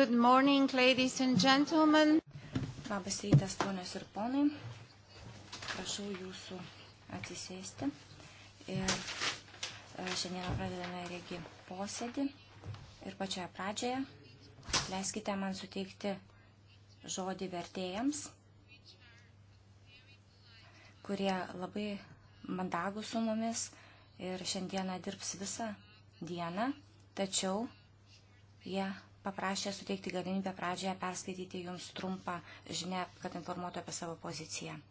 Good morning, ladies and gentlemen. Labas rytas, ponios ir ponai. Prašau jūsų atsisėsti. Ir e, šiandieną pradedame regi posėdį. Ir pačioje pradžioje leiskite man suteikti žodį vertėjams, kurie labai mandagų su mumis ir šiandieną dirbs visą dieną, tačiau jie paprašė suteikti galimybę pradžioje perskaityti jums trumpą žinę, kad informuotų apie savo poziciją.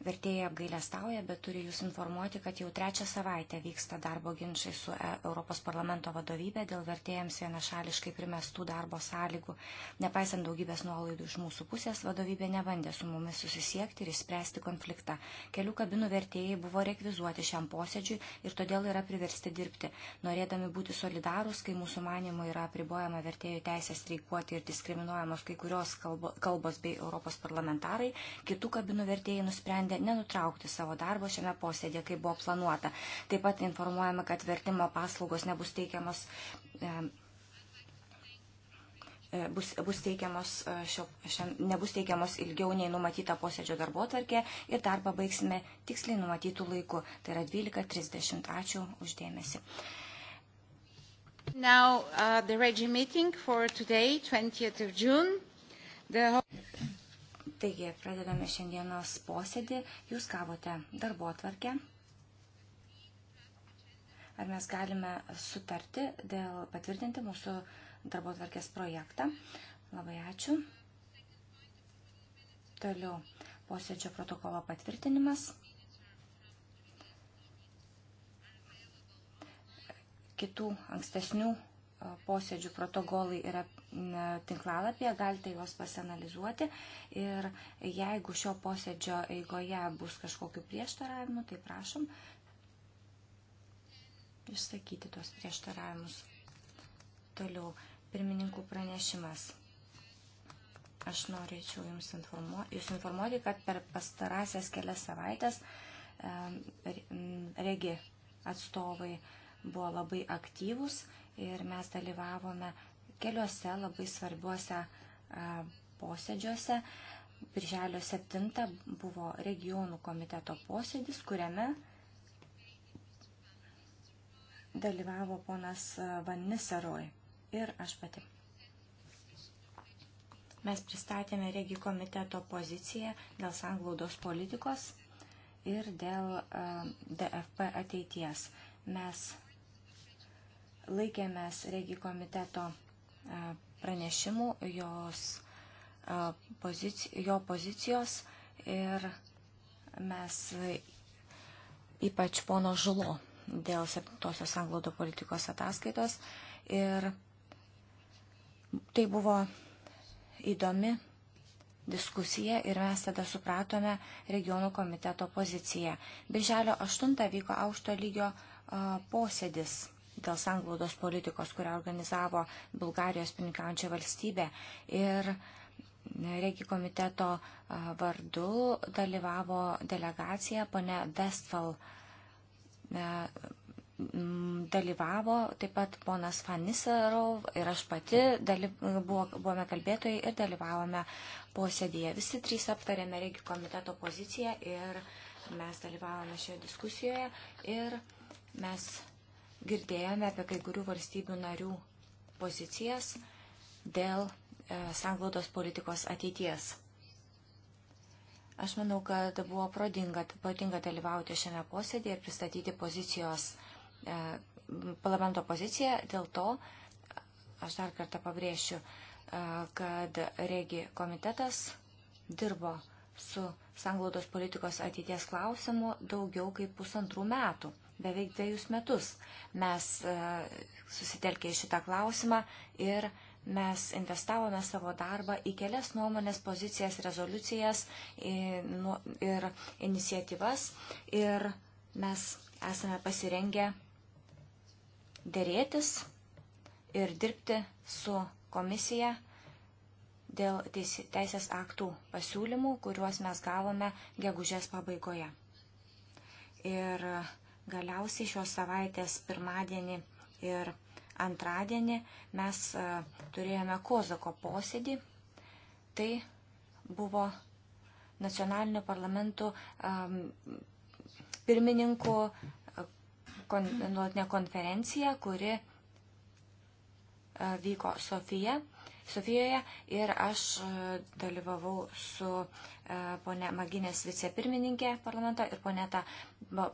Vertėjai apgailestauja, bet turiu Jūs informuoti, kad jau trečią savaitę vyksta darbo ginčiai su e, Europos parlamento vadovybė dėl vertėjams vienašališkai primestų darbo sąlygų. Nepaisant daugybės nuolaidų iš mūsų pusės, vadovybė nebandė su mumis susisiekti ir išspręsti konfliktą. Kelių kabinų vertėjai buvo rekvizuoti šiam posėdžiui ir todėl yra priversti dirbti. Norėdami būti solidarūs, kai mūsų manimų yra apribojama vertėjų teisė streikuoti ir diskriminuojamos kai kurios kalbos bei Europos parlamentarai, kitų kabinų vertėjai nusprendė nusprendė nenutraukti savo darbo šiame posėdėje, kaip buvo planuota. Taip pat informuojame, kad vertimo paslaugos nebus teikiamos. E, Bus, bus teikiamos e, šio, šiam, nebus teikiamos ilgiau nei numatyta posėdžio darbo tvarkė ir darbą baigsime tiksliai numatytų laikų, tai yra 12.30. Ačiū uždėmesi. Now, uh, the Regi meeting for today, 20th of June. The... Taigi, pradedame šiandienos posėdį. Jūs gavote darbo atvarkę. Ar mes galime sutarti dėl patvirtinti mūsų darbo atvarkės projektą? Labai ačiū. Toliau posėdžio protokolo patvirtinimas. Kitų ankstesnių posėdžių protokolai yra tinklalapyje, galite juos pasianalizuoti ir jeigu šio posėdžio eigoje bus kažkokiu prieštaravimu, tai prašom išsakyti tuos prieštaravimus. Toliau, pirmininkų pranešimas. Aš norėčiau jums informuoti, jūs informuoti, kad per pastarąsias kelias savaitės regi atstovai buvo labai aktyvus ir mes dalyvavome keliuose labai svarbiuose posėdžiuose. Birželio 7 buvo regionų komiteto posėdis, kuriame dalyvavo ponas Van Niseroj ir aš pati. Mes pristatėme regi komiteto poziciją dėl sanglaudos politikos ir dėl DFP ateities. Mes laikėmės regi komiteto e, pranešimų, jos, e, pozici, jo pozicijos ir mes e, ypač pono Žulo dėl 7-osios anglodo politikos ataskaitos. Ir tai buvo įdomi diskusiją ir mes tada supratome regionų komiteto poziciją. Birželio 8 vyko aukšto lygio posėdis dėl sanglaudos politikos, kurią organizavo Bulgarijos pininkaujančia valstybė. Ir Regi komiteto vardu dalyvavo delegacija, pane Westfall dalyvavo taip pat ponas Fanisarov ir aš pati dalyv, buvo, buvome kalbėtojai ir dalyvavome posėdėje. Visi trys aptarėme Regi komiteto poziciją ir mes dalyvavome šioje diskusijoje ir mes girdėjome apie kai kurių valstybių narių pozicijas dėl e, sanglaudos politikos ateities. Aš manau, kad buvo pradinga, pradinga dalyvauti šiame posėdėje ir pristatyti pozicijos, e, parlamento poziciją. Dėl to aš dar kartą pabrėšiu, e, kad regi komitetas dirbo su sanglaudos politikos ateities klausimu daugiau kaip pusantrų metų beveik dviejus metus. Mes e, susitelkė į šitą klausimą ir mes investavome savo darbą į kelias nuomonės pozicijas, rezoliucijas ir iniciatyvas ir mes esame pasirengę dėrėtis ir dirbti su komisija dėl teisės aktų pasiūlymų, kuriuos mes gavome gegužės pabaigoje. Ir uh, Galiausiai šios savaitės pirmadienį ir antradienį mes e, turėjome Kozako posėdį. Tai buvo nacionalinio parlamentų pirmininkų e, nuotinė konferencija, kuri e, vyko Sofija. Sofijoje ir aš dalyvavau su ponia Maginės vicepirmininkė parlamento ir poneta,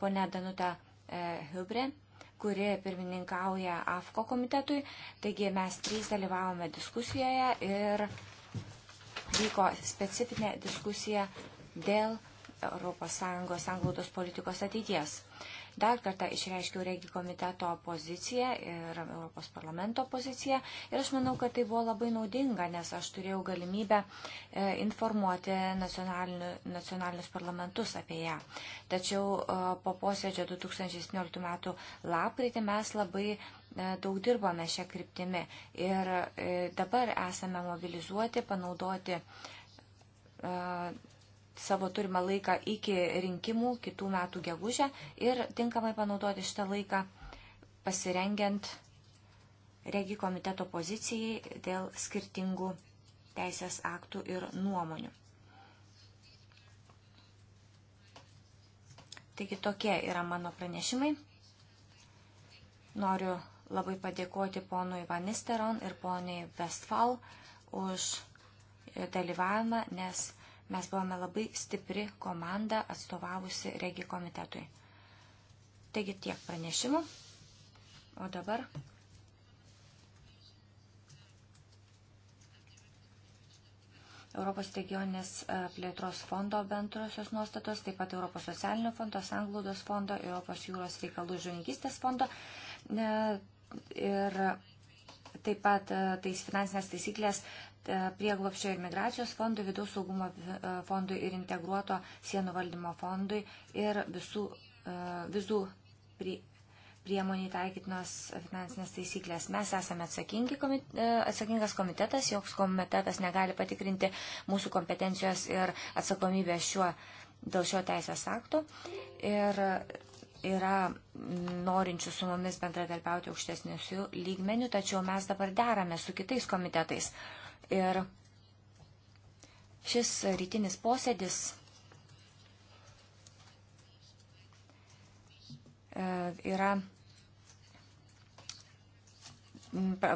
ponia Danuta E, Hübre, kuri pirmininkauja AFKO komitetui. Taigi mes trys dalyvavome diskusijoje ir vyko specifinė diskusija dėl ES anglaudos politikos ateities. Dar kartą išreiškiau regi komiteto poziciją ir Europos parlamento poziciją ir aš manau, kad tai buvo labai naudinga, nes aš turėjau galimybę e, informuoti nacionaliniu, nacionalinius parlamentus apie ją. Tačiau e, po posėdžio 2017 m. lapkritį mes labai e, daug dirbome šią kryptimį ir dabar esame mobilizuoti, panaudoti savo turimą laiką iki rinkimų kitų metų gegužę ir tinkamai panaudoti šitą laiką pasirengiant regi komiteto pozicijai dėl skirtingų teisės aktų ir nuomonių. Taigi tokie yra mano pranešimai. Noriu labai padėkoti ponui Vanisteron ir poniai Westfall už dalyvavimą, nes Mes buvome labai stipri komanda atstovavusi regi komitetui. Taigi tiek pranešimų. O dabar Europos regioninės e, plėtros fondo bendrosios nuostatos, taip pat Europos socialinio fondo, Sanglaudos fondo, Europos jūros reikalų žuvininkystės fondo e, ir taip pat e, tais finansinės taisyklės E, prieglopščio ir migracijos fondui, vidaus saugumo e, fondui ir integruoto sienų valdymo fondui ir visų, e, visų prie, priemoniai taikytinos finansinės taisyklės. Mes esame komit, atsakingas komitetas, joks komitetas negali patikrinti mūsų kompetencijos ir atsakomybės šiuo, dėl šio teisės akto. Ir yra norinčių su mumis bendradarbiauti aukštesnių lygmenių, tačiau mes dabar derame su kitais komitetais. Uh, Ir šis rytinis posėdis e, yra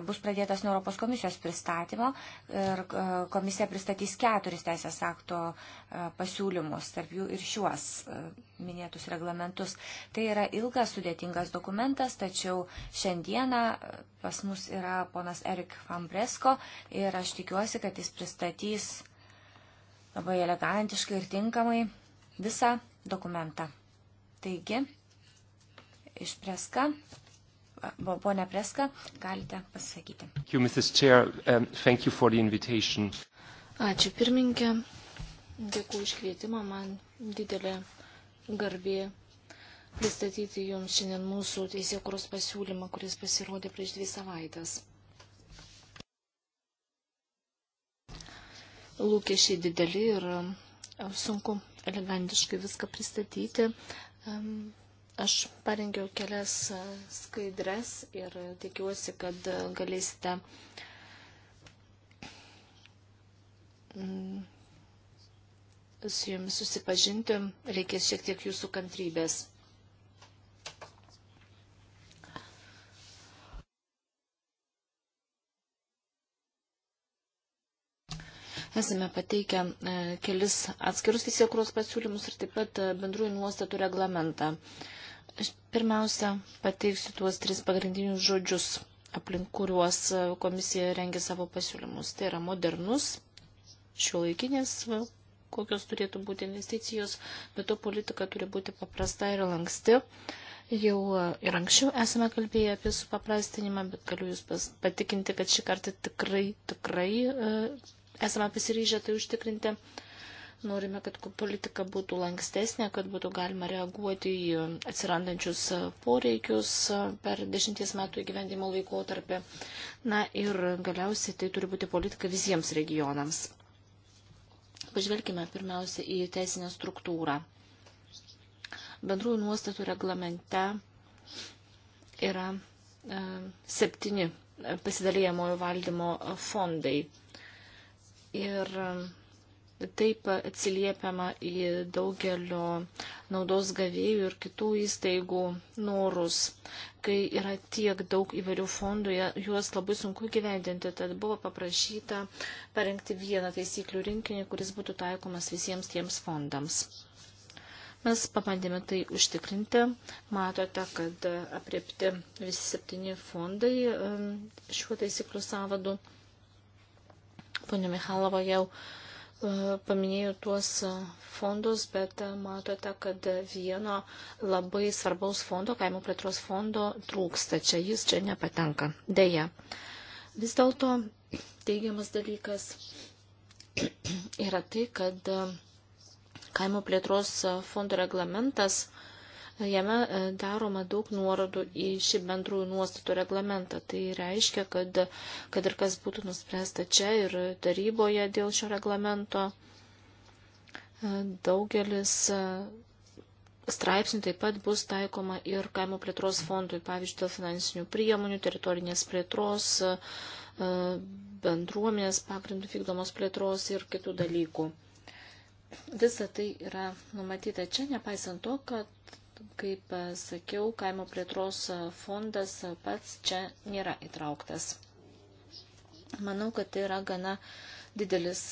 bus pradėtas nuo Europos komisijos pristatymo ir e, komisija pristatys keturis teisės akto e, pasiūlymus, tarp jų ir šiuos e, minėtus reglamentus. Tai yra ilgas, sudėtingas dokumentas, tačiau šiandieną pas mus yra ponas Erik Fambresko ir aš tikiuosi, kad jis pristatys labai elegantiškai ir tinkamai visą dokumentą. Taigi, išpreska Pone Preska, galite pasakyti. Um, Ačiū pirmininkė, dėkuoju už kvietimą, man didelė garbė pristatyti Jums šiandien mūsų teisėkuros pasiūlymą, kuris pasirodė prieš dvi savaitės. Lūkesčiai dideli ir sunku elegantiškai viską pristatyti. Um, Aš parengiau kelias e, skaidres ir tikiuosi, kad galėsite mm, su jumis susipažinti. Reikės šiek tiek jūsų kantrybės. esame pateikę e, kelis atskirus teisėkuros pasiūlymus ir taip pat e, bendrųjų nuostatų reglamentą. Aš pirmiausia pateiksiu tuos tris pagrindinius žodžius, aplink kuriuos komisija rengia savo pasiūlymus. Tai yra modernus, šiuolaikinės, kokios turėtų būti investicijos, bet to politika turi būti paprasta ir lanksti. Jau ir anksčiau esame kalbėję apie supaprastinimą, bet galiu Jūs patikinti, kad šį kartą tikrai, tikrai e, esame pasiryžę tai užtikrinti. Norime, kad politika būtų lankstesnė, kad būtų galima reaguoti į atsirandančius poreikius per dešimties metų įgyvendimo laikotarpį. Na ir galiausiai tai turi būti politika visiems regionams. Pažvelkime pirmiausia į teisinę struktūrą. Bendrųjų nuostatų reglamente yra e, septyni e, pasidalyjamojo valdymo fondai. Ir e, Taip atsiliepiama į daugelio naudos gavėjų ir kitų įstaigų norus. Kai yra tiek daug įvairių fondų, juos labai sunku gyvendinti, tad buvo paprašyta parengti vieną taisyklių rinkinį, kuris būtų taikomas visiems tiems fondams. Mes pabandėme tai užtikrinti. Matote, kad apriepti visi septyni fondai um, šiuo taisyklių savadu. Pone Mihalovo jau uh, Paminėjau tuos fondus, bet matote, kad vieno labai svarbaus fondo, kaimo plėtros fondo, trūksta. Čia jis čia nepatenka. Deja. Vis dėlto teigiamas dalykas yra tai, kad kaimo plėtros fondo reglamentas Jame e, daroma daug nuorodų į šį bendrųjų nuostatų reglamentą. Tai reiškia, kad, kad ir kas būtų nuspręsta čia ir taryboje dėl šio reglamento, e, daugelis e, straipsnių taip pat bus taikoma ir kaimo plėtros fondui, pavyzdžiui, dėl finansinių priemonių, teritorinės plėtros, bendruomenės pagrindų vykdomos plėtros ir kitų dalykų. Visa tai yra numatyta čia, nepaisant to, kad Kaip e, sakiau, kaimo plėtros e, fondas e, pats čia nėra įtrauktas. Manau, kad tai yra gana didelis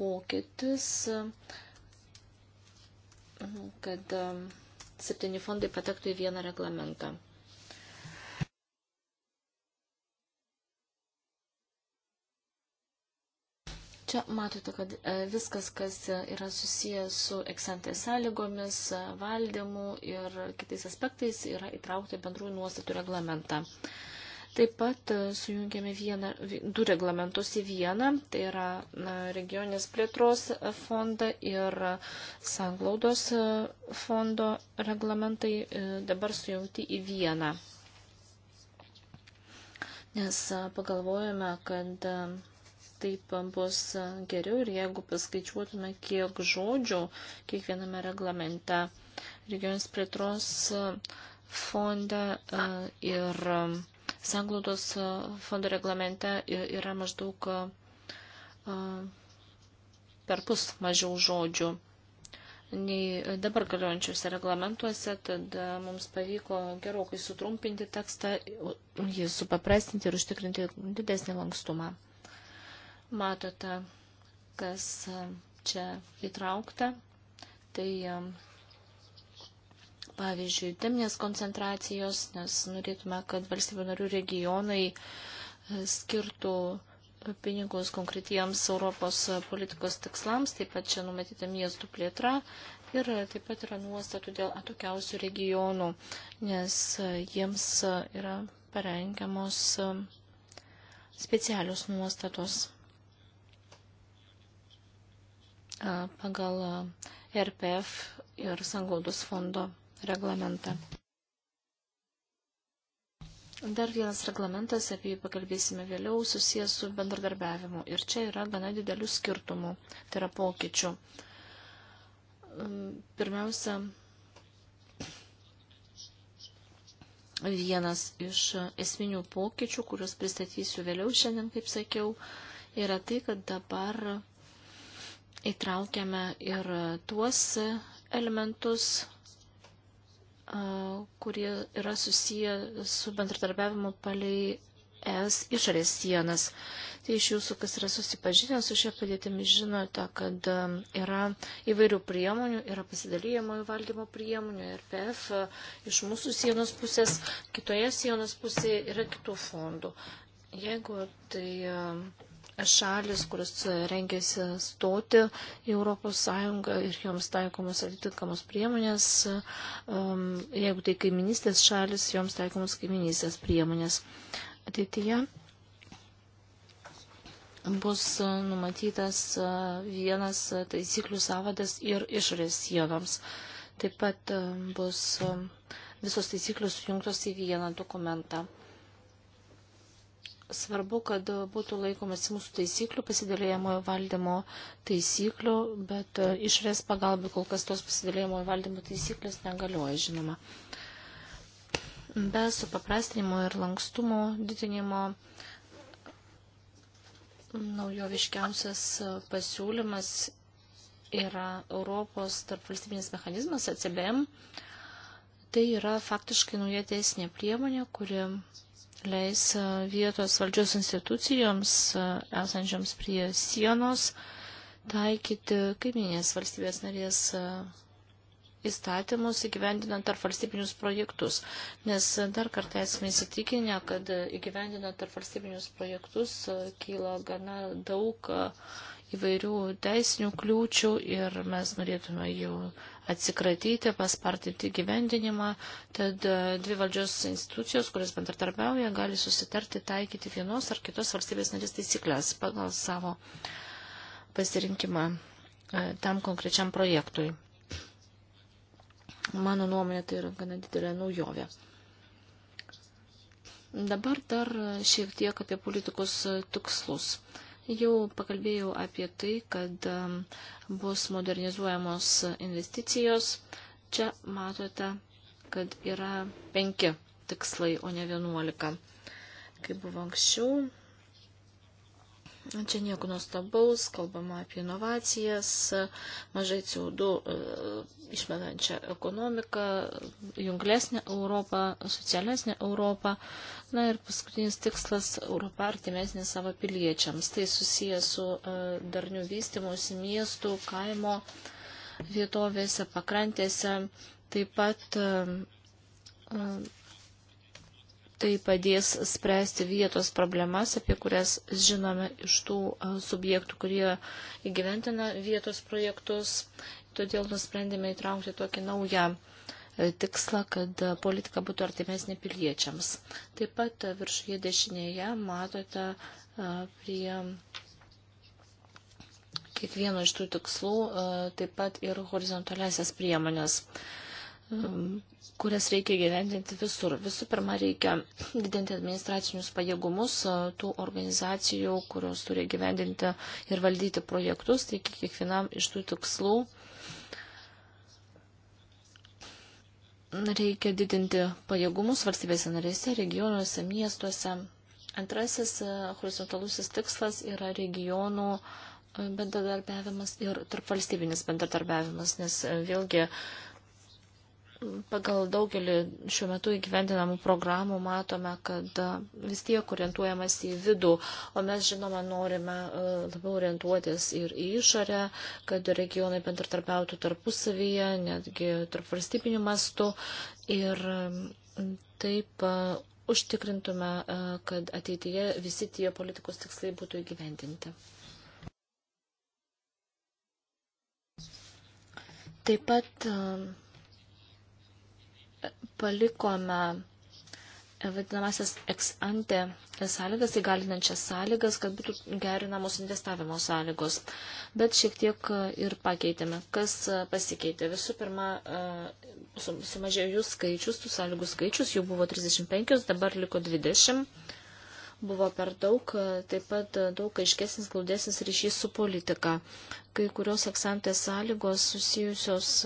pokytis, kad septyni fondai patektų į vieną reglamentą. Čia matote, kad e, viskas, kas e, yra susijęs su eksantė sąlygomis, e, valdymu ir kitais aspektais, yra įtraukta bendrųjų nuostatų reglamentą. Taip pat sujungėme vieną, du reglamentus į vieną, tai yra regionės plėtros fondą ir sanglaudos fondo reglamentai dabar sujungti į vieną. Nes pagalvojame, kad taip bus geriau ir jeigu paskaičiuotume, kiek žodžių kiekviename reglamente regionės plėtros fonde e, ir e, sanglaudos e, fondo reglamente yra maždaug perpus mažiau žodžių nei dabar galiojančiuose reglamentuose, tad mums pavyko gerokai sutrumpinti tekstą, jį supaprastinti ir užtikrinti didesnį lankstumą. Matote, kas e, čia įtraukta. Tai e, pavyzdžiui, teminės koncentracijos, nes norėtume, kad valstybių narių regionai e, skirtų pinigus konkretiems Europos politikos tikslams, taip pat čia numatyta miestų plėtra ir taip pat yra nuostatų dėl atokiausių regionų, nes jiems yra parengiamos specialios nuostatos pagal RPF ir Sanglaudos fondo reglamentą. Dar vienas reglamentas, apie jį pakalbėsime vėliau, susijęs su bendradarbiavimu. Ir čia yra gana didelių skirtumų, tai yra pokyčių. Pirmiausia, vienas iš esminių pokyčių, kuriuos pristatysiu vėliau šiandien, kaip sakiau, yra tai, kad dabar įtraukiame ir tuos elementus, kurie yra susiję su bendradarbiavimu palei ES išorės sienas. Tai iš jūsų, kas yra susipažinę su šia padėtimi, žinote, kad yra įvairių priemonių, yra pasidalyjamojo valdymo priemonių, RPF iš mūsų sienos pusės, kitoje sienos pusėje yra kitų fondų. Jeigu tai šalis, kuris rengiasi stoti į ES ir joms taikomos atitinkamos priemonės, um, jeigu tai kaiminystės šalis, joms taikomos kaiminystės priemonės. Ateityje bus numatytas uh, vienas taisyklių savadas ir išorės sienoms. Taip pat uh, bus um, visos taisyklių sujungtos į vieną dokumentą. Svarbu, kad būtų laikomasi mūsų taisyklių, pasidalėjamojo valdymo taisyklių, bet e, išvės pagalbė kol kas tos pasidalėjamojo valdymo taisyklės negalioja, žinoma. Be supaprastinimo ir lankstumo didinimo naujoviškiausias e, pasiūlymas yra Europos tarpvalstybinis mechanizmas ECBM. Tai yra faktiškai nauja teisinė priemonė, kuri leis e, vietos valdžios institucijoms e, esančiams prie sienos taikyti kaiminės valstybės narės e, įstatymus įgyvendinant tarp valstybinius projektus. Nes dar kartą esame įsitikinę, kad įgyvendinant tarp valstybinius projektus kyla gana daug uh, įvairių teisinių kliūčių ir mes norėtume jų atsikratyti, paspartinti gyvendinimą. Tad e, dvi valdžios institucijos, kurios bendratarbiauja, gali susitarti taikyti vienos ar kitos valstybės narės taisyklės pagal savo pasirinkimą e, tam konkrečiam projektui. Mano nuomonė tai yra gana didelė naujovė. Dabar dar šiek tiek apie politikos tikslus. Jau pakalbėjau apie tai, kad um, bus modernizuojamos investicijos. Čia matote, kad yra penki tikslai, o ne vienuolika. Kaip buvo anksčiau, Čia nieko nuostabaus, kalbama apie inovacijas, mažai CO2 e, išmetančią ekonomiką, junglesnę Europą, socialesnę Europą. Na ir paskutinis tikslas - Europa artimesnė savo piliečiams. Tai susijęs su e, darniu vystimusi miestų, kaimo vietovėse, pakrantėse, taip pat e, Tai padės spręsti vietos problemas, apie kurias žinome iš tų subjektų, kurie įgyventina vietos projektus. Todėl nusprendėme įtraukti tokį naują tikslą, kad politika būtų artimesnė piliečiams. Taip pat viršuje dešinėje matote prie kiekvieno iš tų tikslų taip pat ir horizontalesias priemonės. Um, kurias reikia gyvendinti visur. Visų pirma, reikia didinti administracinius pajėgumus uh, tų organizacijų, kurios turi gyvendinti ir valdyti projektus, tai kiekvienam iš tų tikslų reikia didinti pajėgumus valstybėse narėse, regionuose, miestuose. Antrasis uh, horizontalusis tikslas yra regionų uh, bendradarbiavimas ir tarpvalstybinis bendradarbiavimas, nes vėlgi pagal daugelį šiuo metu įgyvendinamų programų matome, kad e, vis tiek orientuojamas į vidų, o mes žinoma norime e, labiau orientuotis ir į išorę, kad regionai bendratarpiautų tarpusavyje, netgi tarp valstybinių mastų ir e, taip užtikrintume, kad ateityje visi tie politikos tikslai būtų įgyvendinti. Taip pat palikome vadinamasias ex ante sąlygas, įgalinančias sąlygas, kad būtų gerinamos investavimo sąlygos. Bet šiek tiek e, ir pakeitėme. Kas e, pasikeitė? Visų pirma, e, sumažėjo jų skaičius, tų sąlygų skaičius, jų buvo 35, dabar liko 20. Buvo per daug, taip pat daug aiškesnis, glaudesnis ryšys su politika. Kai kurios eksantės sąlygos susijusios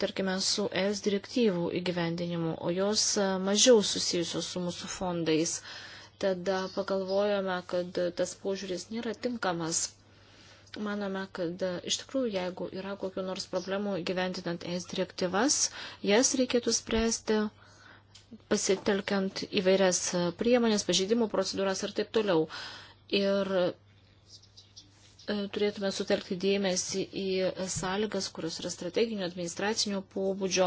tarkime, su ES direktyvų įgyvendinimu, o jos mažiau susijusios su mūsų fondais. Tada pagalvojome, kad tas požiūris nėra tinkamas. Manome, kad iš tikrųjų, jeigu yra kokiu nors problemu gyventinant ES direktyvas, jas reikėtų spręsti pasitelkiant įvairias priemonės, pažeidimų procedūras ir taip toliau. Ir E, turėtume sutelkti dėmesį į sąlygas, kurios yra strateginio administracinio pobūdžio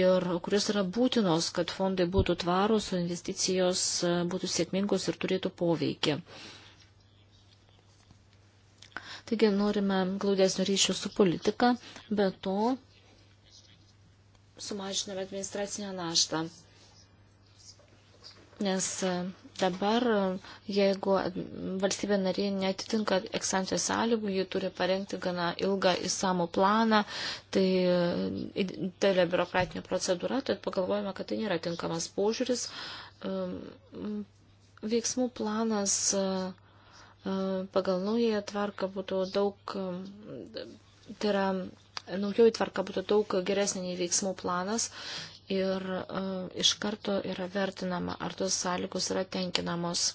ir kurios yra būtinos, kad fondai būtų tvarūs, o investicijos e, būtų sėkmingos ir turėtų poveikį. Taigi norime glaudesnio ryšio su politika, bet to sumažiname administracinę naštą. Nes e, Dabar, jeigu valstybė narė netitinka eksantės sąlygų, ji turi parengti gana ilgą įsamų planą, tai didelė biurokratinė procedūra, tad pagalvojame, kad tai nėra tinkamas požiūris. Veiksmų planas e, e, pagal naują tvarką būtų daug, e, tai yra naujoji tvarka būtų daug geresnė nei veiksmų planas ir uh, iš karto yra vertinama, ar tos sąlygos yra tenkinamos.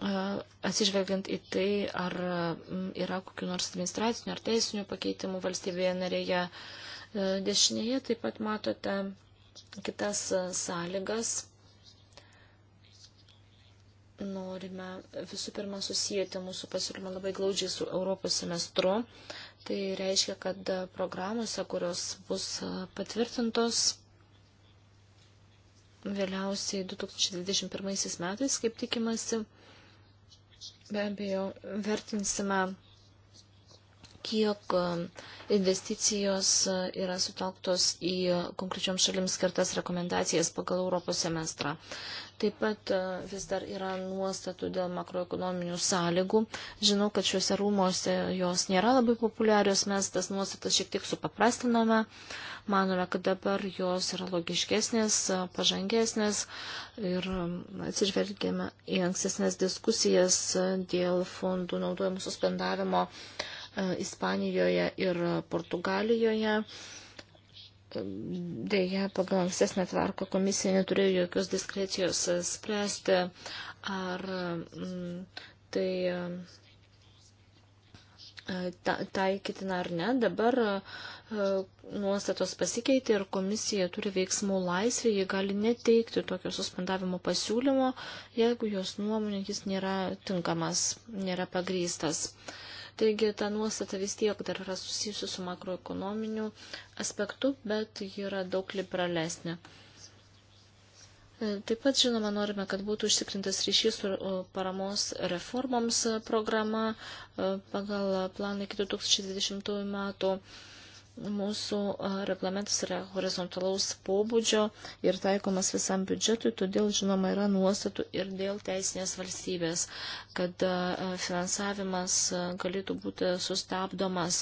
E, atsižvelgiant į tai, ar yra kokiu nors administraciniu ar teisiniu pakeitimu valstybėje narėje. E, dešinėje taip pat matote kitas sąlygas. Norime visų pirma susijęti mūsų pasiūlymą labai glaudžiai su Europos semestru. Tai reiškia, kad programuose, kurios bus patvirtintos vėliausiai 2021 metais, kaip tikimasi, be abejo, vertinsime, kiek e, investicijos e, yra sutelktos į konkrečioms šalims skirtas rekomendacijas pagal Europos semestrą. Taip pat e, vis dar yra nuostatų dėl makroekonominių sąlygų. Žinau, kad šiuose rūmose jos nėra labai populiarios, mes tas nuostatas šiek tiek supaprastiname. Manome, kad dabar jos yra logiškesnės, e, pažangesnės ir atsižvelgėme į ankstesnės diskusijas e, dėl fondų naudojimų suspendavimo Ispanijoje ir Portugalijoje. Deja, pagal ankstesnę tvarką komisija neturėjo jokios diskrecijos spręsti, ar mm, tai e, taikytina ar ne. Dabar e, nuostatos pasikeitė ir komisija turi veiksmų laisvę, jie gali neteikti tokio suspendavimo pasiūlymo, jeigu jos nuomonė jis nėra tinkamas, nėra pagrystas. Taigi ta nuostata vis tiek dar yra susijusi su makroekonominiu aspektu, bet ji yra daug liberalesnė. E, taip pat, žinoma, norime, kad būtų užtikrintas ryšys su paramos reformoms programa e, pagal planą iki 2020 metų mūsų reglamentas yra horizontalaus pobūdžio ir taikomas visam biudžetui, todėl, žinoma, yra nuostatų ir dėl teisinės valstybės, kad finansavimas galėtų būti sustabdomas,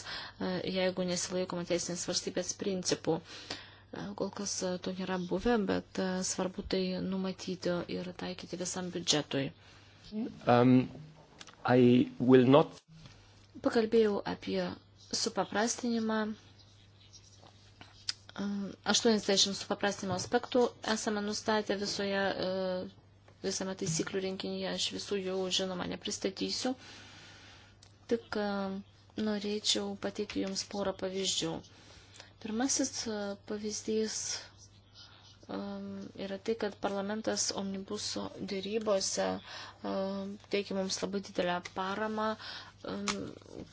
jeigu nesilaikoma teisinės valstybės principų. Kol kas to nėra buvę, bet svarbu tai numatyti ir taikyti visam biudžetui. Um, not... Pakalbėjau apie supaprastinimą 80 supaprastimo aspektų esame nustatę visoje, e, visame taisyklių rinkinyje, aš visų jų žinoma nepristatysiu, tik e, norėčiau pateikti Jums porą pavyzdžių. Pirmasis e, pavyzdys yra tai, kad parlamentas omnibuso dėrybose teikia mums labai didelę paramą,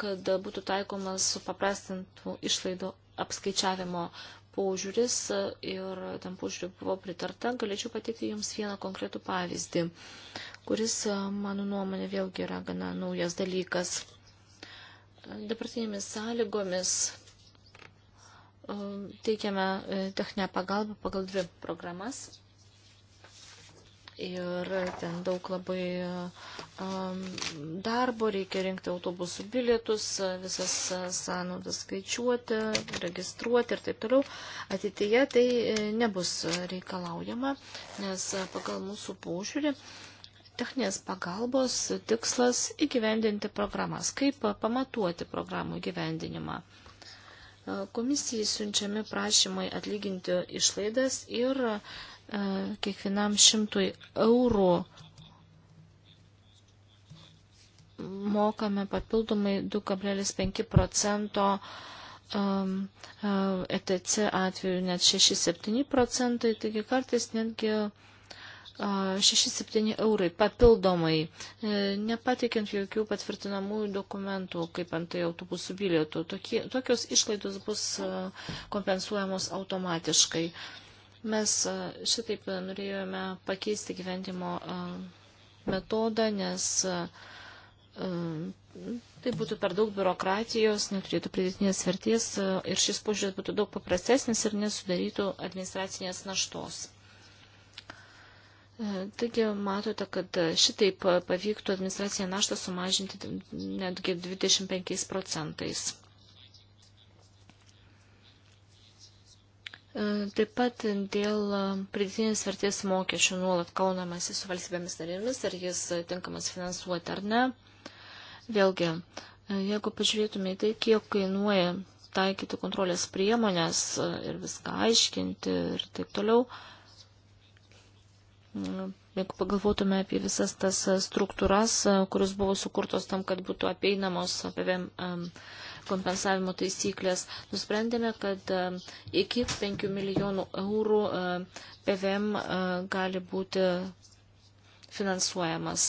kad būtų taikomas supaprastintų išlaidų apskaičiavimo požiūris ir tam požiūriu buvo pritarta. Galėčiau pateikti Jums vieną konkretų pavyzdį, kuris, e, mano nuomonė, vėlgi yra gana naujas dalykas. Dabartinėmis sąlygomis e, teikiame e, techninę pagalbą pagal dvi programas ir ten daug labai darbo, reikia rinkti autobusų bilietus, visas sąnaudas skaičiuoti, registruoti ir taip toliau. Ateityje tai e, nebus reikalaujama, nes pagal mūsų paužiūrį techninės pagalbos tikslas įgyvendinti programas, kaip pamatuoti programų įgyvendinimą. Komisijai siunčiami prašymai atlyginti išlaidas ir uh, kiekvienam šimtui eurų mokame papildomai 2,5 procento ETC atveju net 6-7 procentai, taigi kartais netgi 6-7 eurai papildomai, e, nepateikiant jokių patvirtinamųjų dokumentų, kaip antai autobusų bilietų. Tokie, tokios išlaidos bus kompensuojamos automatiškai. Uh, Mes e, šitaip norėjome pakeisti gyvendimo e, metodą, nes e, tai būtų per daug biurokratijos, neturėtų pridėtinės vertės ir šis požiūris būtų daug paprastesnis ir nesudarytų administracinės naštos. Taigi matote, kad šitaip pavyktų administracinę naštą sumažinti netgi 25 procentais. E, taip pat dėl e, pridėtinės vertės mokesčių nuolat kaunamasi su valstybėmis narėmis, ar jis tinkamas finansuoti ar ne. Vėlgi, e, jeigu pažiūrėtume į tai, kiek kainuoja taikyti kontrolės priemonės ir viską aiškinti ir taip toliau, jeigu pagalvotume apie visas tas struktūras, kuris buvo sukurtos tam, kad būtų apeinamos apie kompensavimo taisyklės, nusprendėme, kad e, iki 5 milijonų eurų e, PVM e, gali būti finansuojamas.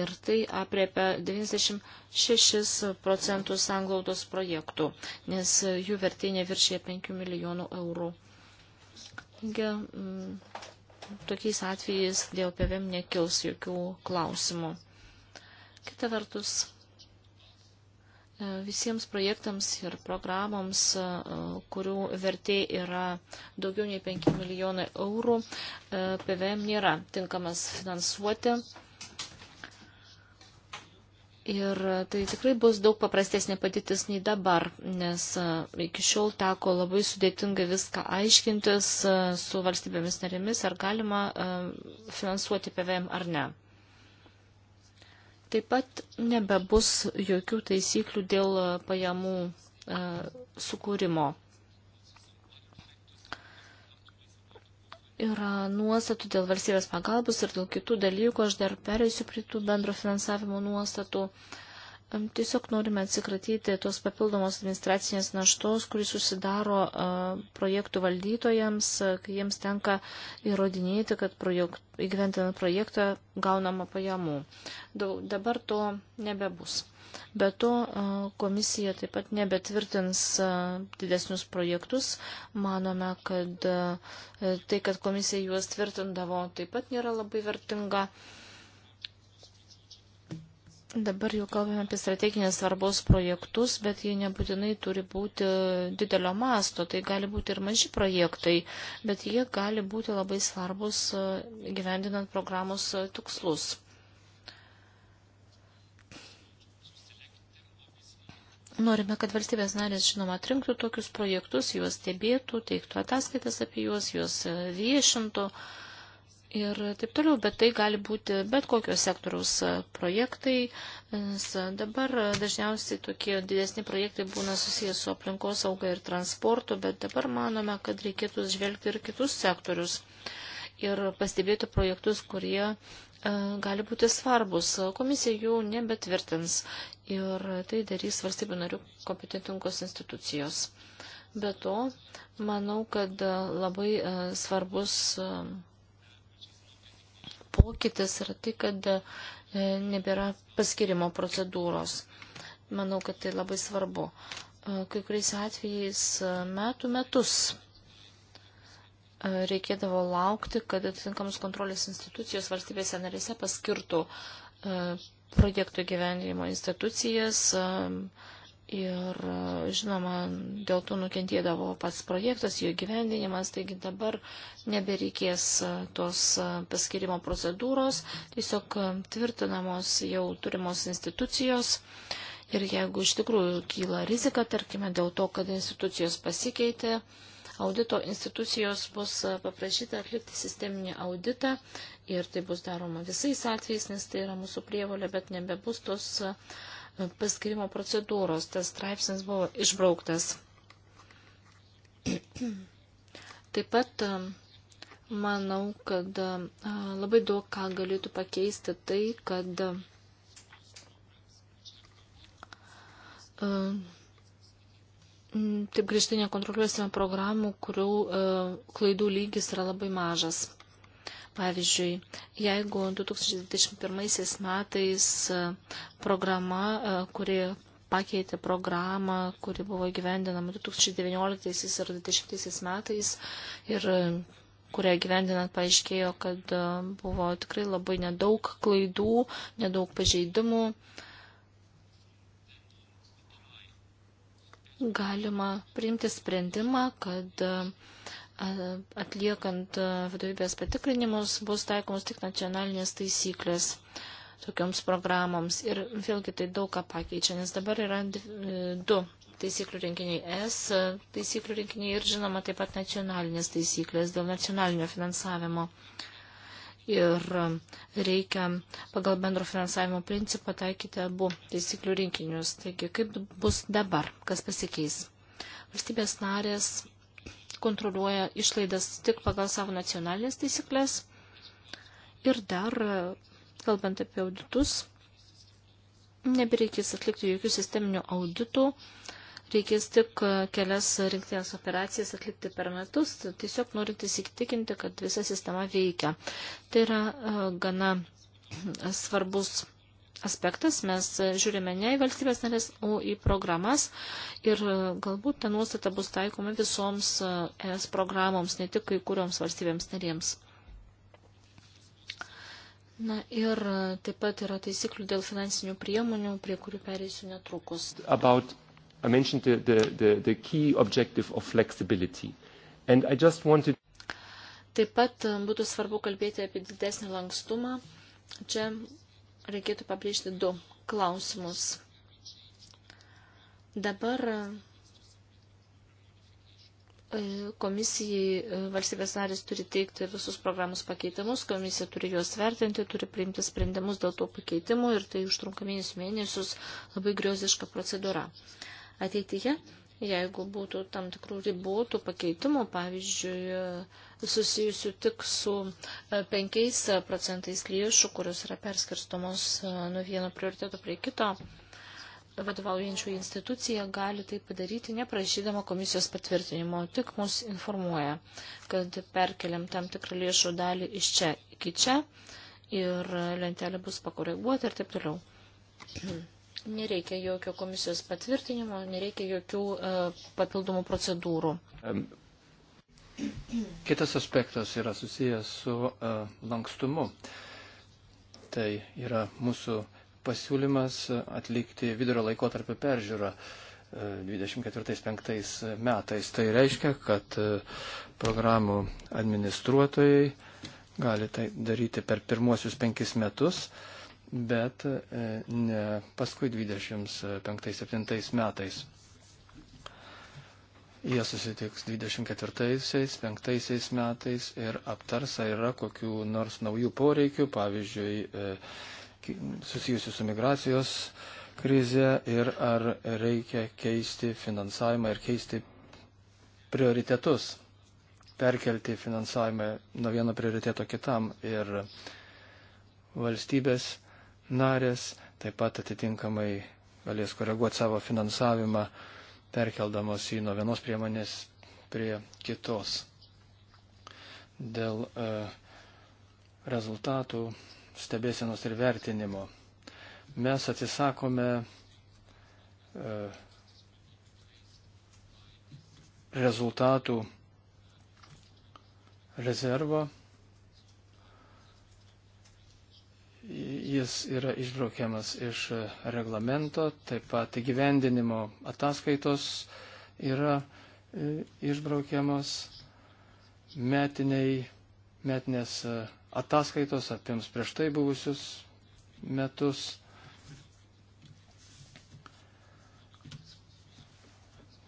Ir tai apriepia 96 procentus sanglaudos projektų, nes jų vertė neviršė 5 milijonų eurų. Taigi, tokiais atvejais dėl PVM nekils jokių klausimų. Kita vertus, E, visiems projektams ir programoms, e, e, kurių vertė yra daugiau nei 5 milijonai eurų, PVM nėra tinkamas finansuoti. Ir tai tikrai bus daug paprastesnė padėtis nei dabar, nes iki šiol teko labai sudėtingai viską aiškintis su valstybėmis narėmis, ar galima finansuoti PVM ar ne. Taip pat nebebus jokių taisyklių dėl e, pajamų e, sukūrimo. Yra nuostatų dėl valstybės pagalbos ir dėl kitų dalykų. Aš dar perėsiu prie tų bendro finansavimo nuostatų. E, Tiesiog norime atsikratyti tos papildomos administracinės naštos, kuris susidaro projektų valdytojams, kai jiems tenka įrodinėti, kad projekt, įgyventinant projektą gaunama pajamų. Dabar to nebebus. Be to, komisija taip pat nebetvirtins didesnius projektus. Manome, kad tai, kad komisija juos tvirtindavo, taip pat nėra labai vertinga. Dabar jau kalbame apie strateginės svarbos projektus, bet jie nebūtinai turi būti didelio masto. Tai gali būti ir maži projektai, bet jie gali būti labai svarbus e, gyvendinant programos e, tikslus. Norime, kad valstybės narės, žinoma, atrinktų tokius projektus, juos stebėtų, teiktų ataskaitas apie juos, juos e, viešintų. Uh, ir taip toliau, bet tai gali būti bet kokios sektoriaus projektai. Dabar dažniausiai tokie didesni projektai būna susijęs su aplinkos sauga ir transportu, bet dabar manome, kad reikėtų žvelgti ir kitus sektorius ir pastebėti projektus, kurie e, gali būti svarbus. Komisija jų nebetvirtins ir tai darys valstybių narių kompetentingos institucijos. Be to, manau, kad labai e, svarbus e, pokytis yra tai, kad e, nebėra paskirimo procedūros. Manau, kad tai labai svarbu. E, kai kuriais atvejais e, metų metus reikėdavo laukti, kad atitinkamos kontrolės institucijos valstybėse narėse paskirtų projektų gyvenimo institucijas, Ir e, žinoma, dėl to nukentėdavo pats projektas, jo gyvendinimas, taigi dabar nebereikės e, tos e, paskirimo procedūros, tiesiog tvirtinamos jau turimos institucijos. Ir jeigu iš tikrųjų kyla rizika, tarkime, dėl to, kad institucijos pasikeitė, audito institucijos bus paprašyta atlikti sisteminį auditą ir tai bus daroma visais atvejais, nes tai yra mūsų prievalė, bet nebebus tos. Uh, paskirimo procedūros. Tas straipsnis buvo išbrauktas. Taip pat manau, kad labai daug ką galėtų pakeisti tai, kad taip grįžtai nekontroliuosime programų, kurių klaidų lygis yra labai mažas. Pavyzdžiui, jeigu 2021 metais e, programa, e, kuri pakeitė programą, kuri buvo gyvendinama 2019 ir 2020 metais ir e, kurią gyvendinant paaiškėjo, kad buvo tikrai labai nedaug klaidų, nedaug pažeidimų. Galima priimti sprendimą, kad uh, atliekant vadovybės patikrinimus bus taikomos tik nacionalinės taisyklės tokioms programoms. Ir vėlgi tai daug ką pakeičia, nes dabar yra e, du taisyklių rinkiniai S, e, taisyklių rinkiniai ir žinoma taip pat nacionalinės taisyklės dėl nacionalinio finansavimo. Ir e, reikia pagal bendro finansavimo principą taikyti abu taisyklių rinkinius. Taigi, kaip bus dabar, kas pasikeis? Valstybės narės kontroliuoja išlaidas tik pagal savo nacionalinės taisyklės. Ir dar, kalbant apie auditus, nebereikės atlikti jokių sisteminių auditų, reikės tik kelias rinktinės operacijas atlikti per metus, tiesiog norint įsitikinti, kad visa sistema veikia. Tai yra e, gana svarbus aspektas. Mes žiūrime ne į valstybės narės, o į programas ir e, galbūt ta nuostata bus taikoma visoms e, ES programoms, ne tik kai kurioms valstybėms narėms. Na ir e, taip pat yra taisyklių dėl finansinių priemonių, prie kurių pereisiu netrukus. About, I mentioned the, the, the, the key objective of flexibility. And I just wanted... Taip pat būtų svarbu kalbėti apie didesnį lankstumą. Čia reikėtų pabrėžti du klausimus. Dabar e, komisijai e, valstybės narės turi teikti visus programos pakeitimus, komisija turi juos vertinti, turi priimti sprendimus dėl to pakeitimų ir tai užtrunka mėnesių mėnesius labai grioziška procedūra. Ateityje jeigu būtų tam tikrų ribotų pakeitimų, pavyzdžiui, susijusių tik su 5 e, e, procentais lėšų, kurios yra perskirstomos e, nuo vieno prioriteto prie kito, vadovaujančių institucija gali tai padaryti, neprašydama komisijos patvirtinimo, tik mus informuoja, kad perkeliam tam tikrą lėšų dalį iš čia iki čia ir lentelė bus pakoreguota ir taip toliau. Nereikia jokio komisijos patvirtinimo, nereikia jokių uh, papildomų procedūrų. Kitas aspektas yra susijęs su uh, lankstumu. Tai yra mūsų pasiūlymas atlikti vidurio laiko tarp peržiūrą uh, e, 24-5 metais. Tai reiškia, kad uh, programų administruotojai gali tai daryti per pirmuosius penkis metus. Uh, bet e, ne paskui 25-7 metais. Jie susitiks 24-5 metais ir aptars, ar yra kokių nors naujų poreikių, pavyzdžiui, e, susijusių su migracijos krize ir ar reikia keisti finansavimą ir keisti prioritetus, perkelti finansavimą nuo vieno prioriteto kitam. Ir valstybės narės taip pat atitinkamai galės koreguoti savo finansavimą, perkeldamos į nuo vienos priemonės prie kitos. Dėl e, rezultatų stebėsienos ir vertinimo mes atsisakome e, rezultatų rezervo Jis yra išbraukiamas iš reglamento, taip pat įgyvendinimo ataskaitos yra e, išbraukiamas metiniai, metinės e, ataskaitos apims prieš tai buvusius metus.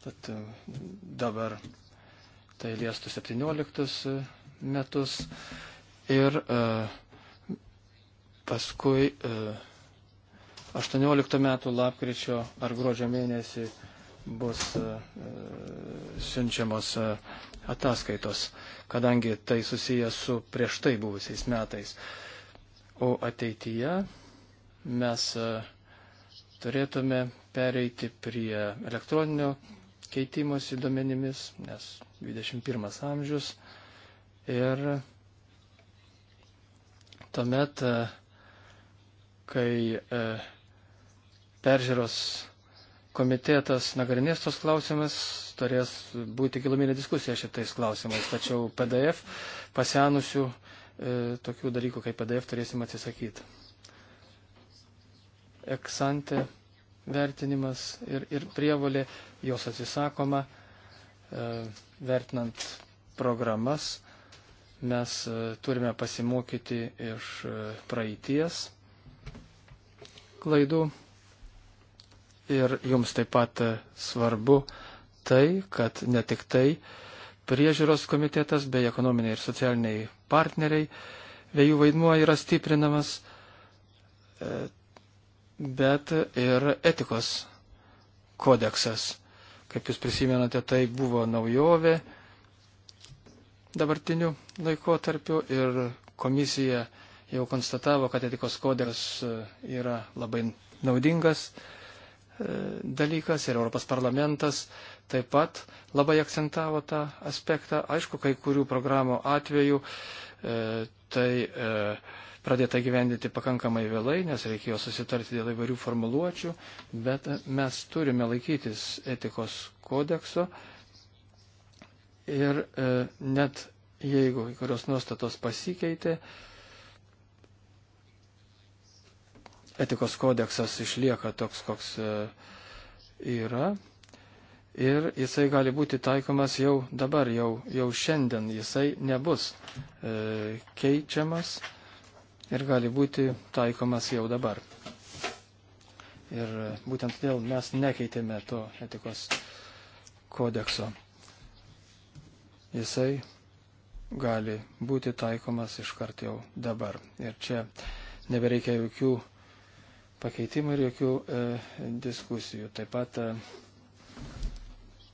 Tad e, dabar tai liestų 17 metus ir uh, Paskui 18 e, metų lapkričio ar gruodžio mėnesį bus e, e, siunčiamos ataskaitos, kadangi tai susijęs su prieš tai buvusiais metais. O ateityje mes turėtume pereiti prie elektroninio keitimosi duomenimis, nes 21 amžius ir tuomet uh, kai e, peržiūros komitetas nagrinės tos klausimas, turės būti giluminė diskusija šitais klausimais. Tačiau PDF pasenusių e, tokių dalykų kaip PDF turėsim atsisakyti. Eksante vertinimas ir, ir prievolė, jos atsisakoma, e, vertinant programas, mes e, turime pasimokyti iš e, praeities klaidų. Ir jums taip pat svarbu tai, kad ne tik tai priežiūros komitetas, bei ekonominiai ir socialiniai partneriai, vėjų vaidmuo yra stiprinamas, e, bet ir etikos kodeksas. Kaip jūs prisimenate, tai buvo naujovė dabartiniu laikotarpiu ir komisija jau konstatavo, kad etikos kodekas e, yra labai naudingas e, dalykas ir Europos parlamentas taip pat labai akcentavo tą aspektą. Aišku, kai kurių programų atveju e, tai pradėta gyvendyti pakankamai vėlai, nes reikėjo susitarti dėl įvairių formuluočių, bet mes turime laikytis etikos kodekso ir net jeigu kurios nuostatos pasikeitė, etikos kodeksas išlieka toks, koks e, yra. Ir jisai gali būti taikomas jau dabar, jau, jau šiandien. Jisai nebus e, keičiamas ir gali būti taikomas jau dabar. Ir e, būtent todėl mes nekeitėme to etikos kodekso. Jisai gali būti taikomas iš kart jau dabar. Ir čia nebereikia jokių pakeitimų ir jokių e, diskusijų. Taip pat, e,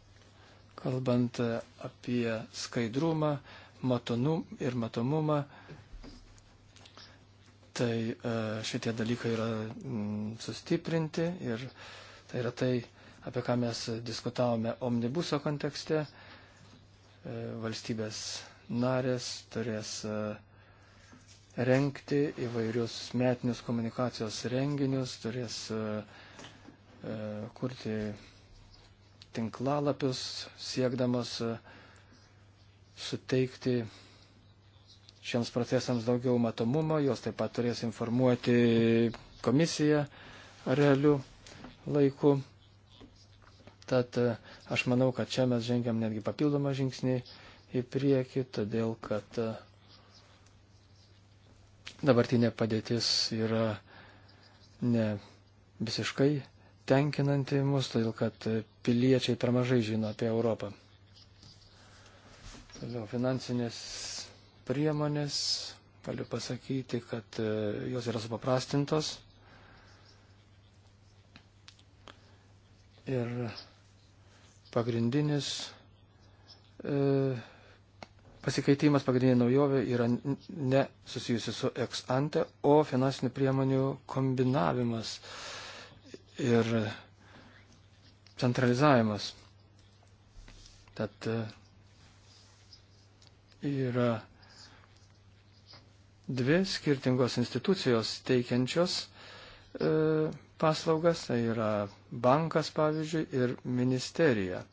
kalbant e, apie skaidrumą matonum, ir matomumą, tai e, šitie dalykai yra m, mm, sustiprinti ir tai yra tai, apie ką mes diskutavome omnibuso kontekste. E, valstybės narės turės. E, renkti įvairius metinius komunikacijos renginius, turės e, e, kurti tinklalapius, siekdamas e, suteikti šiems procesams daugiau matomumo, jos taip pat turės informuoti komisiją realių laikų. Tad aš manau, kad čia mes žengiam netgi papildomą žingsnį į priekį, todėl kad uh, dabartinė padėtis yra ne visiškai tenkinanti mus, todėl kad piliečiai per mažai žino apie Europą. Toliau finansinės priemonės, galiu pasakyti, kad e, jos yra supaprastintos. Ir pagrindinis e, Pasikeitimas pagrindinė naujovė yra nesusijusi su ex ante, o finansinių priemonių kombinavimas ir centralizavimas. Tad e, yra dvi skirtingos institucijos teikiančios e, paslaugas, tai yra bankas pavyzdžiui ir ministerija.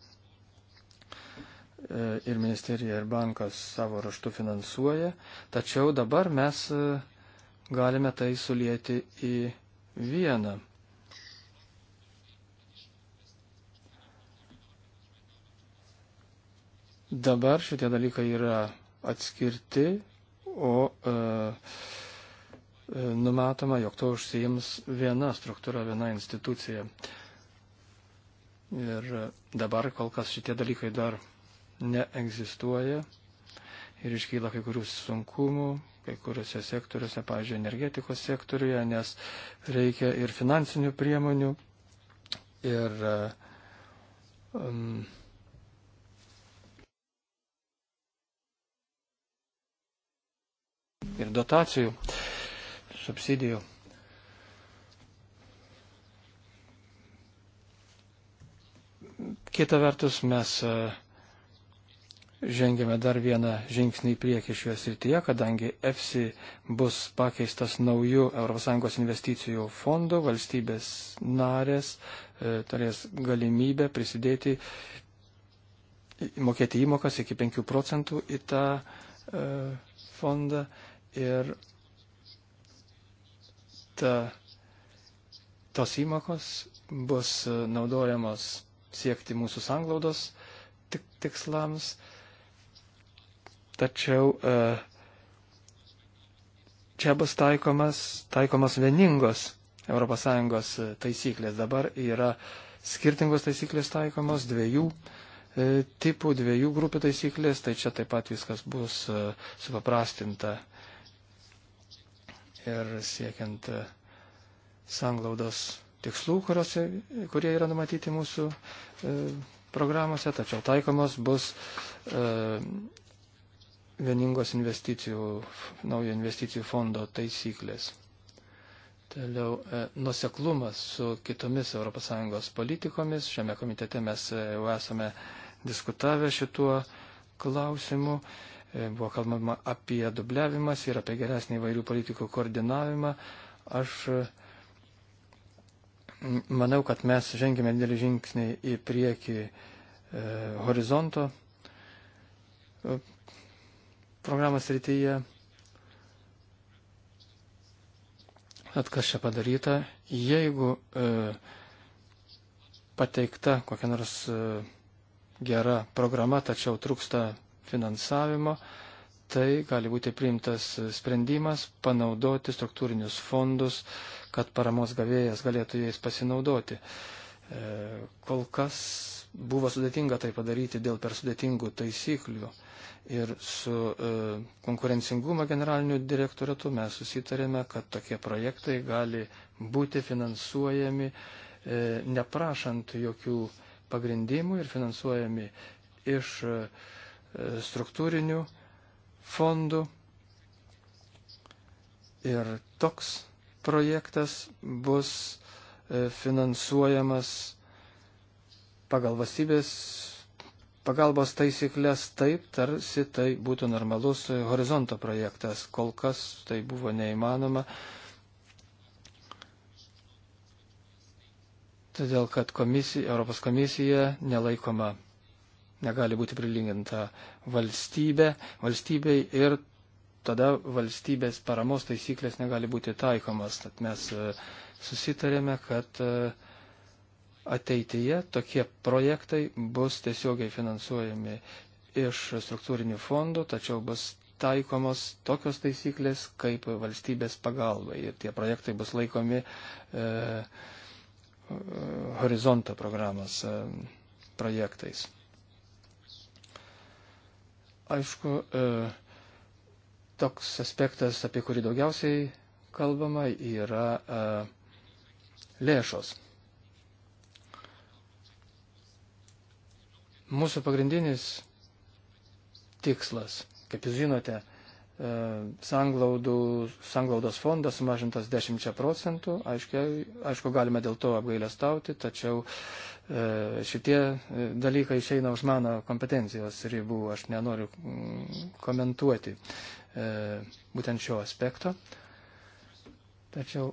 E, ir ministerija, ir bankas savo raštu finansuoja, tačiau dabar mes e, galime tai sulieti į vieną. Dabar šitie dalykai yra atskirti, o e, e numatoma, jog to užsijims viena struktūra, viena institucija. Ir dabar kol kas šitie dalykai dar neegzistuoja ir iškyla kai kurių sunkumų, kai kuriuose sektoriuose, pavyzdžiui, energetikos sektoriuje, nes reikia ir finansinių priemonių, ir um, ir dotacijų, subsidijų. Kita vertus, mes uh, žengėme dar vieną žingsnį į priekį šioje srityje, kadangi EFSI bus pakeistas naujų ES investicijų fondų, valstybės narės e, turės galimybę prisidėti, mokėti įmokas iki 5 procentų į tą e, fondą ir ta, tos įmokos bus e, naudojamos siekti mūsų sanglaudos tik, tikslams. E, tačiau e, čia bus taikomas, taikomas vieningos ES e, taisyklės. Dabar yra skirtingos taisyklės taikomos, dviejų e, tipų, dviejų grupių taisyklės, tai čia taip pat viskas bus supaprastinta ir siekiant sanglaudos tikslų, kuriuose, kurie yra numatyti mūsų programuose, tačiau taikomos bus vieningos investicijų, naujo investicijų fondo taisyklės. Toliau e, nuseklumas su kitomis ES politikomis. Šiame komitete mes e, jau esame diskutavę šituo klausimu. E, buvo kalbama apie dubliavimas ir apie geresnį įvairių politikų koordinavimą. Aš manau, kad mes žengėme didelį žingsnį į priekį e, horizonto programos rytyje. At kas čia padaryta, jeigu e, pateikta kokia nors e, gera programa, tačiau trūksta finansavimo, tai gali būti priimtas sprendimas panaudoti struktūrinius fondus, kad paramos gavėjas galėtų jais pasinaudoti. E, kol kas buvo sudėtinga tai padaryti dėl per sudėtingų taisyklių. Ir su e, konkurencingumo generaliniu direktoratu mes susitarėme, kad tokie projektai gali būti finansuojami e, neprašant jokių pagrindimų ir finansuojami iš e, struktūrinių fondų. Ir toks projektas bus e, finansuojamas pagal valstybės pagalbos taisyklės taip, tarsi tai būtų normalus horizonto projektas. Kol kas tai buvo neįmanoma. Todėl, kad komisija, Europos komisija nelaikoma, negali būti prilyginta valstybė, valstybei ir tada valstybės paramos taisyklės negali būti taikomas. Tad mes e, susitarėme, kad uh, ateityje tokie projektai bus tiesiogiai finansuojami iš struktūrinių fondų, tačiau bus taikomos tokios taisyklės kaip valstybės pagalba ir tie projektai bus laikomi e, horizonto programos e, projektais. Aišku, e, toks aspektas, apie kurį daugiausiai kalbama, yra e, lėšos. Mūsų pagrindinis tikslas, kaip jūs žinote, e, sanglaudos fondas sumažintas 10 procentų, aišku, aišku galime dėl to apgailestauti, tačiau e, šitie e, dalykai išeina už mano kompetencijos ribų, aš nenoriu mm, komentuoti būtent šio aspekto. Tačiau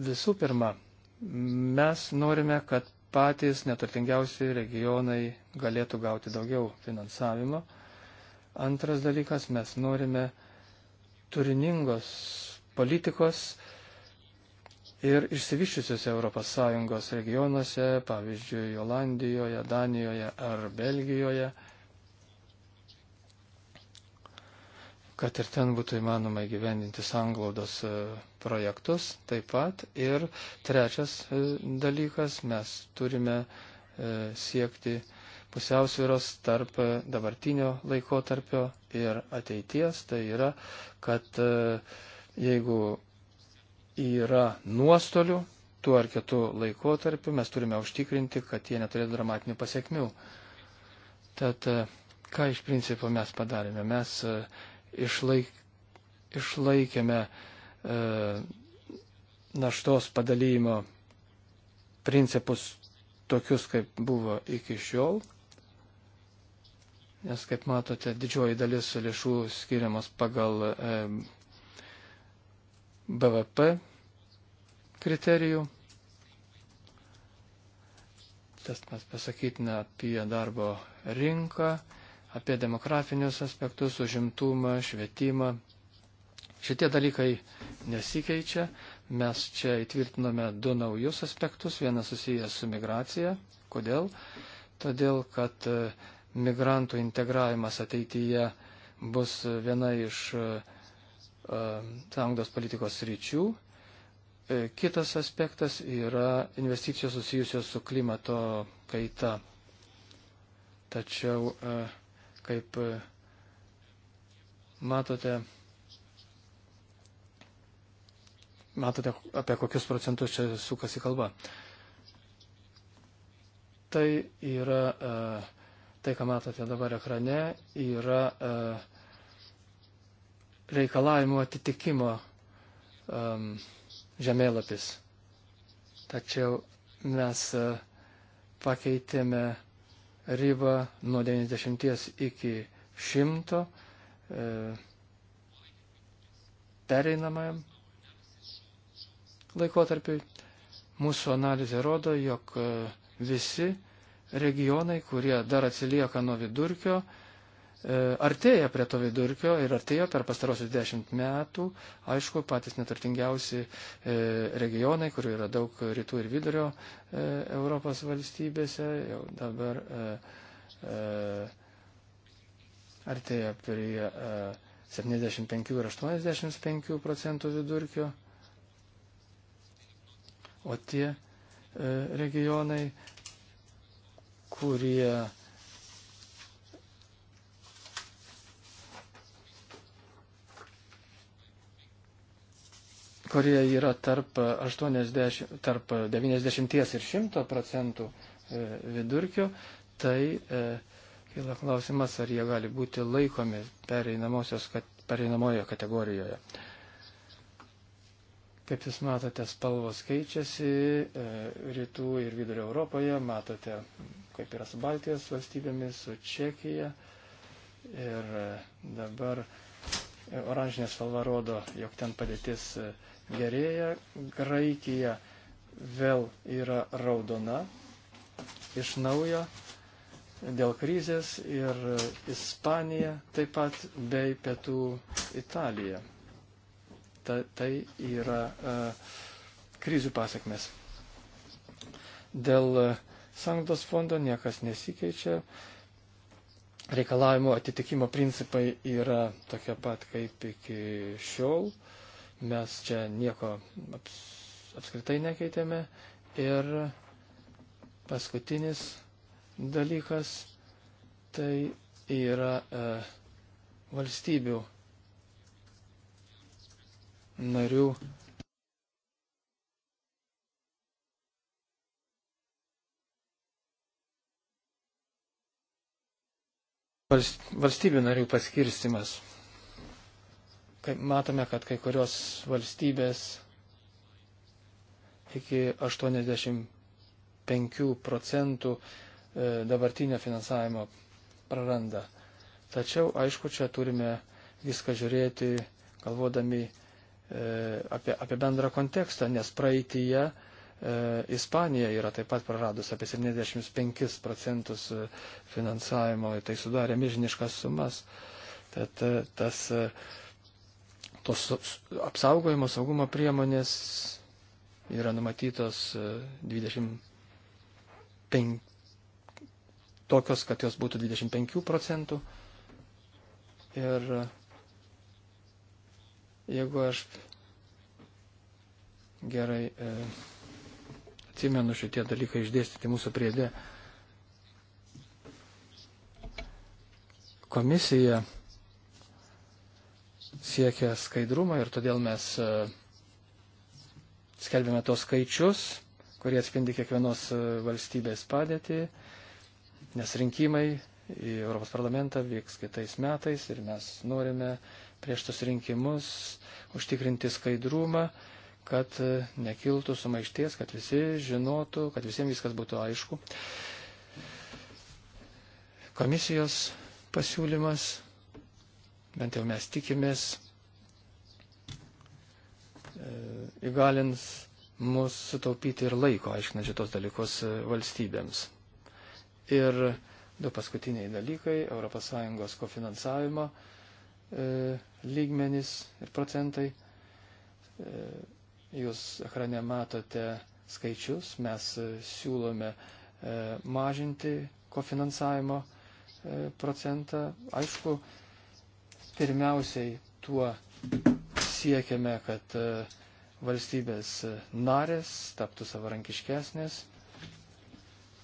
visų pirma, mes norime, kad patys neturtingiausi regionai galėtų gauti daugiau finansavimo. Antras dalykas, mes norime turiningos politikos ir išsivyščiusiuose ES regionuose, pavyzdžiui, Olandijoje, Danijoje ar Belgijoje. kad ir ten būtų įmanoma įgyvendinti sanglaudos e, projektus taip pat. Ir trečias e, dalykas, mes turime e, siekti pusiausvyros tarp dabartinio laikotarpio ir ateities. Tai yra, kad jeigu yra nuostolių tuo ar kitu laikotarpiu, mes turime užtikrinti, kad jie neturėtų dramatinių pasiekmių. Tad ką iš principo mes padarėme? Mes išlaik, išlaikėme e, naštos padalymo principus tokius, kaip buvo iki šiol. Nes, kaip matote, didžioji dalis lėšų skiriamas pagal e, BVP kriterijų. Tas mes pasakytume apie darbo rinką apie demografinius aspektus, užimtumą, švietimą. Šitie dalykai nesikeičia. Mes čia įtvirtinome du naujus aspektus. Vienas susijęs su migracija. Kodėl? Todėl, kad e, migrantų integravimas ateityje bus viena iš e, e, sąjungos politikos ryčių. Kitas aspektas yra investicijos susijusios su klimato kaita. Tačiau uh, Kaip e, matote, matote, apie kokius procentus čia sukasi kalba. Tai yra, e, tai ką matote dabar ekrane, yra e, reikalavimų atitikimo žemėlapis. Tačiau mes pakeitėme ribą nuo 90 iki 100 e, pereinamajam laikotarpiui. Mūsų analizė rodo, jog e, visi regionai, kurie dar atsilieka nuo vidurkio, E, artėja prie to vidurkio ir artėjo per pastarosius dešimt metų. Aišku, patys neturtingiausi e, regionai, kurių yra daug rytų ir vidurio e, Europos valstybėse, jau dabar artėja prie 75 ir 85 procentų vidurkio. O tie regionai, kurie kurie yra tarp, 80, tarp 90 ir 100 procentų e, vidurkių, tai e, kyla klausimas, ar jie gali būti laikomi pereinamojo kategorijoje. Kaip Jūs matote, spalvos keičiasi e, rytų ir vidurio Europoje, matote, kaip yra su Baltijos valstybėmis, su Čekija. Ir e, dabar e, oranžinė spalva rodo, jog ten padėtis gerėja, Graikija vėl yra raudona iš naujo dėl krizės ir Ispanija taip pat bei pietų Italija. Ta, tai yra a, e, krizių pasiekmes. Dėl sanglos fondo niekas nesikeičia. Reikalavimo atitikimo principai yra tokie pat kaip iki šiol. Mes čia nieko aps, apskritai nekeitėme. Ir paskutinis dalykas tai yra e, valstybių narių valstybių narių paskirstimas matome, kad kai kurios valstybės iki 85 procentų e, dabartinio finansavimo praranda. Tačiau, aišku, čia turime viską žiūrėti, galvodami e, apie, apie bendrą kontekstą, nes praeitįje e, Ispanija yra taip pat praradus apie 75 procentus e, finansavimo, tai sudarė milžiniškas sumas. Tad tas. E, tos apsaugojimo saugumo priemonės yra numatytos 25, e, tokios, kad jos būtų 25 procentų. Ir jeigu aš gerai e, atsimenu šitie dalykai išdėstyti mūsų priedė, komisija siekia skaidrumą ir todėl mes e, skelbėme tos skaičius, kurie atspindi kiekvienos e, valstybės padėtį, nes rinkimai į Europos parlamentą vyks kitais metais ir mes norime prieš tos rinkimus užtikrinti skaidrumą, kad e, nekiltų sumaišties, kad visi žinotų, kad visiems viskas būtų aišku. Komisijos pasiūlymas bent jau mes tikimės, e, įgalins mus sutaupyti ir laiko, aiškinant šitos dalykus e, valstybėms. Ir du paskutiniai dalykai - ES kofinansavimo e, lygmenis ir procentai. Jūs ekrane matote skaičius, mes siūlome mažinti kofinansavimo procentą. Aišku, Pirmiausiai tuo siekiame, kad e, valstybės narės taptų savarankiškesnės.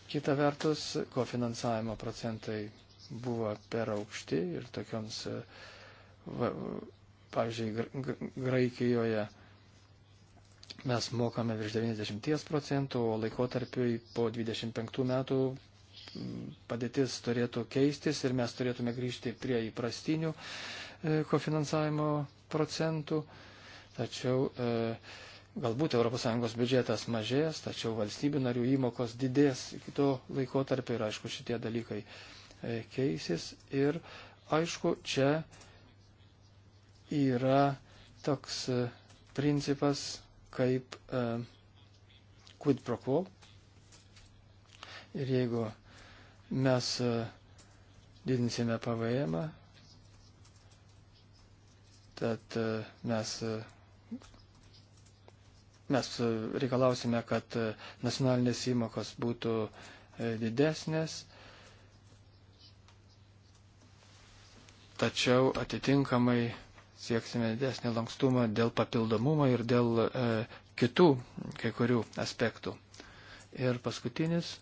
Kita vertus, kofinansavimo procentai buvo per aukšti ir tokioms, e, pavyzdžiui, Graikijoje mes mokame virš 90 procentų, o laikotarpiui po 25 metų padėtis turėtų keistis ir mes turėtume grįžti prie įprastinių E, kofinansavimo procentų, tačiau e, galbūt ES biudžetas mažės, tačiau valstybių narių įmokos didės iki to laiko tarp ir aišku šitie dalykai e, keisis ir aišku čia yra toks principas kaip quid pro quo. Ir jeigu mes didinsime pavėjimą, Tad e, mes, e, mes e, reikalausime, kad nacionalinės įmokos būtų didesnės, tačiau atitinkamai sieksime didesnį lankstumą dėl papildomumo ir dėl e, kitų kai kurių aspektų. Ir paskutinis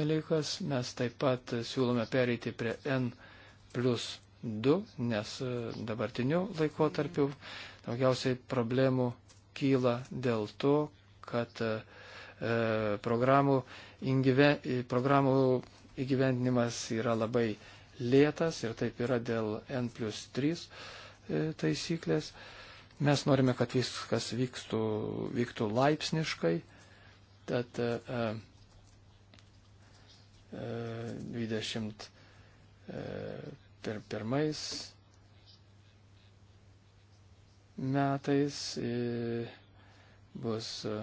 dalykas, mes taip pat siūlome pereiti prie N plus 2, nes e, dabartiniu laikotarpiu daugiausiai problemų kyla dėl to, kad e, e programų, ingyve, e, programų įgyvendinimas yra labai lėtas ir taip yra dėl N plus 3 taisyklės. Mes norime, kad viskas vyktų, vyktų laipsniškai. Tad e, e, 20. E, per pirmais metais e, bus e,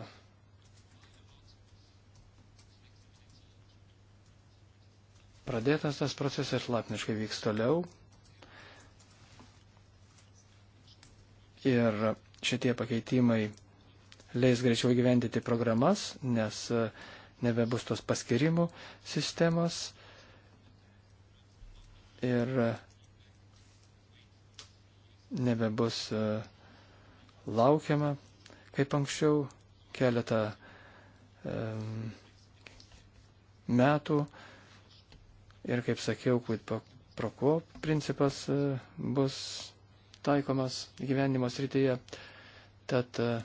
pradėtas tas procesas ir lapniškai vyks toliau. Ir šitie pakeitimai leis greičiau gyvendyti programas, nes e, nebebus tos paskirimų sistemos ir e, nebebus e, laukiama, kaip anksčiau, keletą um, metų ir, kaip sakiau, quid pro quo principas uh, bus taikomas gyvenimo srityje. Tad uh,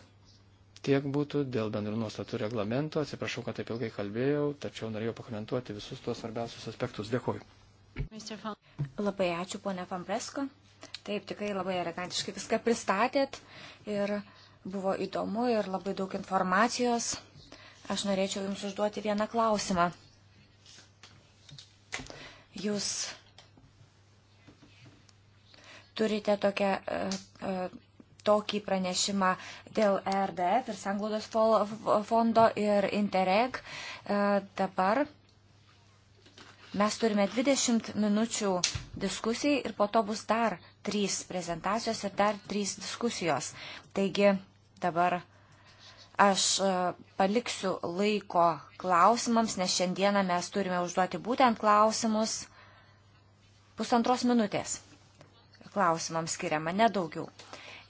tiek būtų dėl bendrų nuostatų reglamento. Atsiprašau, kad taip ilgai kalbėjau, tačiau norėjau pakomentuoti visus tuos svarbiausius aspektus. Dėkuoju. Labai ačiū, ponė Fambresko. Taip, tikrai labai elegantiškai viską pristatėt ir buvo įdomu ir labai daug informacijos. Aš norėčiau Jums užduoti vieną klausimą. Jūs turite tokią, e, e, tokį pranešimą dėl RDF ir Sanglaudos fondo ir Interreg e, dabar. E, Mes turime 20 minučių diskusijai ir po to bus dar 3 prezentacijos ir dar 3 diskusijos. Taigi dabar aš e, paliksiu laiko klausimams, nes šiandieną mes turime užduoti būtent klausimus pusantros minutės. Klausimams skiriama nedaugiau.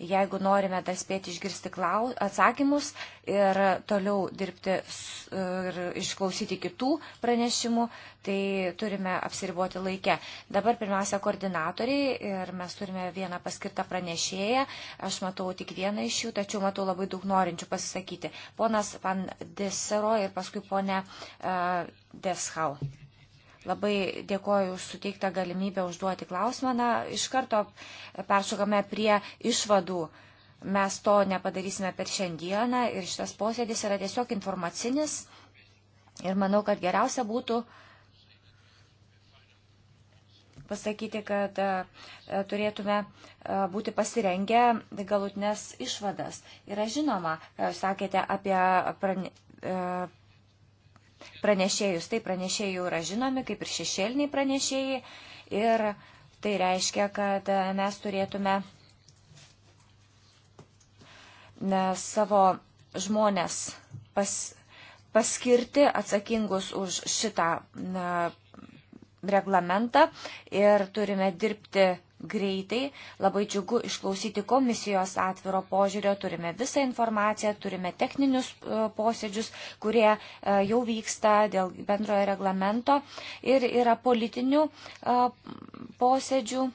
Jeigu norime dar spėti išgirsti klaus, atsakymus ir toliau dirbti ir išklausyti kitų pranešimų, tai turime apsiriboti laikę. Dabar pirmiausia koordinatoriai ir mes turime vieną paskirtą pranešėją. Aš matau tik vieną iš jų, tačiau matau labai daug norinčių pasisakyti. Ponas Van Desero ir paskui ponė uh, e, Deshau. Labai dėkoju už suteiktą galimybę užduoti klausimą. Na, iš karto peršokame prie išvadų. Mes to nepadarysime per šiandieną ir šitas posėdis yra tiesiog informacinis. Ir manau, kad geriausia būtų pasakyti, kad e, turėtume e, būti pasirengę galutinės išvadas. Yra žinoma, e, sakėte apie pranešėjus. Tai pranešėjai yra žinomi, kaip ir šešėliniai pranešėjai. Ir tai reiškia, kad e, mes turėtume e, savo žmonės pas, paskirti atsakingus už šitą na, e, reglamentą ir turime dirbti greitai. Labai džiugu išklausyti komisijos atviro požiūrio. Turime visą informaciją, turime techninius e, posėdžius, kurie e, jau vyksta dėl bendrojo reglamento ir yra politinių e, posėdžių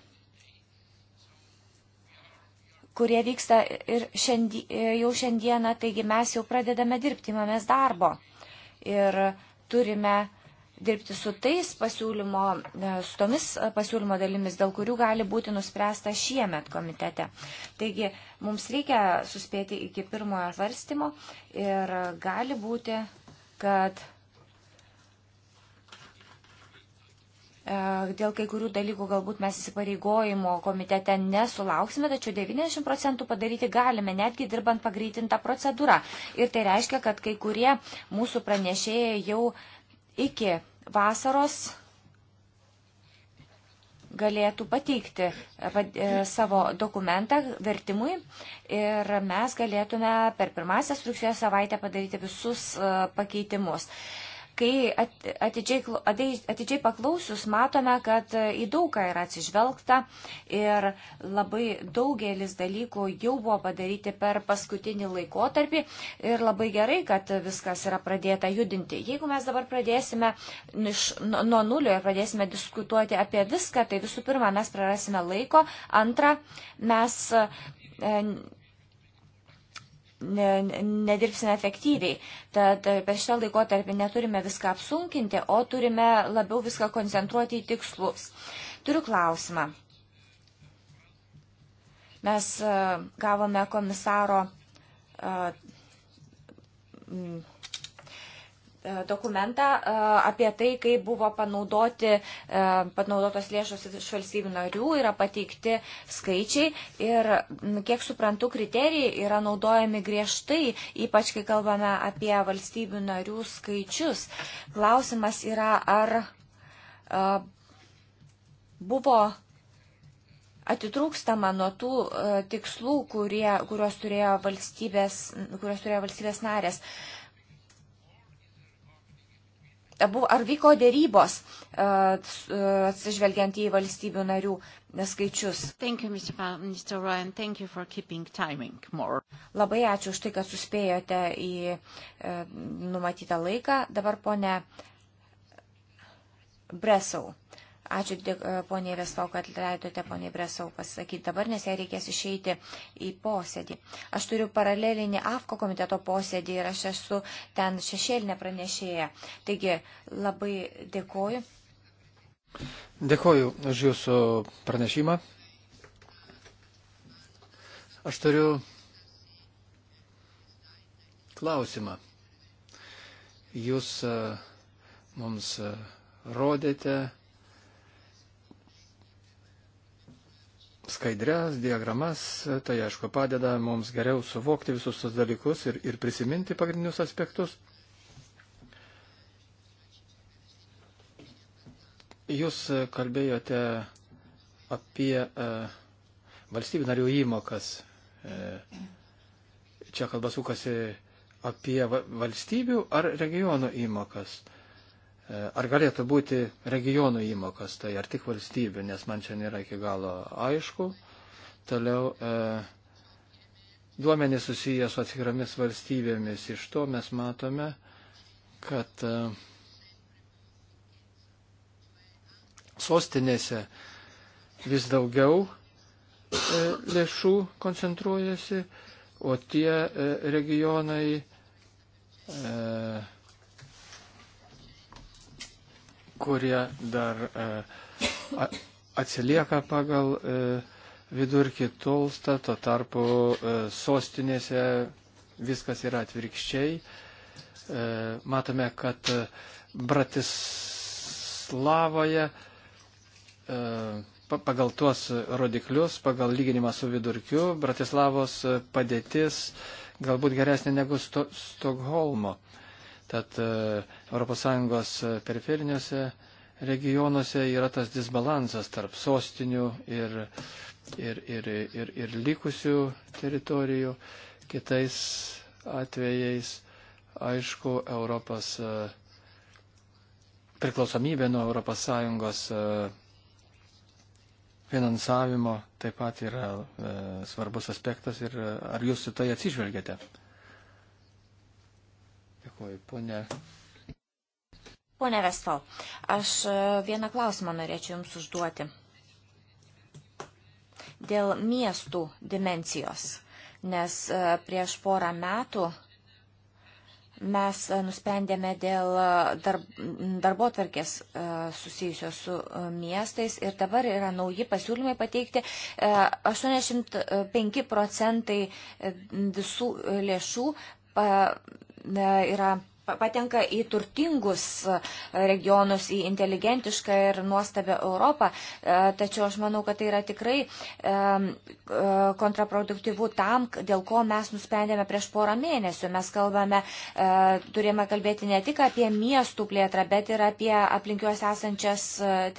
kurie vyksta ir šiandie, jau šiandieną, taigi mes jau pradedame dirbti, imamės darbo ir turime dirbti su tais pasiūlymo, e, su tomis e, pasiūlymo dalimis, dėl kurių gali būti nuspręsta šiemet komitete. Taigi mums reikia suspėti iki pirmojo varstymo ir gali būti, kad e, dėl kai kurių dalykų galbūt mes įsipareigojimo komitete nesulauksime, tačiau 90 procentų padaryti galime, netgi dirbant pagreitintą procedūrą. Ir tai reiškia, kad kai kurie mūsų pranešėjai jau uh, iki vasaros galėtų pateikti e, e, savo dokumentą vertimui ir mes galėtume per pirmąsias rugsėjo savaitę padaryti visus e, pakeitimus kai atidžiai, atidžiai paklausius matome, kad į daugą yra atsižvelgta ir labai daugelis dalykų jau buvo padaryti per paskutinį laikotarpį ir labai gerai, kad viskas yra pradėta judinti. Jeigu mes dabar pradėsime iš, nuo nulio ir pradėsime diskutuoti apie viską, tai visų pirma, mes prarasime laiko, antra, mes. E, ne, nedirbsime efektyviai. Tad e, per šitą laikotarpį neturime viską apsunkinti, o turime labiau viską koncentruoti į tikslus. Turiu klausimą. Mes e, gavome komisaro. Uh, E, dokumentą e, apie tai, kaip buvo panaudoti, e, panaudotos lėšos iš valstybių narių, yra pateikti skaičiai ir, kiek suprantu, kriterijai yra naudojami griežtai, ypač kai kalbame apie valstybių narių skaičius. Klausimas yra, ar buvo atitrūkstama nuo tų tikslų, kurie, kurios, turėjo valstybės, kurios turėjo valstybės narės. Uh, ar vyko dėrybos e, e, atsižvelgiant į valstybių narių skaičius. You, Labai ačiū už tai, kad suspėjote į e, numatytą laiką. Dabar ponė Bresau. Ačiū e, poniai Vestau, kad leidote poniai Bresau pasakyti dabar, nes jai reikės išeiti į posėdį. Aš turiu paralelinį AFKO komiteto posėdį ir aš esu ten šešėlinė pranešėja. Taigi labai dėkoju. Dėkoju už jūsų pranešimą. Aš turiu klausimą. Jūs e, mums e, rodėte skaidrės, diagramas, tai aišku padeda mums geriau suvokti visus tos dalykus ir, ir prisiminti pagrindinius aspektus. Jūs e, kalbėjote apie e, valstybių narių įmokas. E, čia kalba sukasi apie valstybių ar regionų įmokas. E, Ar galėtų būti regionų įmokos, tai ar tik valstybių, nes man čia nėra iki galo aišku. Toliau e, duomenys susiję su atskiromis valstybėmis. Iš to mes matome, kad e, sostinėse vis daugiau e, lėšų koncentruojasi, o tie e, regionai e, kurie dar e, atsilieka pagal e, vidurkį tolsta, to tarpu e, sostinėse viskas yra atvirkščiai. Matome, kad Bratislavoje pagal tuos rodiklius, pagal lyginimą su vidurkiu, Bratislavos padėtis galbūt geresnė negu Stokholmo. Tad uh, ES e, periferiniuose regionuose yra tas disbalansas tarp sostinių ir, ir, ir, ir, ir likusių teritorijų. Kitais atvejais, aišku, Europos e, priklausomybė nuo ES e, finansavimo taip pat yra e, svarbus aspektas ir ar jūs į tai atsižvelgiate? Dėkuoju, ponė Pone Vestol, aš e, vieną klausimą norėčiau Jums užduoti. Dėl miestų dimencijos, nes e, prieš porą metų mes e, nusprendėme dėl darb, darbo tvarkės susijusios su miestais ir dabar yra nauji pasiūlymai pateikti. 85 procentai visų lėšų yra patenka į turtingus e, regionus, į inteligentišką ir nuostabią Europą. E, tačiau aš manau, kad tai yra tikrai e, kontraproduktyvu tam, dėl ko mes nusprendėme prieš porą mėnesių. Mes kalbame, turėjome kalbėti ne tik apie miestų plėtrą, bet ir apie aplinkiuos esančias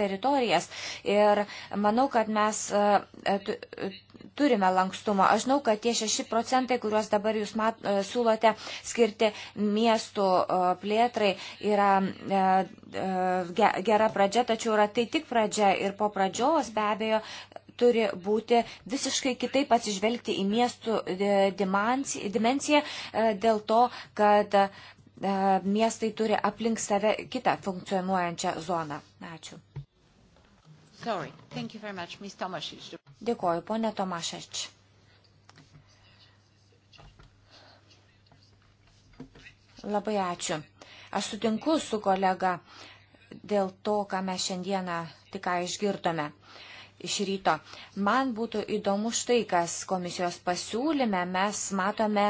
teritorijas. Ir manau, kad mes turime lankstumą. Aš žinau, kad tie 6 procentai, kuriuos dabar jūs mat, e, siūlote skirti miestų e, plėtrai, yra e, gera pradžia, tačiau yra tai tik pradžia ir po pradžios be abejo turi būti visiškai kitaip atsižvelgti į miestų dimenciją dėl to, kad miestai turi aplink save kitą funkcionuojančią zoną. Ačiū. Sorry. Thank you very much, Ms. Tomašič. Dėkoju, ponė Tomašič. Labai ačiū. Aš sutinku su kolega dėl to, ką mes šiandieną tik ką išgirdome iš ryto. Man būtų įdomu štai, kas komisijos pasiūlyme mes matome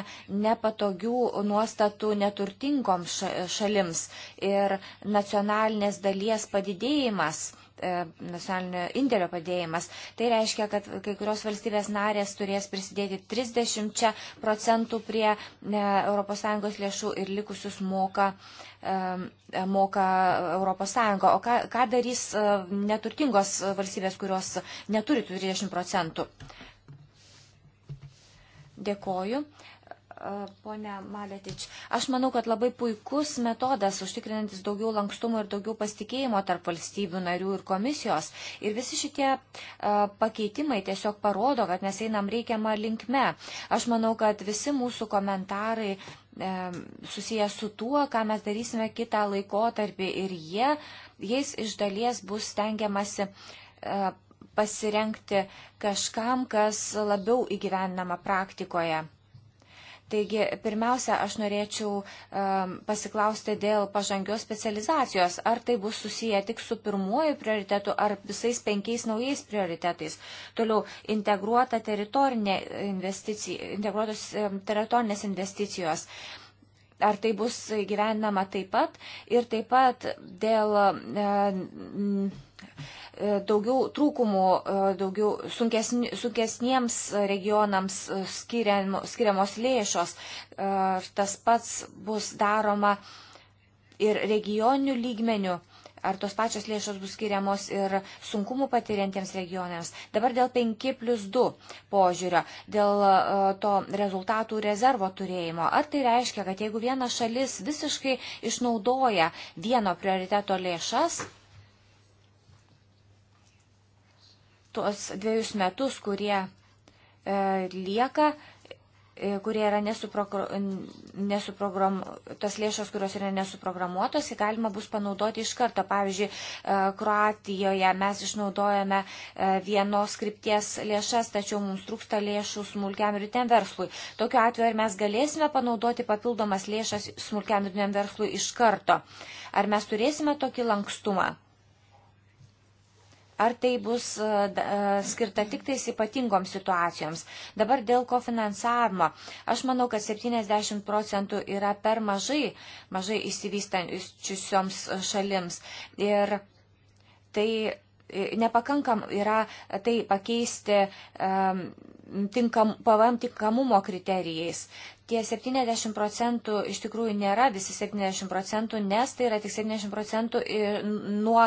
nepatogių nuostatų neturtingoms šalims ir nacionalinės dalies padidėjimas E, nacionalinio indėlio padėjimas. Tai reiškia, kad kai kurios valstybės narės turės prisidėti 30 procentų prie ES lėšų ir likusius moka, e, e, moka ES. O ką, ką darys neturtingos valstybės, kurios neturi 30 procentų? Dėkoju ponia Maletič. Aš manau, kad labai puikus metodas užtikrinantis daugiau lankstumo ir daugiau pasitikėjimo tarp valstybių narių ir komisijos. Ir visi šitie pakeitimai tiesiog parodo, kad mes einam reikiamą linkme. Aš manau, kad visi mūsų komentarai susijęs su tuo, ką mes darysime kitą laikotarpį ir jie, jais iš dalies bus stengiamasi pasirenkti kažkam, kas labiau įgyvendama praktikoje. Taigi, pirmiausia, aš norėčiau um, pasiklausti dėl pažangios specializacijos. Ar tai bus susiję tik su pirmuoju prioritetu, ar visais penkiais naujais prioritetais. Toliau, integruota teritorinė investicija, integruotos um, teritorinės investicijos. Ar tai bus gyvenama taip pat? Ir taip pat dėl. Um, E, daugiau trūkumų, e, daugiau sunkesni, sunkesniems regionams e, skiriamo, skiriamos lėšos. Tas pats bus daroma ir regioninių lygmenių. Ar tos pačios lėšos bus skiriamos ir sunkumų patiriantiems regionams. Dabar dėl 5 plus 2 požiūrio, dėl to rezultatų rezervo turėjimo. Ar tai reiškia, kad jeigu viena šalis visiškai išnaudoja vieno prioriteto lėšas, tuos dviejus metus, kurie e, lieka, e, kurie yra nesuprogramuotos, tas lėšos, kurios yra nesuprogramuotos, galima bus panaudoti iš karto. Pavyzdžiui, e, Kroatijoje mes išnaudojame vienos skripties lėšas, tačiau mums trūksta lėšų smulkiam ir rytiniam verslui. Tokiu atveju ar mes galėsime panaudoti papildomas lėšas smulkiam ir rytiniam verslui iš karto? Ar mes turėsime tokį lankstumą? Ar tai bus e, e, skirta tik tais ypatingoms situacijoms? Dabar dėl kofinansavimo. Aš manau, kad 70 procentų yra per mažai, mažai įsivystančiusioms šalims. Ir tai E, nepakankam yra tai pakeisti tinkam, PVM tinkamumo kriterijais. Tie 70 procentų iš tikrųjų nėra visi 70 procentų, nes tai yra tik 70 procentų nuo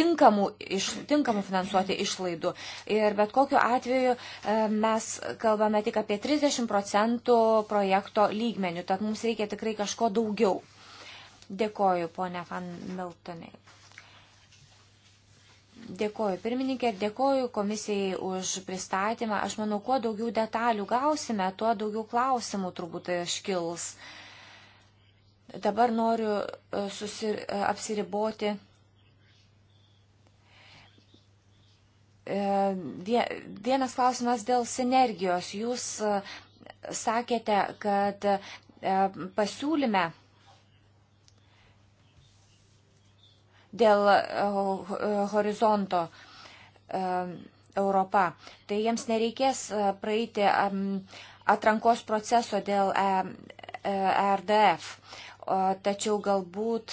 tinkamų, iš, tinkamų finansuoti išlaidų. Ir bet kokiu atveju e, mes kalbame tik apie 30 procentų projekto lygmenių, tad mums reikia tikrai kažko daugiau. Dėkoju, ponia Van Miltonai. Dėkoju pirmininkė, dėkoju komisijai už pristatymą. Aš manau, kuo daugiau detalių gausime, tuo daugiau klausimų turbūt iškils. Dabar noriu e, susir, e, apsiriboti e, vienas klausimas dėl sinergijos. Jūs sakėte, kad pasiūlyme dėl e, e, horizonto e, Europa. Tai jiems nereikės praeiti atrankos proceso dėl RDF. Tačiau galbūt.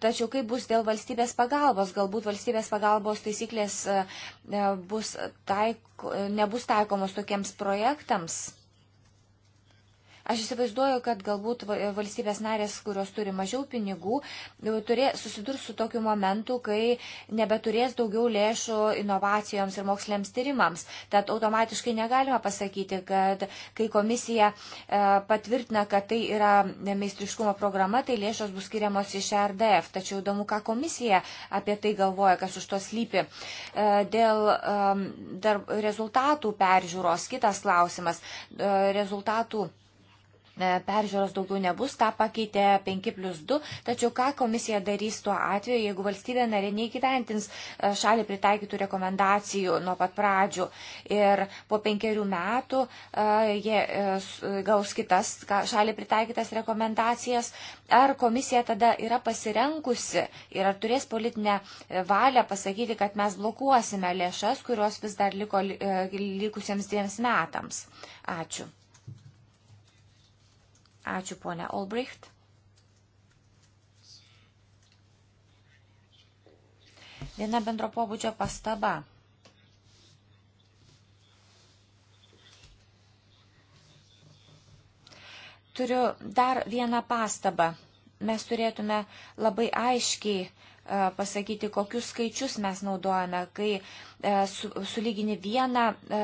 Tačiau kaip bus dėl valstybės pagalbos? Galbūt valstybės pagalbos taisyklės bus taik, nebus taikomos tokiems projektams Aš įsivaizduoju, kad galbūt valstybės narės, kurios turi mažiau pinigų, turė, susidurs su tokiu momentu, kai nebeturės daugiau lėšų inovacijoms ir moksliniams tyrimams. Tad automatiškai negalima pasakyti, kad kai komisija e, patvirtina, kad tai yra meistriškumo programa, tai lėšos bus skiriamos iš RDF. Tačiau įdomu, ką komisija apie tai galvoja, kas už to slypi. E, dėl e, rezultatų peržiūros kitas klausimas. Rezultatų E, peržiūros daugiau nebus, tą pakeitė 5 plus 2, tačiau ką komisija darys tuo atveju, jeigu valstybė narė neįgyventins e, šalį pritaikytų rekomendacijų nuo pat pradžių ir po penkerių metų e, jie gaus kitas šalį pritaikytas rekomendacijas, ar komisija tada yra pasirenkusi ir ar turės politinę valią pasakyti, kad mes blokuosime lėšas, kurios vis dar liko likusiems dviems metams. Ačiū. Ačiū, ponia Olbricht. Viena bendro pobūdžio pastaba. Turiu dar vieną pastabą. Mes turėtume labai aiškiai E, pasakyti, kokius skaičius mes naudojame. Kai e, sulygini vieną e,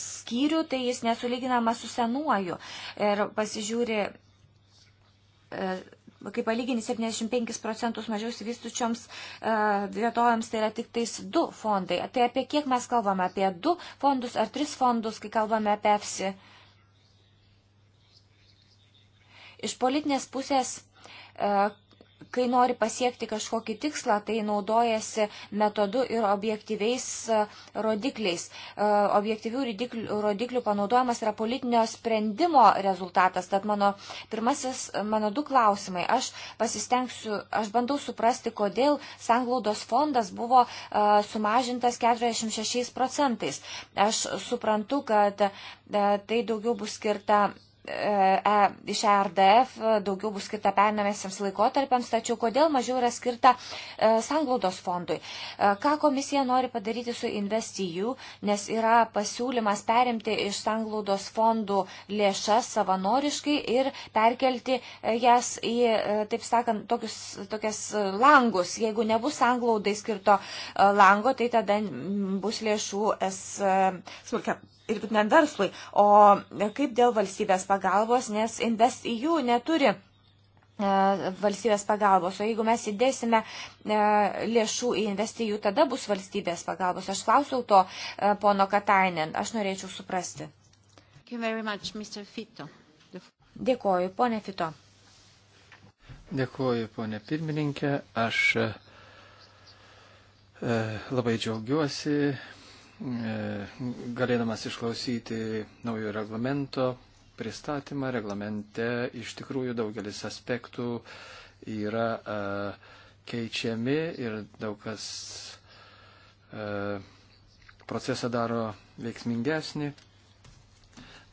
skyrių, tai jis nesulyginamas su senuoju. Ir pasižiūri, kai palygini 75 procentus mažiau įsivystučioms vietovėms, tai yra tik tais du fondai. Tai apie kiek mes kalbame? Apie du fondus ar tris fondus, kai kalbame apie EFSI? Iš politinės pusės kai nori pasiekti kažkokį tikslą, tai naudojasi metodu ir objektyviais e, rodikliais. E, objektyvių rodiklių panaudojimas yra politinio sprendimo rezultatas. Tad mano pirmasis, mano du klausimai. Aš pasistengsiu, aš bandau suprasti, kodėl sanglaudos fondas buvo e, sumažintas 46 procentais. Aš suprantu, kad tai daugiau bus skirta E, iš e RDF daugiau bus skirta pernamėsiams laikotarpiams, tačiau kodėl mažiau yra skirta e, sanglaudos fondui. Ką komisija nori padaryti su investijų, nes yra pasiūlymas perimti iš sanglaudos fondų lėšas savanoriškai ir perkelti jas į, taip sakant, tokius, tokias langus. Jeigu nebus sanglaudai skirto lango, tai tada bus lėšų S smulkia ir būtent verslui. O kaip dėl valstybės pagalbos, nes InvestEU neturi e, valstybės pagalbos. O jeigu mes įdėsime e, lėšų į investijų, e tada bus valstybės pagalbos. Aš klausiau to pono Katainen. Aš norėčiau suprasti. Dėkoju, ponė Fito. Dėkoju, ponė pirmininkė. Aš labai džiaugiuosi E, galėdamas išklausyti naujo reglamento pristatymą. Reglamente iš tikrųjų daugelis aspektų yra a, e, keičiami ir daug kas a, e, procesą daro veiksmingesnį.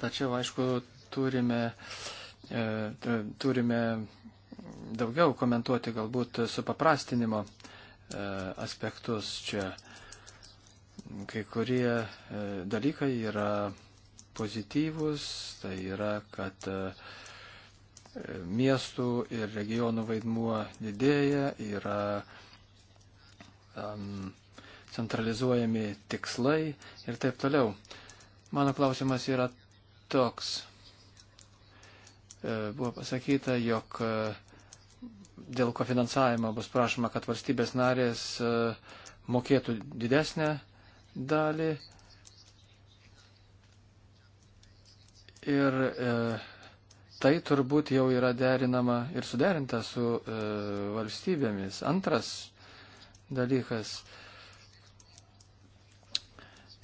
Tačiau, aišku, turime, a, turime daugiau komentuoti galbūt supaprastinimo aspektus čia kai kurie e, dalykai yra pozityvus, tai yra, kad e, miestų ir regionų vaidmuo didėja, yra um, centralizuojami tikslai ir taip toliau. Mano klausimas yra toks. E, buvo pasakyta, jog dėl kofinansavimo bus prašoma, kad valstybės narės mokėtų didesnę dalį ir e, tai turbūt jau yra derinama ir suderinta su e, valstybėmis. Antras dalykas,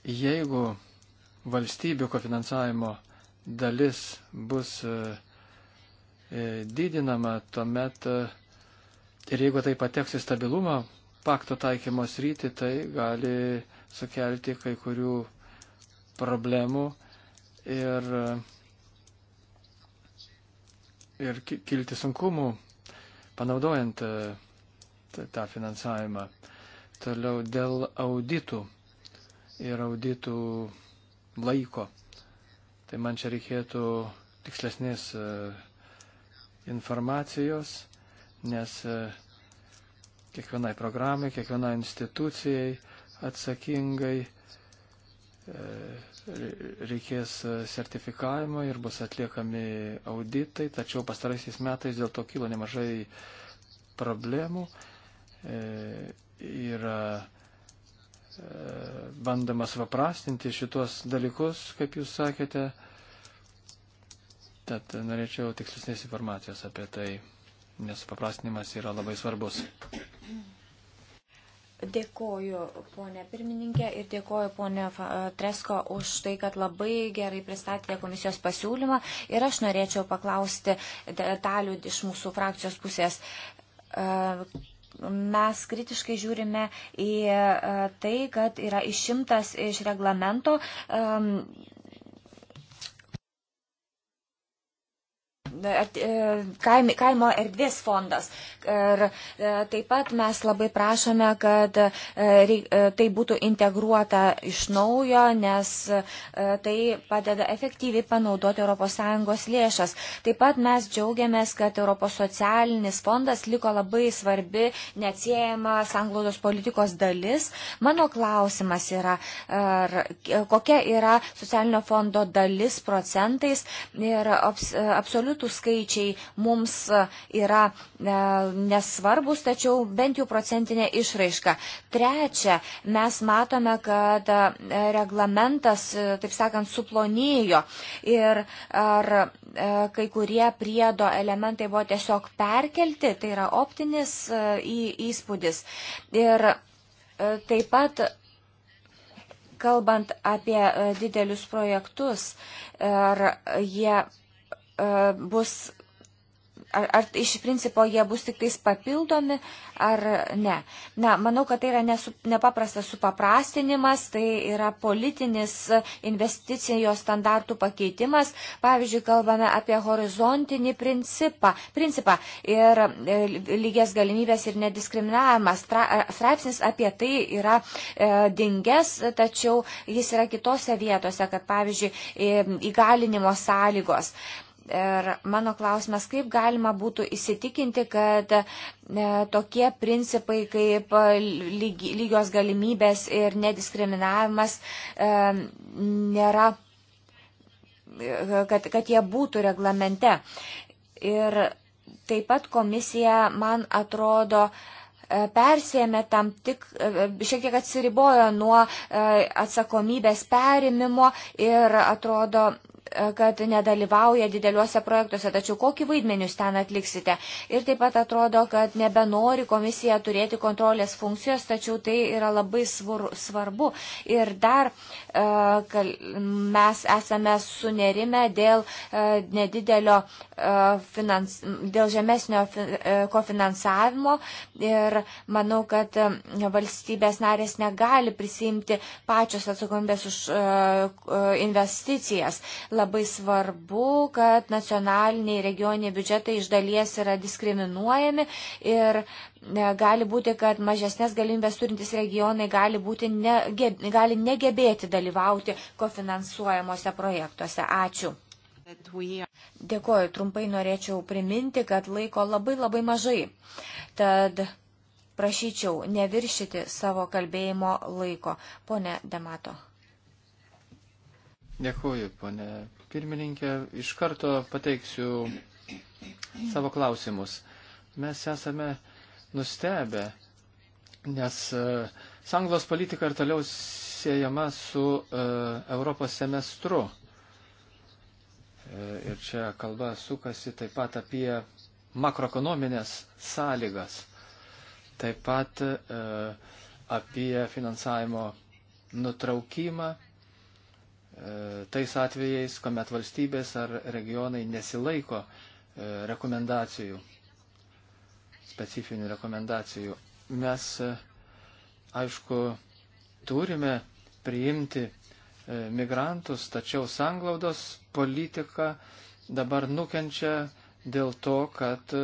jeigu valstybių kofinansavimo dalis bus e, e didinama, tuomet e, ir jeigu tai pateks į stabilumo pakto taikymos rytį, tai gali e, sukelti kai kurių problemų ir, ir kilti sunkumų panaudojant e, tą finansavimą. Toliau dėl auditų ir auditų laiko. Tai man čia reikėtų tikslesnės e, informacijos, nes e, kiekvienai programai, kiekvienai institucijai atsakingai e, reikės sertifikavimo ir bus atliekami auditai, tačiau pastaraisiais metais dėl to kilo nemažai problemų. E, yra e, bandama supaprastinti šitos dalykus, kaip jūs sakėte. Tad norėčiau tikslesnės informacijos apie tai, nes supaprastinimas yra labai svarbus. Dėkoju, ponė pirmininkė, ir dėkoju, ponė Tresko, už tai, kad labai gerai pristatėte komisijos pasiūlymą. Ir aš norėčiau paklausti detalių iš mūsų frakcijos pusės. E, mes kritiškai žiūrime į e, tai, kad yra išimtas iš reglamento e, E, kaimi, kaimo erdvės fondas. Ir e, taip pat mes labai prašome, kad e, tai būtų integruota iš naujo, nes tai padeda efektyviai panaudoti ES lėšas. Taip pat mes džiaugiamės, kad ES fondas liko labai svarbi, neatsiejama sanglaudos politikos dalis. Mano klausimas yra, ar, kokia yra socialinio fondo dalis procentais ir abs, absoliutų procentų skaičiai mums e, yra e, nesvarbus, tačiau bent jau procentinė išraiška. Trečia, mes matome, kad e, reglamentas, taip sakant, suplonėjo ir ar kai kurie priedo elementai buvo tiesiog perkelti, tai yra optinis įspūdis. Ir taip pat kalbant apie didelius projektus, ar jie E, bus, ar, ar iš principo jie bus tik tais papildomi, ar ne. Na, manau, kad tai yra nesu, nepaprastas supaprastinimas, tai yra politinis investicijos standartų pakeitimas. Pavyzdžiui, kalbame apie horizontinį principą, principą ir e, lygias galimybės ir nediskriminavimas. E, straipsnis apie tai yra e, dingęs, tačiau jis yra kitose vietose, kad pavyzdžiui, įgalinimo sąlygos. E, Ir mano klausimas, kaip galima būtų įsitikinti, kad e, tokie principai kaip e, lygios galimybės ir nediskriminavimas e, nėra, kad, kad jie būtų reglamente. Ir taip pat komisija, man atrodo, persėmė tam tik, šiek tiek atsiribojo nuo atsakomybės perimimo ir atrodo kad nedalyvauja dideliuose projektuose, tačiau kokį vaidmenį jūs ten atliksite. Ir taip pat atrodo, kad nebenori komisija turėti kontrolės funkcijos, tačiau tai yra labai svur, svarbu. Ir dar e, mes esame sunerime dėl e, nedidelio e, finans, dėl žemesnio kofinansavimo ir manau, kad valstybės narės negali prisimti pačios atsakomybės už investicijas labai svarbu, kad nacionaliniai regioniniai biudžetai iš dalies yra diskriminuojami ir e, gali būti, kad mažesnės galimybės turintys regionai gali, būti ne, gali negebėti dalyvauti kofinansuojamuose projektuose. Ačiū. Dėkoju, trumpai norėčiau priminti, kad laiko labai labai mažai. Tad prašyčiau neviršyti savo kalbėjimo laiko. Pone Demato. Dėkuoju, ponė pirmininkė. Iš karto pateiksiu savo klausimus. Mes esame nustebę, nes e, sanglos politika ir toliau siejama su uh, Europos semestru. E, ir čia kalba sukasi taip pat apie makroekonominės sąlygas, taip pat uh, apie finansavimo nutraukimą E, tais atvejais, kuomet valstybės ar regionai nesilaiko e, rekomendacijų, specifinių rekomendacijų. Mes, e, aišku, turime priimti migrantus, tačiau sanglaudos politika dabar nukenčia dėl to, kad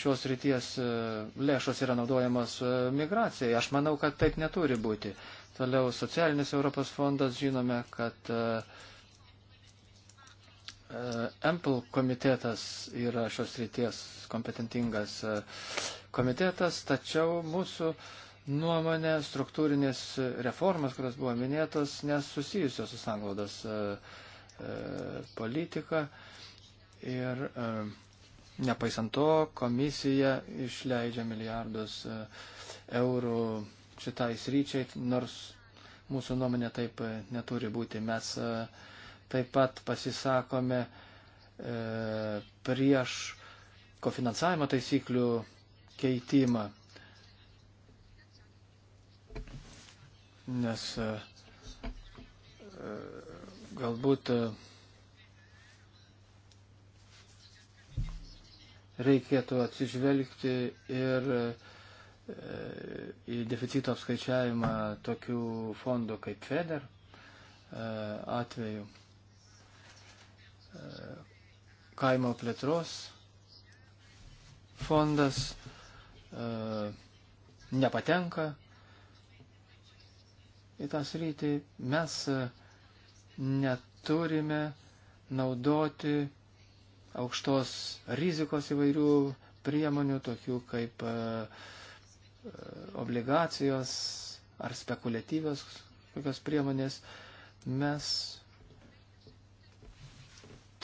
šios ryties lėšos yra naudojamos migracijai. Aš manau, kad taip neturi būti. Toliau socialinis Europos fondas, žinome, kad EMPL e, komitetas yra šios ryties kompetentingas e, komitetas, tačiau mūsų nuomonė struktūrinės reformas, kurios buvo minėtos, nesusijusios su sanglaudos e, politika. Ir nepaisant to, komisija išleidžia milijardus eurų šitai sryčiai, nors mūsų nuomonė taip e, neturi būti. Mes e, taip pat pasisakome e, prieš kofinansavimo taisyklių keitimą. Nes galbūt reikėtų atsižvelgti ir uh, į deficito apskaičiavimą tokių fondų kaip FEDER e, atveju, e, kaimo plėtros fondas e, nepatenka į tą sritį. Mes neturime naudoti aukštos rizikos įvairių priemonių, tokių kaip uh, obligacijos ar spekuliatyvios kokios priemonės, mes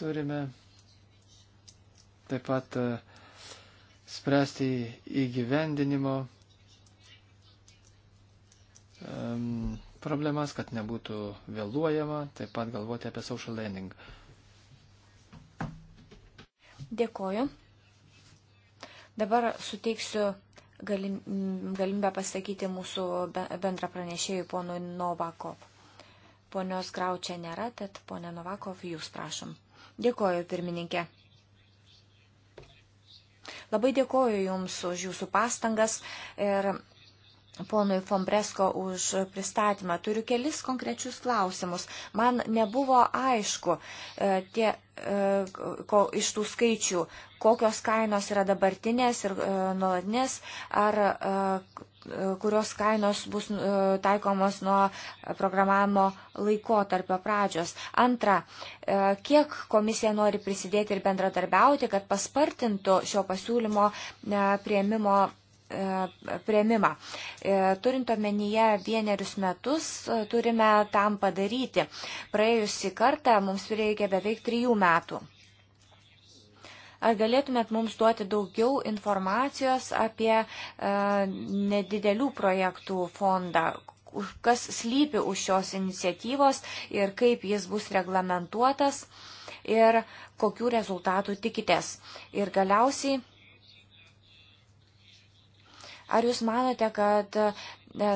turime taip pat e, spręsti įgyvendinimo problemas, kad nebūtų vėluojama, taip pat galvoti apie social learning. Dėkoju. Dabar suteiksiu galim, galimybę pasakyti mūsų bendra pranešėjų ponui Novakov. Ponios Grau čia nėra, tad ponė Novakov, jūs prašom. Dėkoju, pirmininkė. Labai dėkoju Jums už Jūsų pastangas ir ponui Fombresko už pristatymą. Turiu kelis konkrečius klausimus. Man nebuvo aišku e, tie, e, ko, iš tų skaičių, kokios kainos yra dabartinės ir e, nuolatinės, ar kurios kainos bus taikomos nuo programavimo laikotarpio pradžios. Antra, kiek komisija nori prisidėti ir bendradarbiauti, kad paspartintų šio pasiūlymo prieimimo E, prieimimą. E, turint omenyje vienerius metus, e, turime tam padaryti. Praėjusį kartą mums prireikė beveik trijų metų. Ar galėtumėt mums duoti daugiau informacijos apie e, nedidelių projektų fondą, kas slypi už šios iniciatyvos ir kaip jis bus reglamentuotas ir kokių rezultatų tikitės. Ir galiausiai Ar Jūs manote, kad e,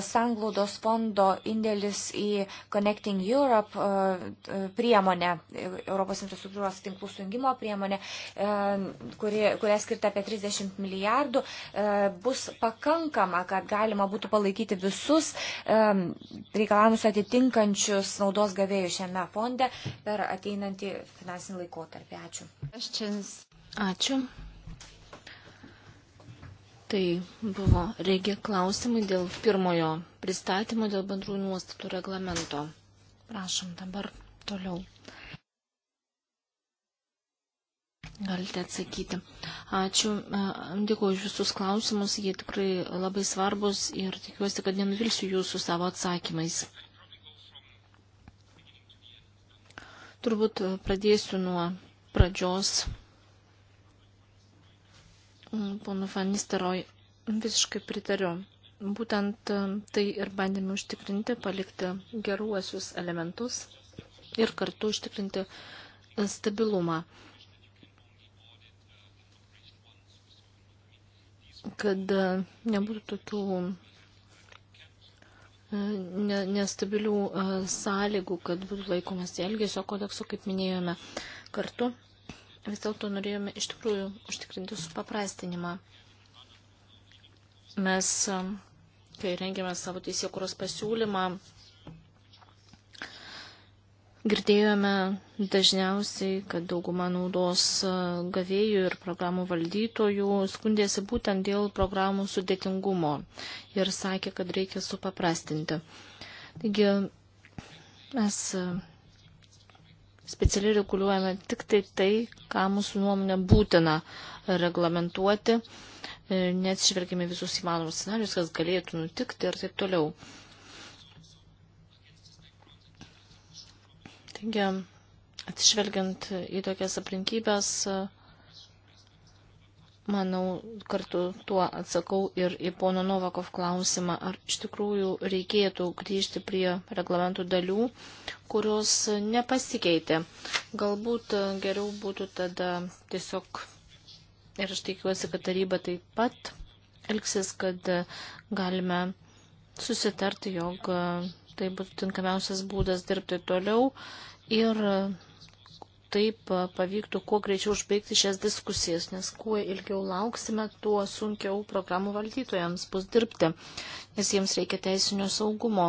sanglaudos fondo indėlis į Connecting Europe e, priemonę, e, Europos infrastruktūros tinklų sujungimo priemonę, kuri, kuria skirta apie 30 milijardų, bus pakankama, kad galima būtų palaikyti visus reikalavimus atitinkančius naudos gavėjus šiame fonde per ateinantį finansinį laikotarpį. Ačiū. Ačiū. Tai buvo reikia klausimai dėl pirmojo pristatymo dėl bendrųjų nuostatų reglamento. Prašom dabar toliau. Galite atsakyti. Ačiū. E, dėkuoju už visus klausimus. Jie tikrai labai svarbus ir tikiuosi, kad nenuvilsiu jūsų savo atsakymais. Turbūt pradėsiu nuo pradžios Pono Fanisteroj, visiškai pritariu. Būtent e, tai ir bandėme užtikrinti, palikti geruosius elementus ir kartu užtikrinti e, stabilumą. Kad e, nebūtų tokių nestabilių sąlygų, kad būtų laikomas elgesio kodekso, kaip minėjome kartu vis dėlto norėjome iš tikrųjų užtikrinti supaprastinimą. Mes, um, kai rengėme savo teisėkuros pasiūlymą, Girdėjome dažniausiai, kad dauguma naudos uh, gavėjų ir programų valdytojų skundėsi būtent dėl programų sudėtingumo ir sakė, kad reikia supaprastinti. Taigi mes uh, specialiai reguliuojame tik tai tai, ką mūsų nuomonė būtina reglamentuoti, e, neatsižvelgime visus įmanomus scenarius, kas galėtų nutikti ir taip toliau. Taigi, atsižvelgiant į tokias aplinkybės, Manau, kartu tuo atsakau ir į pono Novakov klausimą, ar iš tikrųjų reikėtų grįžti prie reglamentų dalių, kurios nepasikeitė. Galbūt e, geriau būtų tada tiesiog, ir aš tikiuosi, kad taryba taip pat elgsis, kad e, galime susitarti, jog e, tai būtų tinkamiausias būdas dirbti toliau ir taip pavyktų kuo greičiau užbaigti šias diskusijas, nes kuo ilgiau lauksime, tuo sunkiau programų valdytojams bus dirbti, nes jiems reikia teisinio saugumo.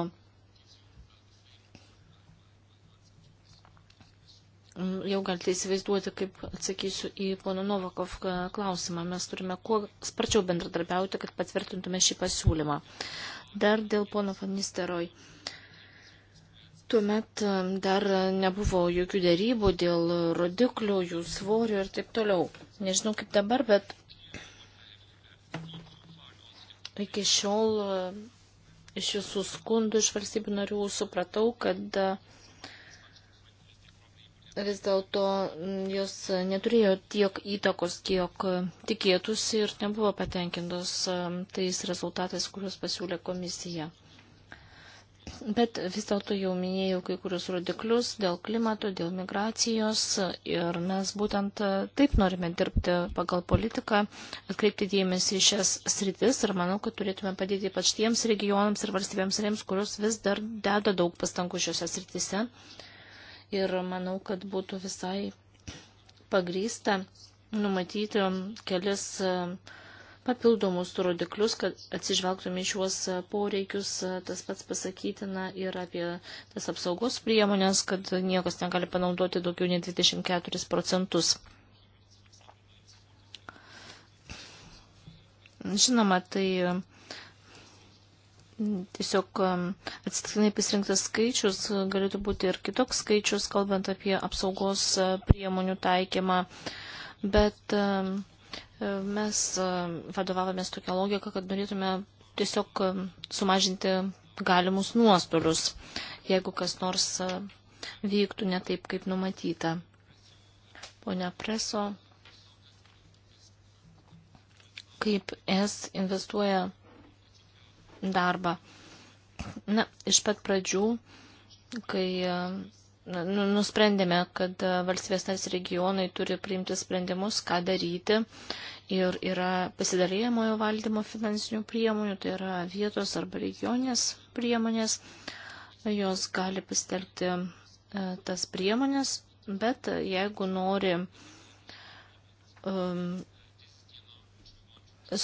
Mm, jau galite įsivaizduoti, kaip atsakysiu į pono Novakov klausimą. Mes turime kuo sparčiau bendradarbiauti, kad patvirtintume šį pasiūlymą. Dar dėl pono Fanisteroj. Uh, Tuomet dar nebuvo jokių dėrybų dėl rodiklių, jų svorio ir taip toliau. Nežinau kaip dabar, bet iki šiol iš jūsų skundų iš valstybių narių supratau, kad vis dėlto jos neturėjo tiek įtakos, kiek tikėtųsi ir nebuvo patenkintos tais rezultatais, kuriuos pasiūlė komisija. Bet vis dėlto jau minėjau kai kurius rodiklius dėl klimato, dėl migracijos ir mes būtent e, taip norime dirbti pagal politiką, atkreipti dėmesį į šias sritis ir manau, kad turėtume padėti ypač tiems regionams ir valstybėms rėms, kurios vis dar deda daug pastangų šiuose sritise. Ir manau, kad būtų visai pagrysta numatyti kelis uh, papildomus rodiklius, kad atsižvelgtume šiuos poreikius. Tas pats pasakytina ir apie tas apsaugos priemonės, kad niekas negali panaudoti daugiau nei 24 procentus. Žinoma, tai tiesiog atsitiktinai pasirinktas skaičius, galėtų būti ir kitoks skaičius, kalbant apie apsaugos priemonių taikymą, bet Mes e, vadovavomės tokią logiką, kad norėtume tiesiog e, sumažinti galimus nuostolius, jeigu kas nors e, vyktų ne taip, kaip numatyta. Pone Preso, kaip es investuoja darbą. Na, iš pat pradžių, kai Nu, nu, nusprendėme, kad e, valstybės narės regionai turi priimti sprendimus, ką daryti. Ir yra pasidalėjamojo valdymo finansinių priemonių, tai yra vietos arba regionės priemonės. Jos gali pasitelkti e, tas priemonės, bet jeigu nori um,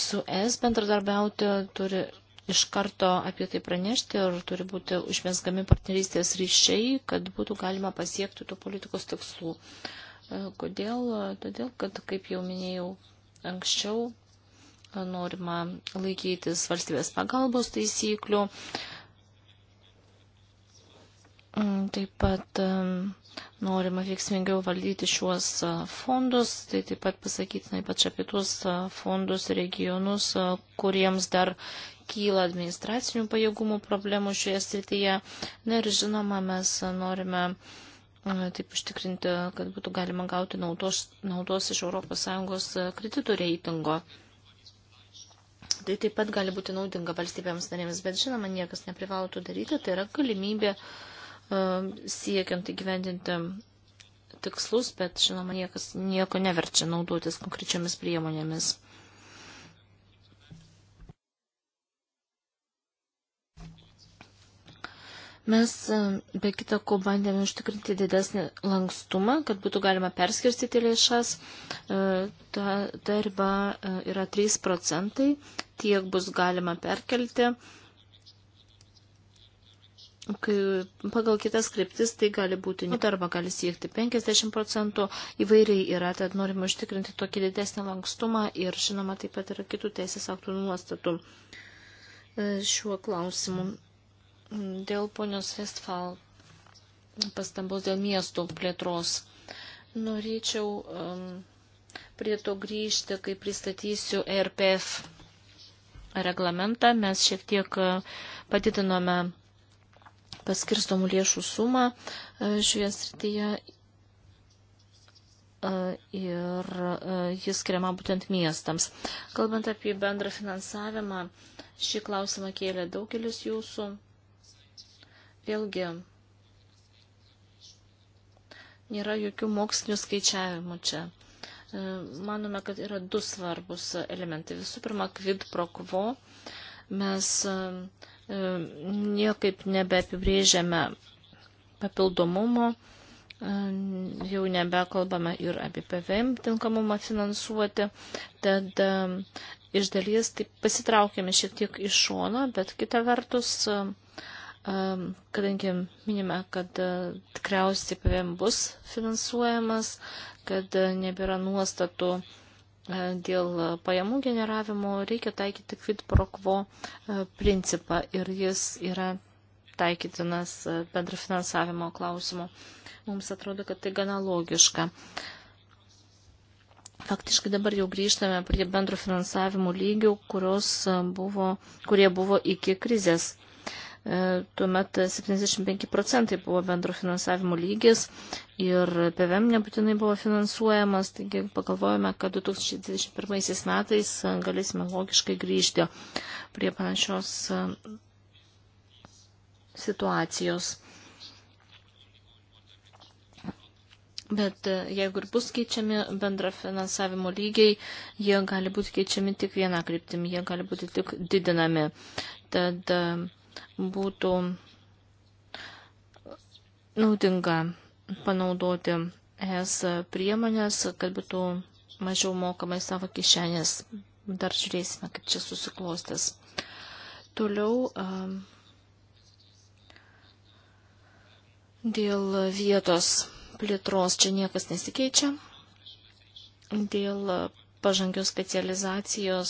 su S bendradarbiauti, turi iš karto apie tai pranešti ir turi būti užmesgami partnerystės ryšiai, kad būtų galima pasiekti tų politikos tikslų. E, kodėl? Todėl, kad, kaip jau minėjau anksčiau, norima laikytis valstybės pagalbos taisyklių, Mm, taip pat norima veiksmingiau valdyti šiuos fondus, tai taip pat pasakytina ypač apie tuos fondus regionus, kuriems dar kyla administracinių pajėgumų problemų šioje srityje. Na ir žinoma, mes norime taip užtikrinti, kad būtų galima gauti naudos, naudos iš ES kreditų reitingo. Tai taip pat gali būti naudinga valstybėms narėms, bet žinoma, niekas neprivalo to daryti, tai yra galimybė uh, siekiant įgyvendinti tikslus, bet žinoma, niekas nieko neverčia naudotis konkrečiomis priemonėmis. Mes be kita ko bandėme užtikrinti didesnį lankstumą, kad būtų galima perskirstyti lėšas. Ta, ta riba yra 3 procentai, tiek bus galima perkelti kai pagal kitas kryptis tai gali būti arba gali siekti 50 procentų, įvairiai yra, tad norime užtikrinti tokį didesnį lankstumą ir žinoma taip pat yra kitų teisės aktų nuostatų e, šiuo klausimu. Dėl ponios Westfal pastambos dėl miestų plėtros. Norėčiau um, prie to grįžti, kai pristatysiu e RPF reglamentą. Mes šiek tiek e, padidinome paskirstomų lėšų sumą e, šioje srityje e, ir e, jis skiriama būtent miestams. Kalbant apie bendrą finansavimą, šį klausimą kėlė daugelis jūsų. Vėlgi, nėra jokių mokslinių skaičiavimų čia. Manome, kad yra du svarbus elementai. Visų pirma, quid pro quo. Mes niekaip nebeapibrėžiame papildomumo, jau nebekalbame ir apie PVM tinkamumą finansuoti, tad e, iš dalies taip pasitraukėme šiek tiek iš šono, bet kita vertus, e, e, kadangi minime, kad tikriausiai PVM bus finansuojamas, kad nebėra nuostatų E, dėl pajamų generavimo reikia taikyti quid pro quo e, principą ir jis yra taikytinas e, bendrafinansavimo klausimu. Mums atrodo, kad tai gana logiška. Faktiškai dabar jau grįžtame prie bendro finansavimo lygių, buvo, kurie buvo iki krizės. E, tuomet 75 procentai buvo bendro finansavimo lygis ir PVM nebūtinai buvo finansuojamas, taigi pagalvojame, kad 2021 metais galėsime logiškai grįžti prie panašios e, situacijos. Bet e, jeigu ir bus keičiami bendra finansavimo lygiai, jie gali būti keičiami tik vieną kryptimį, jie gali būti tik didinami. Tad uh, būtų naudinga panaudoti ES priemonės, kad būtų mažiau mokama į savo kišenės. Dar žiūrėsime, kaip čia susiklostis. Toliau um, dėl vietos plėtros čia niekas nesikeičia. Dėl pažangios specializacijos,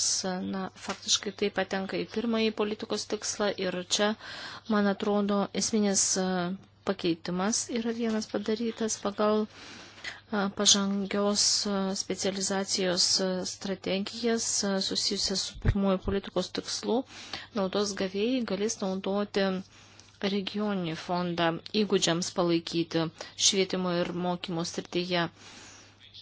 na, faktiškai tai patenka į pirmąjį politikos tikslą ir čia, man atrodo, esminis pakeitimas yra vienas padarytas pagal pažangios specializacijos strategijas susijusias su pirmuoju politikos tikslu, naudos gavėjai galės naudoti regioninį fondą įgūdžiams palaikyti švietimo ir mokymo srityje. Tai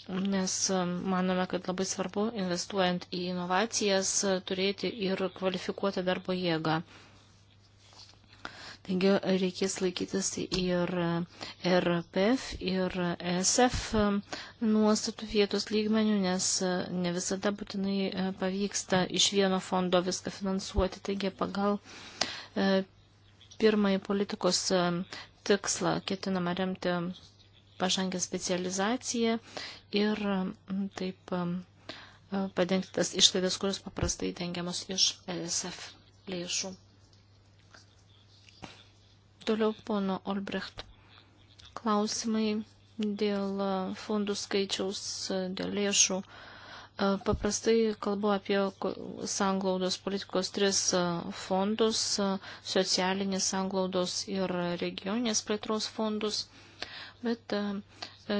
Nes um, manome, kad labai svarbu, investuojant į inovacijas, uh, turėti ir kvalifikuotą darbo jėgą. Taigi reikės laikytis ir uh, RPF, ir uh, SF um, nuostatų vietos lygmenių, nes ne visada būtinai pavyksta iš vieno fondo viską finansuoti. Taigi pagal pirmąjį politikos um, tikslą ketinama remti pažangę specializaciją ir taip padengti tas išlaidas, kurios paprastai dengiamos iš LSF lėšų. Toliau pono Olbrecht klausimai dėl fondų skaičiaus, dėl lėšų. Paprastai kalbu apie sanglaudos politikos tris fondus - socialinės sanglaudos ir regioninės plėtros fondus bet e,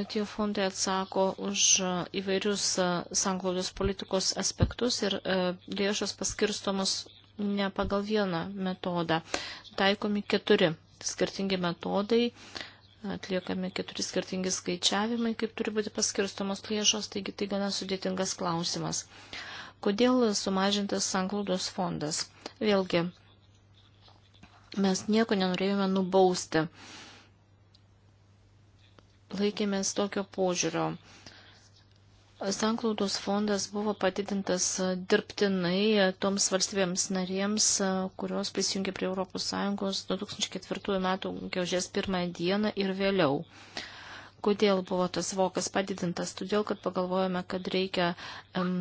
tie fondai atsako už e, įvairius e, sanglaudos politikos aspektus ir lėšos paskirstomos ne pagal vieną metodą. Taikomi keturi skirtingi metodai, atliekami keturi skirtingi skaičiavimai, kaip turi būti paskirstomos lėšos, taigi tai gana sudėtingas klausimas. Kodėl sumažintas sanglaudos fondas? Vėlgi, mes nieko nenorėjome nubausti. Uh, laikėmės tokio požiūrio. Sanklaudos fondas buvo padidintas dirbtinai toms valstybėms narėms, kurios prisijungė prie ES 2004 m. gegužės 1 dieną ir vėliau. Kodėl buvo tas vokas padidintas? Todėl, kad pagalvojame, kad reikia um,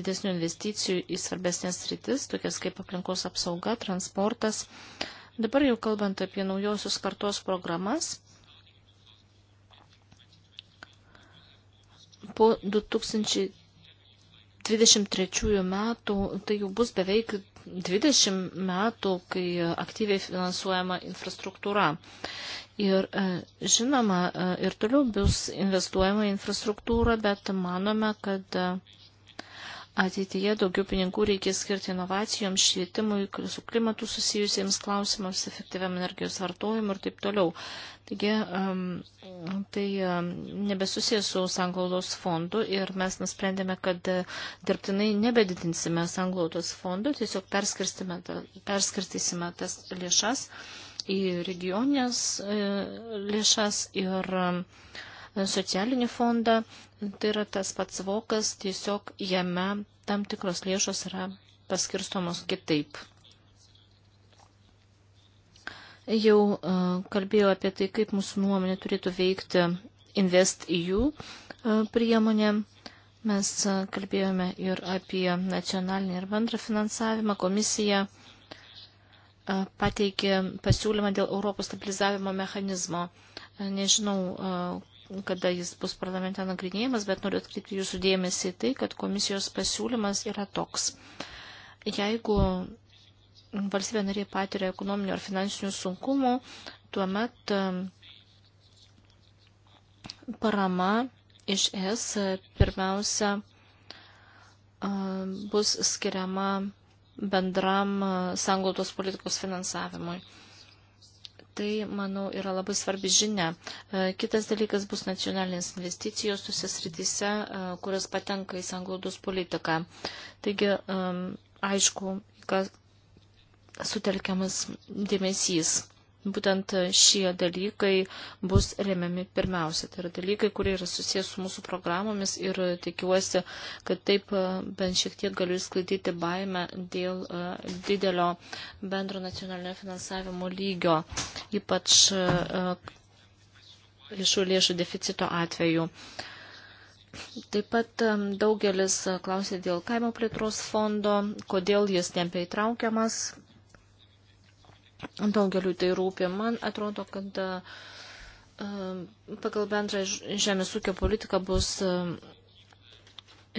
didesnių investicijų į svarbesnės rytis, tokias kaip aplinkos apsauga, transportas. Dabar jau kalbant apie naujosios kartos programas, po 2023 metų, tai jau bus beveik 20 metų, kai aktyviai finansuojama infrastruktūra. Ir e, žinoma, e, ir toliau bus investuojama infrastruktūra, bet manome, kad e, Ateityje daugiau pinigų reikės skirti inovacijoms, švietimui, su klimatu susijusiems klausimams, efektyviam energijos vartojimui ir taip toliau. Taigi, tai nebesusijęs su sanglaudos fondu ir mes nusprendėme, kad e, dirbtinai nebedidinsime sanglaudos fondų, tiesiog perskirstysime tas lėšas į regionės e, lėšas ir uh, socialinį fondą, tai yra tas pats vokas, tiesiog jame tam tikros lėšos yra paskirstomos kitaip. Jau e, kalbėjau apie tai, kaip mūsų nuomonė turėtų veikti InvestEU e, priemonė. Mes e, kalbėjome ir apie nacionalinį ir bendrą finansavimą. Komisija pateikė pasiūlymą dėl Europos stabilizavimo mechanizmo. Nežinau, kada jis bus parlamente nagrinėjimas, bet noriu atkreipti jūsų dėmesį į tai, kad komisijos pasiūlymas yra toks. Jeigu valstybė narė patiria ekonominių ar finansinių sunkumų, tuomet um, parama iš es uh, pirmiausia uh, bus skiriama bendram uh, sanglautos politikos finansavimui. Tai, manau, yra labai svarbi žinia. E, kitas dalykas bus nacionalinės investicijos tose srityse, e, kurios patenka į sanglaudos politiką. Taigi, e, aišku, kas sutelkiamas dėmesys. Būtent e, šie dalykai bus remiami pirmiausia. Tai yra dalykai, kurie yra susijęs su mūsų programomis ir e, tikiuosi, kad taip e, bent šiek tiek galiu sklaidyti baimę dėl didelio bendro nacionalinio finansavimo lygio, ypač viešų lėšų deficito atveju. Taip pat daugelis klausė dėl kaimo plėtros fondo, kodėl jis nebeitraukiamas Daugeliu tai rūpi. Man atrodo, kad e, pagal bendrą žemės ūkio politiką bus e,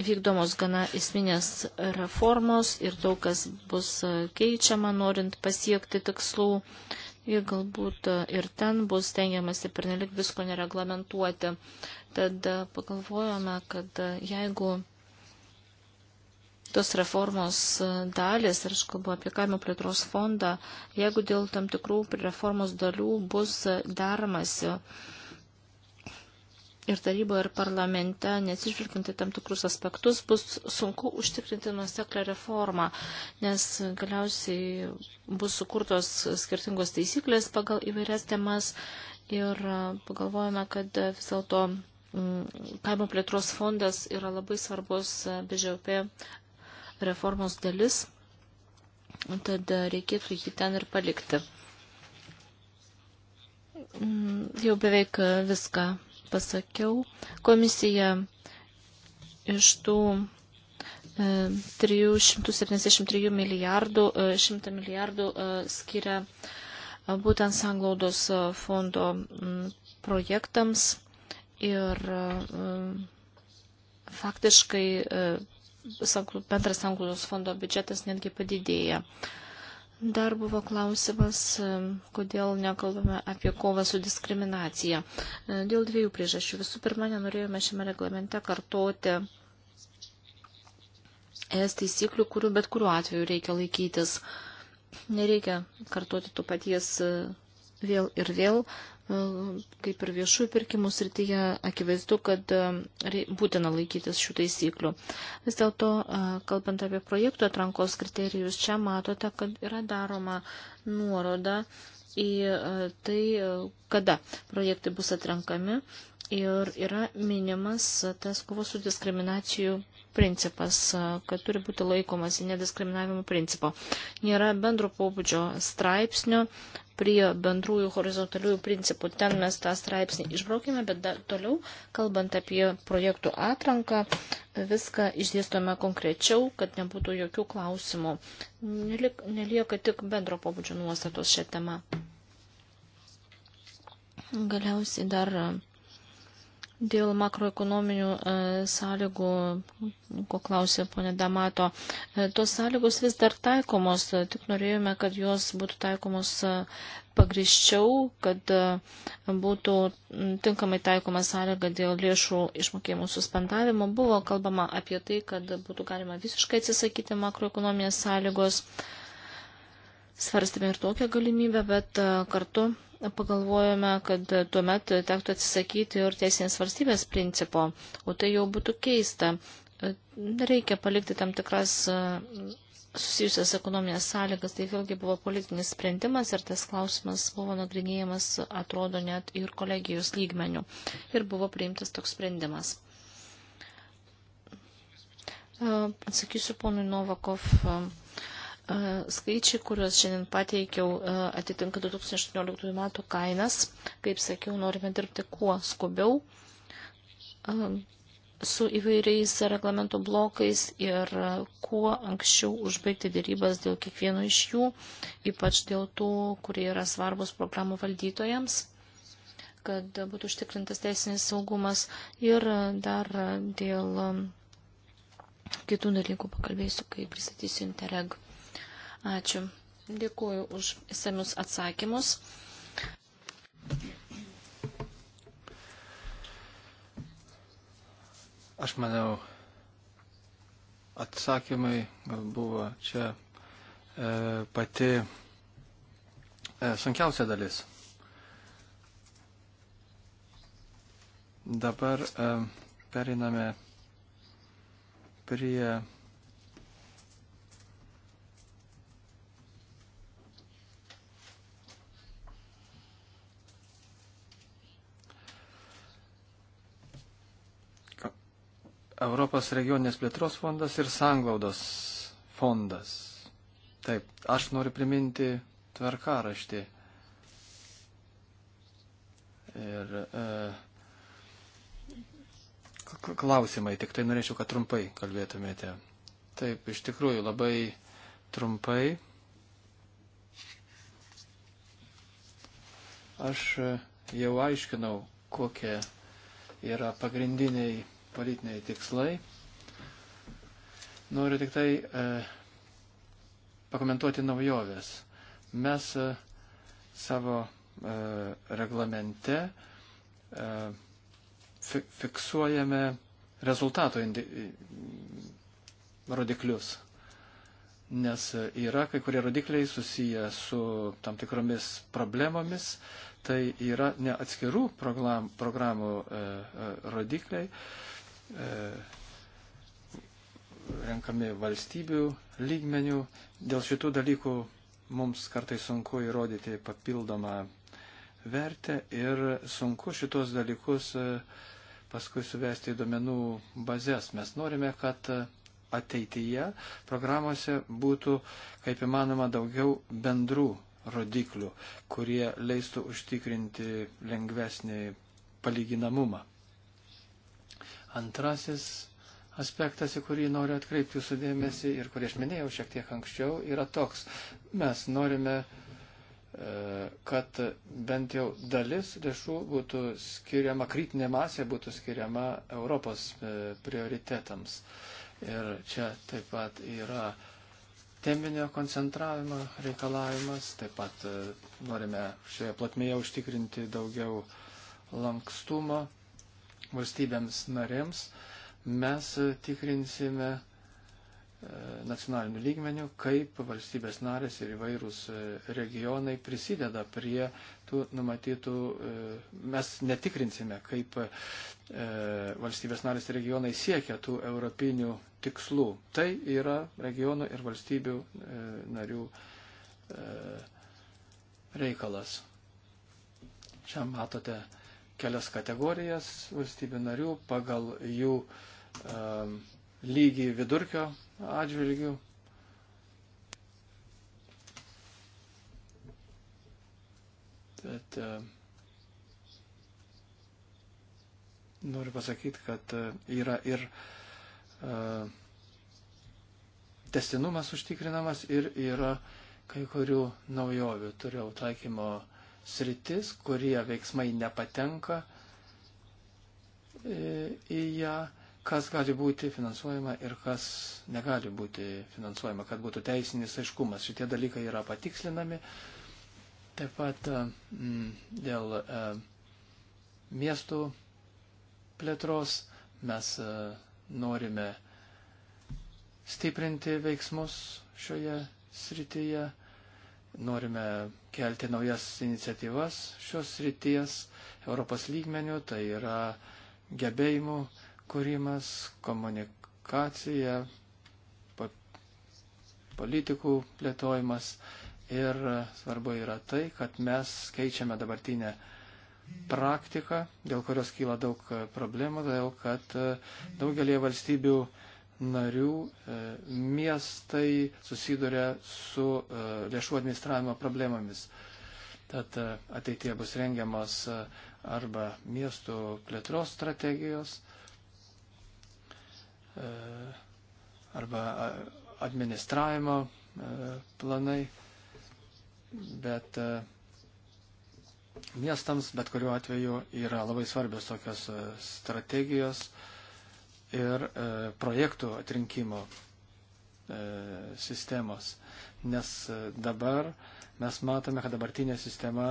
vykdomos gana esminės reformos ir daug kas bus e, keičiama, norint pasiekti tikslų. Ir galbūt ir ten bus tengiamasi pernelik visko nereglamentuoti. Tad pagalvojome, kad jeigu tos reformos e, dalis, ir aš kalbu apie kaimo plėtros fondą, jeigu dėl tam tikrų reformos dalių bus daromasi ir taryboje, ir parlamente, nesižvelgiant į tam tikrus aspektus, bus sunku užtikrinti nuoseklę reformą, nes galiausiai bus sukurtos skirtingos taisyklės pagal įvairias temas ir pagalvojame, kad vis dėlto mm, kaimo plėtros fondas yra labai svarbus e, BŽP reformos dalis, tad e, reikėtų jį ten ir palikti. Mm, jau beveik e, viską pasakiau. Komisija iš tų 373 e, milijardų, 100 milijardų skiria būtent sanglaudos fondo projektams ir faktiškai bendras sanglūdos fondo biudžetas netgi padidėja. Dar buvo klausimas, kodėl nekalbame apie kovą su diskriminacija. E, dėl dviejų priežasčių. Visų pirma, nenorėjome šiame reglamente kartoti es taisyklių, kurių bet kuriuo atveju reikia laikytis. Nereikia kartoti to paties e, vėl ir vėl, kaip ir viešųjų pirkimų srityje, akivaizdu, kad būtina laikytis šių taisyklių. Vis dėlto, kalbant apie projektų atrankos kriterijus, čia matote, kad yra daroma nuoroda į tai, kada projektai bus atrenkami ir yra minimas tas kovos su diskriminacijų principas, kad turi būti laikomasi nediskriminavimo principo. Nėra bendro pobūdžio straipsnio prie bendrųjų horizontaliųjų principų. Ten mes tą straipsnį išbraukėme, bet da, toliau, kalbant apie projektų atranką, viską išdėstome konkrečiau, kad nebūtų jokių klausimų. Nelik, nelieka tik bendro pobūdžio nuostatos šią temą. Galiausiai dar Dėl makroekonominių e, sąlygų, ko klausė ponė Damato, e, tos sąlygos vis dar taikomos, e, tik norėjome, kad jos būtų taikomos pagriščiau, kad būtų tinkamai taikoma sąlyga dėl lėšų išmokėjimų suspendavimo. Buvo kalbama apie tai, kad būtų galima visiškai atsisakyti makroekonominės sąlygos. Svarstėme ir tokią galimybę, bet kartu pagalvojome, kad tuomet tektų atsisakyti ir teisinės valstybės principo, o tai jau būtų keista. Reikia palikti tam tikras e, susijusias ekonominės sąlygas, tai vėlgi buvo politinis sprendimas ir tas klausimas buvo nagrinėjamas, atrodo, net ir kolegijos lygmenių. Ir buvo priimtas toks sprendimas. E, atsakysiu ponui Novakov e, Skaičiai, kuriuos šiandien pateikiau, atitinka 2018 metų kainas. Kaip sakiau, norime dirbti kuo skubiau su įvairiais reglamento blokais ir kuo anksčiau užbaigti dėrybas dėl kiekvieno iš jų, ypač dėl tų, kurie yra svarbus programų valdytojams kad būtų užtikrintas teisinis saugumas ir dar dėl kitų dalykų pakalbėsiu, kai pristatysiu Interreg. Ačiū. Dėkuoju už semius atsakymus. Aš manau, atsakymai gal buvo čia e, pati e, sunkiausia dalis. Dabar e, periname prie Europos regioninės plėtros fondas ir sanglaudos fondas. Taip, aš noriu priminti tvarkaraštį. Ir e, klausimai, tik tai norėčiau, kad trumpai kalbėtumėte. Taip, iš tikrųjų, labai trumpai. Aš e, jau aiškinau, kokie yra pagrindiniai politiniai tikslai. Noriu tik tai e, pakomentuoti naujoves. Mes e, savo e, reglamente e, fi, fiksuojame rezultato indi, rodiklius, nes e, yra kai kurie rodikliai susiję su tam tikromis problemomis, tai yra ne atskirų program, programų e, e, rodikliai, E, renkami valstybių lygmenių. Dėl šitų dalykų mums kartai sunku įrodyti papildomą vertę ir sunku šitos dalykus e, paskui suvesti į domenų bazės. Mes norime, kad ateityje programuose būtų kaip įmanoma daugiau bendrų rodiklių, kurie leistų užtikrinti lengvesnį palyginamumą. Antrasis aspektas, į kurį noriu atkreipti jūsų dėmesį ir kurį aš minėjau šiek tiek anksčiau, yra toks. Mes norime, e, kad bent jau dalis lėšų būtų skiriama, kritinė masė būtų skiriama Europos e, prioritetams. Ir čia taip pat yra teminio koncentravimo reikalavimas, taip pat e, norime šioje platmėje užtikrinti daugiau lankstumo valstybėms narėms, mes tikrinsime e, nacionaliniu lygmeniu, kaip valstybės narės ir įvairūs e, regionai prisideda prie tų numatytų, e, mes netikrinsime, kaip valstybės narės ir regionai siekia tų europinių tikslų. Tai yra regionų ir valstybių narių reikalas. Čia matote kelias kategorijas valstybių narių pagal jų um, lygį vidurkio atžvilgių. Tad, um, noriu pasakyti, kad uh, yra ir uh, testinumas užtikrinamas ir yra kai kurių naujovių. Turėjau taikymo uh, sritis, kurie veiksmai nepatenka e, į ją, kas gali būti finansuojama ir kas negali būti finansuojama, kad būtų teisinis aiškumas. Šitie dalykai yra patikslinami. Taip pat e, dėl e, miestų plėtros mes norime stiprinti veiksmus šioje srityje norime kelti naujas iniciatyvas šios ryties Europos lygmenių, tai yra gebėjimų kūrimas, komunikacija, politikų plėtojimas ir svarbu yra tai, kad mes keičiame dabartinę praktiką, dėl kurios kyla daug problemų, todėl kad daugelie valstybių narių e, miestai susiduria su e, lėšų administravimo problemomis. Tad e, ateitie bus rengiamas e, arba miestų plėtros strategijos, e, arba a, administravimo e, planai, bet e, miestams, bet kuriuo atveju yra labai svarbios tokios e, strategijos. E, ir e, projektų atrinkimo e, sistemos. Nes e, dabar mes matome, kad dabartinė sistema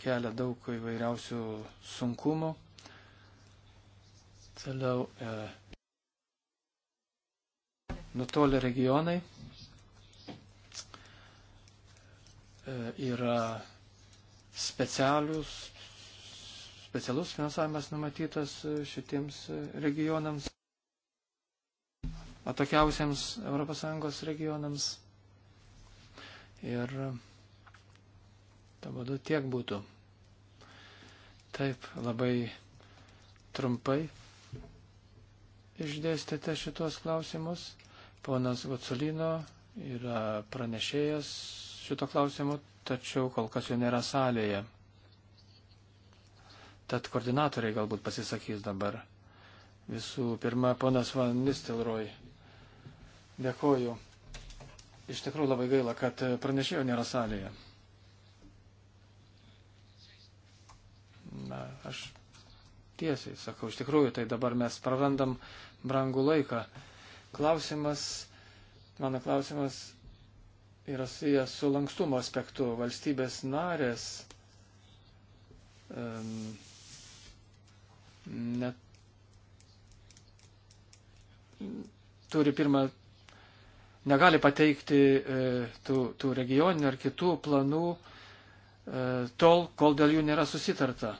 kelia daug įvairiausių sunkumų. Toliau e, nutolę regionai e, yra specialius specialus finansavimas numatytas e, šitiems e, regionams, atokiausiems ES regionams. Ir e, to būdu tiek būtų. Taip, labai trumpai išdėstėte šitos klausimus. Ponas Vatsulino yra pranešėjas šito klausimu, tačiau kol kas jo nėra salėje. Tad koordinatoriai galbūt pasisakys dabar. Visų pirma, ponas Van Nistelroj. Dėkoju. Iš tikrųjų labai gaila, kad pranešėjo nėra salėje. Na, aš tiesiai sakau, iš tikrųjų, tai dabar mes prarandam brangų laiką. Klausimas, mano klausimas yra susijęs su lankstumo aspektu. Valstybės narės um, net turi pirmą, negali pateikti e, tų, tų regioninių ar kitų planų e, tol, kol dėl jų nėra susitarta.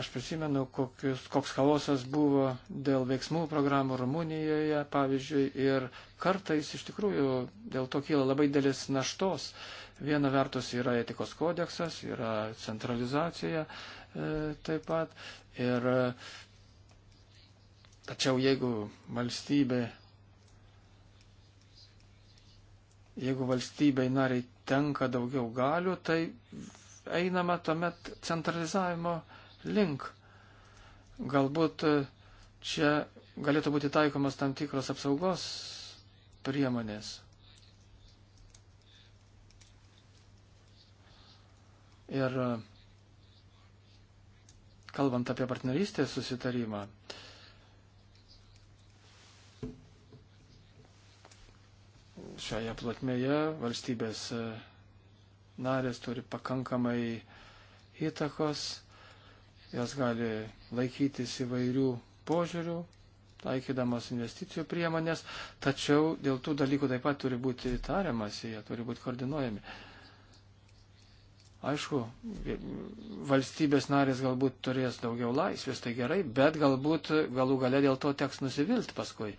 Aš prisimenu, kokius, koks chaosas buvo dėl veiksmų programų Rumunijoje, pavyzdžiui, ir kartais iš tikrųjų dėl to kyla labai dėlis naštos. Viena vertus yra etikos kodeksas, yra centralizacija, e, E, taip pat. Ir, e, tačiau jeigu valstybė, jeigu valstybei nariai tenka daugiau galių, tai einama tuomet centralizavimo link. Galbūt e, čia galėtų būti taikomas tam tikros apsaugos priemonės. Ir kalbant apie partnerystės susitarimą, šioje plotmėje valstybės e, narės turi pakankamai įtakos, jas gali laikytis įvairių požiūrių, taikydamos investicijų priemonės, tačiau dėl tų dalykų taip pat turi būti tariamas, jie turi būti koordinuojami. Aišku, valstybės narės galbūt turės daugiau laisvės, tai gerai, bet galbūt galų gale dėl to teks nusivilti paskui.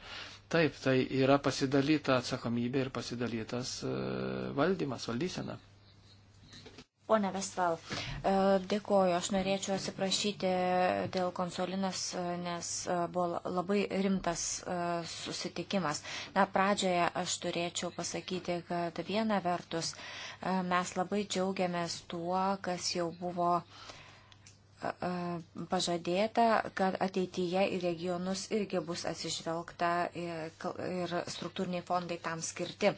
Taip, tai yra pasidalyta atsakomybė ir pasidalytas e, valdymas, valdysena. Pone Vestval, e, dėkoju, aš norėčiau atsiprašyti dėl konsolinas, e, nes e, buvo labai rimtas susitikimas. Na, pradžioje aš turėčiau pasakyti, kad viena vertus mes labai džiaugiamės tuo, kas jau buvo uh, pažadėta, kad ateityje į regionus irgi bus atsižvelgta ir struktūriniai fondai tam skirti.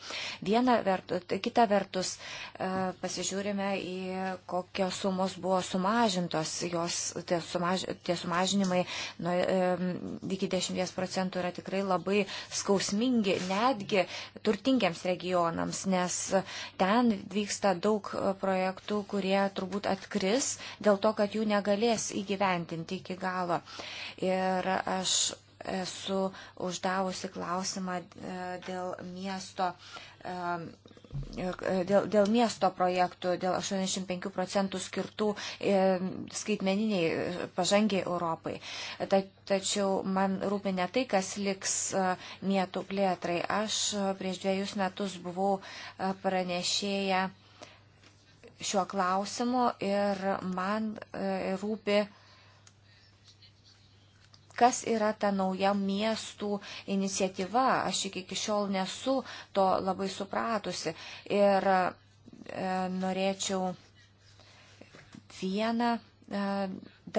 Viena vertus, kita vertus, e, pasižiūrime į kokios sumos buvo sumažintos, jos tie, sumaž, tie sumažinimai nu, iki 10 procentų yra tikrai labai skausmingi netgi turtingiams regionams, nes ten vyksta daug projektų, kurie turbūt atkris dėl to, kad jų negali negalės įgyvendinti iki galo. Ir aš esu uždavusi klausimą e, dėl miesto. E, dėl, dėl miesto projektų, dėl 85 procentų skirtų e, skaitmeniniai e, pažangiai Europai. Ta, tačiau man rūpi ne tai, kas liks e, mietų plėtrai. Aš prieš dviejus metus buvau e, pranešėję e, šiuo klausimu ir man e, rūpi, kas yra ta nauja miestų iniciatyva. Aš iki šiol nesu to labai supratusi ir e, norėčiau vieną e,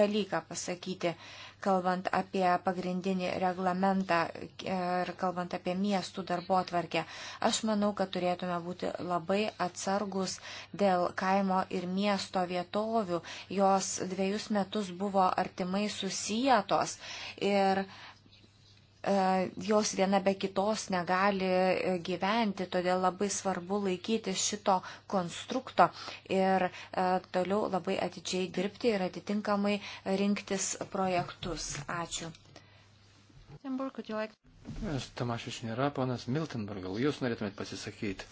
dalyką pasakyti kalbant apie pagrindinį reglamentą ir kalbant apie miestų darbo atvarkę. Aš manau, kad turėtume būti labai atsargus dėl kaimo ir miesto vietovių. Jos dviejus metus buvo artimai susijėtos ir E, jos viena be kitos negali e, gyventi, todėl labai svarbu laikyti šito konstrukto ir e, toliau labai atidžiai dirbti ir atitinkamai rinktis projektus. Ačiū. Tomašiš nėra, ponas Miltenburg, gal jūs norėtumėt pasisakyti?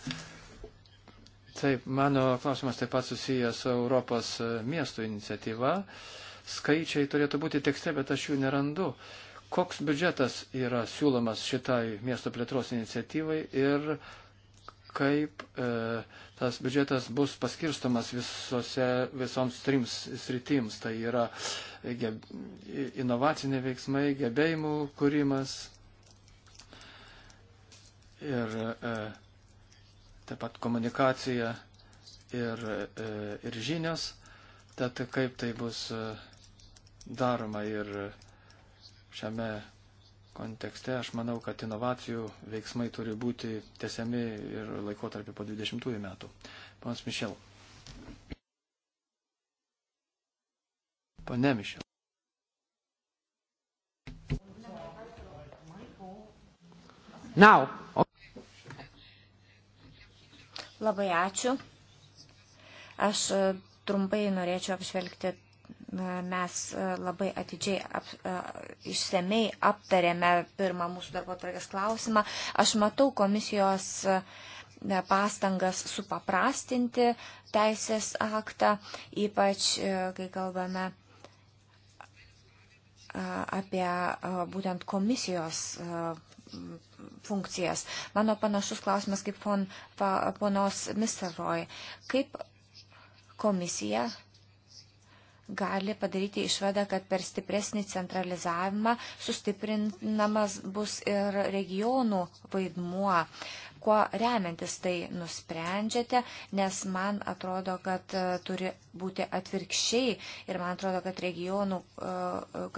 Taip, mano klausimas taip pat susijęs su Europos miestų iniciatyva. Skaičiai turėtų būti tekste, bet aš jų nerandu. Uh, koks biudžetas yra siūlomas šitai miesto plėtros iniciatyvai ir kaip e, tas biudžetas bus paskirstomas visose, visoms trims sritims. Tai yra ge, inovaciniai veiksmai, gebėjimų kūrimas ir e, taip pat komunikacija ir, e, ir žinios. Tad kaip tai bus e, daroma ir. E, šiame kontekste aš manau, kad inovacijų veiksmai turi būti tesiami ir laikotarpį po 20 metų. Ponas Mišel. Pane Mišel. Now. Labai ačiū. Aš trumpai norėčiau apžvelgti mes e, labai atidžiai ap, e, išsamei aptarėme pirmą mūsų darbo tvarkės klausimą. Aš matau komisijos e, pastangas supaprastinti teisės aktą, ypač kai kalbame apie būtent komisijos funkcijas. Mano panašus klausimas kaip pon, pa, ponos Misteroj. Kaip komisija gali padaryti išvadą, kad per stipresnį centralizavimą sustiprinamas bus ir regionų vaidmuo. Kuo remiantis tai nusprendžiate, nes man atrodo, kad e, turi būti atvirkščiai ir man atrodo, kad, regionų, e,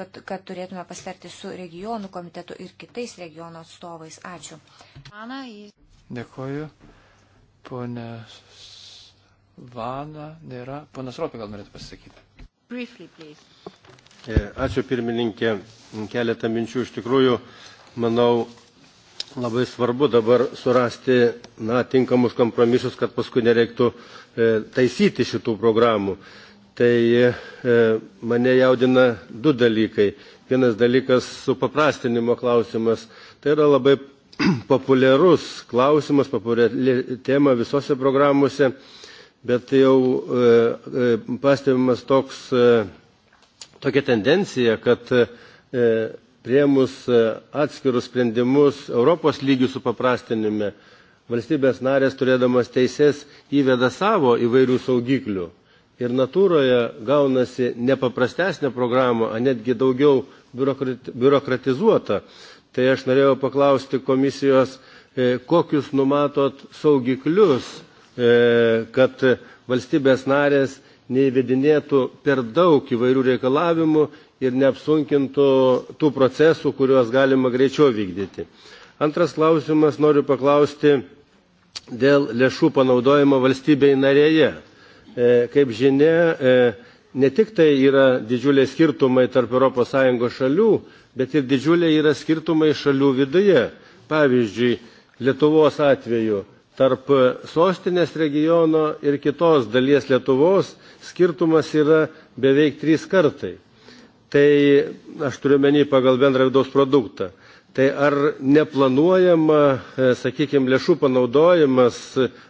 kad, kad turėtume pasitarti su regionų komitetu ir kitais regionų atstovais. Ačiū. Dėkuoju. Pone Vana nėra. Ponas Ropė gal norėtų pasakyti. Briefly, please. E, ačiū pirmininkė. Keletą minčių iš tikrųjų, manau, labai svarbu dabar surasti na, tinkamus kompromisus, kad paskui nereiktų e, taisyti šitų programų. Tai e, mane jaudina du dalykai. Vienas dalykas supaprastinimo klausimas. Tai yra labai populiarus klausimas, populiari tema visose programuose bet tai jau e, e, pastebimas toks, e, tokia tendencija, kad priemus atskirus sprendimus Europos lygių supaprastinime, valstybės narės turėdamas teises įveda savo įvairių saugiklių. Ir natūroje gaunasi nepaprastesnė programa, o netgi daugiau biurokratizuota. Tai aš norėjau paklausti komisijos, kokius numatot saugiklius E, kad valstybės narės neįvedinėtų per daug įvairių reikalavimų ir neapsunkintų tų procesų, kuriuos galima greičiau vykdyti. Antras klausimas noriu paklausti dėl lėšų panaudojimo valstybei narėje. E, kaip žinia, e, ne tik tai yra didžiuliai skirtumai tarp ES šalių, bet ir didžiuliai yra skirtumai šalių viduje. Pavyzdžiui, Lietuvos atveju tarp sostinės regiono ir kitos dalies Lietuvos skirtumas yra beveik trys kartai. Tai aš turiu menį pagal bendrą vidaus produktą. Tai ar neplanuojama, e, sakykime, lėšų panaudojimas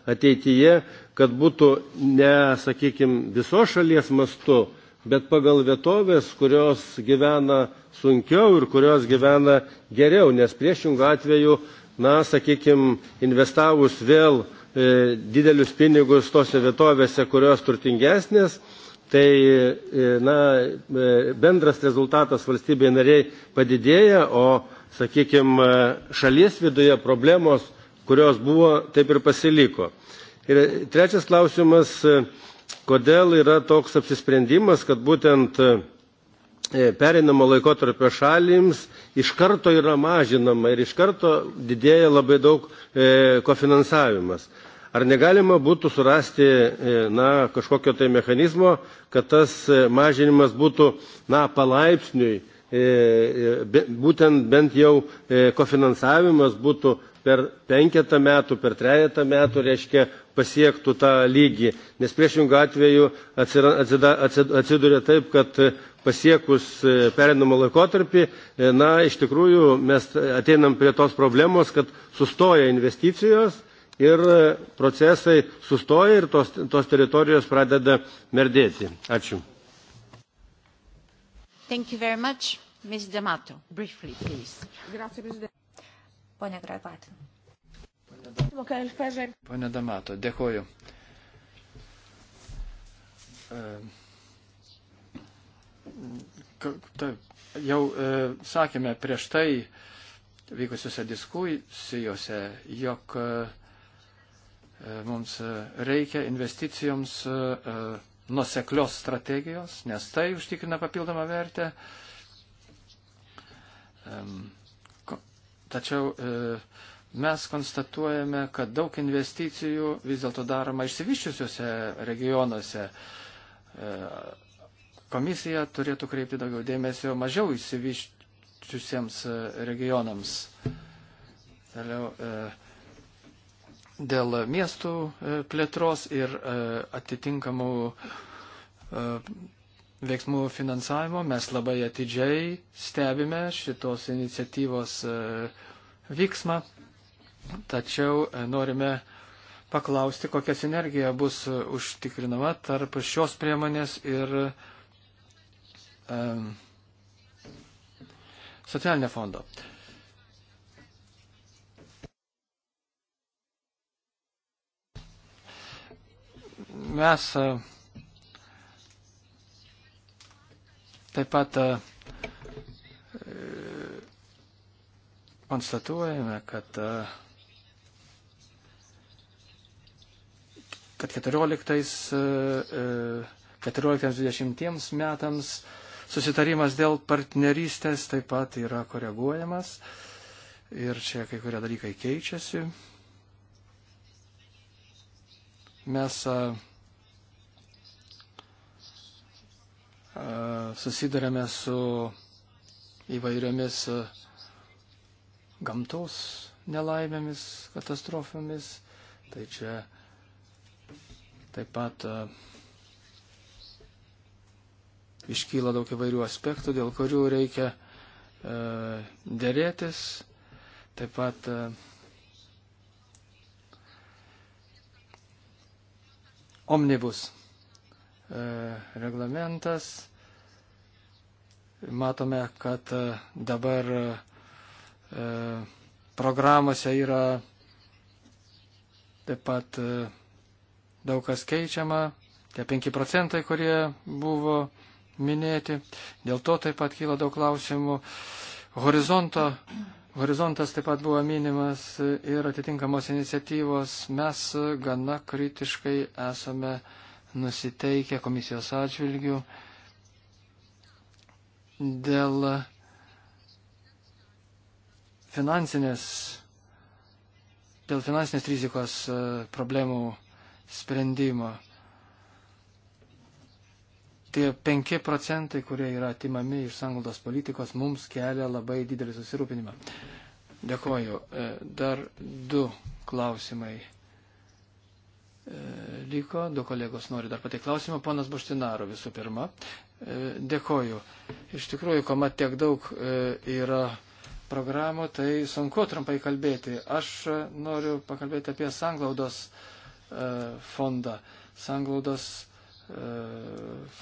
ateityje, kad būtų ne, sakykime, visos šalies mastu, bet pagal vietovės, kurios gyvena sunkiau ir kurios gyvena geriau, nes priešingų atveju na, sakykime, investavus vėl e, didelius pinigus tose vietovėse, kurios turtingesnės, tai e, na, e, bendras rezultatas valstybėje nariai padidėja, o, sakykime, šalies viduje problemos, kurios buvo, taip ir pasiliko. Ir trečias klausimas, e, kodėl yra toks apsisprendimas, kad būtent e, perinamo laikotarpio šalims iš karto yra mažinama ir iš karto didėja labai daug e, kofinansavimas. Ar negalima būtų surasti e, na, kažkokio tai mechanizmo, kad tas e, mažinimas būtų na, palaipsniui, e, e būtent bent jau e, kofinansavimas būtų per penketą metų, per trejetą metų, reiškia, pasiektų tą lygį. Nes priešingų atveju atsiduria taip, kad pasiekus e, perinamą laikotarpį, e, na, iš tikrųjų mes ateinam prie tos problemos, kad sustoja investicijos ir e, procesai sustoja ir tos, tos teritorijos pradeda merdėti. Ačiū. Thank you very much. Ms. D'Amato, briefly, please. Grazie, Presidente. Pone Grapati. Pone D'Amato, dėkoju. Uh, taip, jau e, sakėme prieš tai vykusiuose diskusijose, jog e, e mums reikia investicijoms e, e, nuseklios strategijos, nes tai užtikrina papildomą vertę. E, ko, tačiau e, mes konstatuojame, kad daug investicijų vis dėlto daroma išsivyščiusiuose regionuose. E, komisija turėtų kreipti daugiau dėmesio mažiau įsivyščiusiems e, regionams. Toliau, e, dėl miestų e, plėtros ir atitinkamų veiksmų finansavimo mes labai atidžiai stebime šitos iniciatyvos vyksmą, tačiau norime paklausti, kokia sinergija bus užtikrinama tarp šios priemonės ir uh, socialinio fondo. Mes e, taip pat e, konstatuojame, kad, e, kad 14-20 metams susitarimas dėl partnerystės taip pat yra koreguojamas ir čia kai kurie dalykai keičiasi. Mes a, a, susidarėme su įvairiomis a, gamtos nelaimėmis, katastrofomis. Tai čia taip pat a, iškyla daug įvairių aspektų, dėl kurių reikia e, dėrėtis. Taip pat e, omnibus e, reglamentas. Matome, kad e, dabar e, programuose yra taip pat e, daug kas keičiama. Tie 5 procentai, kurie buvo minėti. Dėl to taip pat kyla daug klausimų. Horizonto, horizontas taip pat buvo minimas ir atitinkamos iniciatyvos. Mes gana kritiškai esame nusiteikę komisijos atžvilgių dėl finansinės, dėl finansinės rizikos e, problemų sprendimo tie 5 procentai, kurie yra atimami iš sanglaudos politikos, mums kelia labai didelį susirūpinimą. Dėkoju. E, dar du klausimai e, liko. Du kolegos nori dar pateikti klausimą. Ponas Buštinaro visų pirma. E, dėkoju. Iš tikrųjų, kuomet tiek daug yra programų, tai sunku trumpai kalbėti. Aš noriu pakalbėti apie sanglaudos fondą. Sanglaudos fondą E,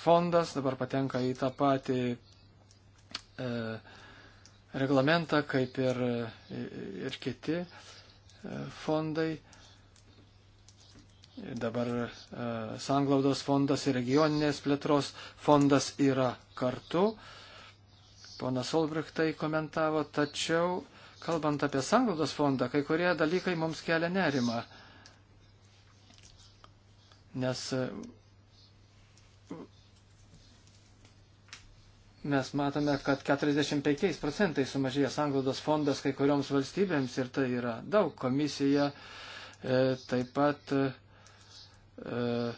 fondas dabar patenka į tą patį e, reglamentą kaip ir, e, ir kiti fondai. Dabar Sanglaudos fondas ir regioninės plėtros fondas yra kartu. Ponas Olbrichtai komentavo, tačiau, kalbant apie Sanglaudos fondą, kai kurie dalykai mums kelia nerimą. Nes mes matome, kad 45 procentais sumažėja sanglaudos fondas kai kurioms valstybėms ir tai yra daug. Komisija e, taip pat e, e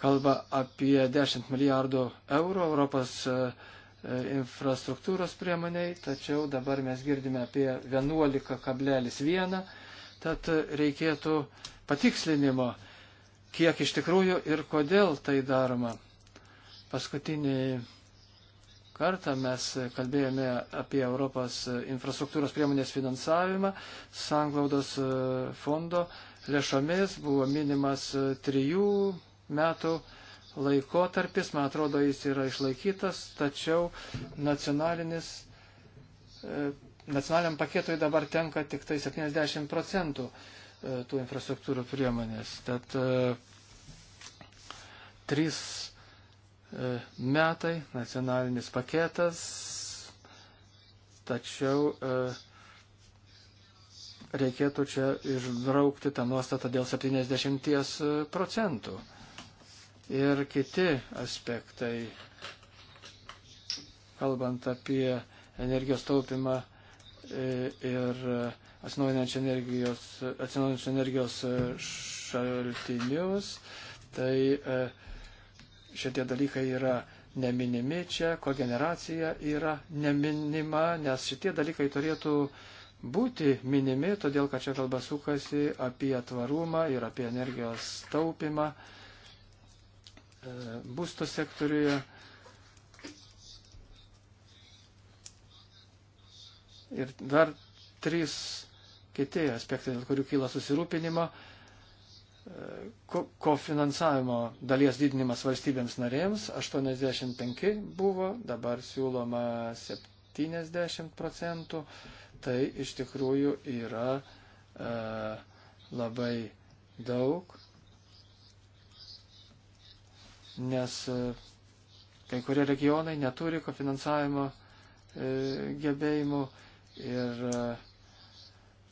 kalba apie 10 milijardų eurų Europos e, e, infrastruktūros priemoniai, tačiau dabar mes girdime apie 11,1, tad reikėtų patikslinimo, kiek iš tikrųjų ir kodėl tai daroma. Paskutiniai kartą mes kalbėjome apie Europos infrastruktūros priemonės finansavimą, sanglaudos e, fondo lėšomis buvo minimas e, trijų metų laikotarpis, man atrodo, jis yra išlaikytas, tačiau nacionalinis, e, nacionaliniam paketui dabar tenka tik tai 70 procentų tų infrastruktūrų priemonės. Tad trys E, metai, nacionalinis paketas, tačiau e, reikėtų čia išbraukti tą nuostatą dėl 70 e, procentų. Ir kiti aspektai, kalbant apie energijos taupimą ir atsinaujinančios energijos, atsinaujinančios energijos šaltinius, tai šitie dalykai yra neminimi čia, kogeneracija yra neminima, nes šitie dalykai turėtų būti minimi, todėl kad čia kalba sukasi apie tvarumą ir apie energijos taupimą e, būsto sektoriuje. Ir dar trys kiti aspektai, dėl kurių kyla susirūpinimo kofinansavimo ko dalies didinimas valstybėms narėms 85 buvo, dabar siūloma 70 procentų. Tai iš tikrųjų yra e, labai daug, nes e, kai kurie regionai neturi kofinansavimo e, gebėjimų ir e,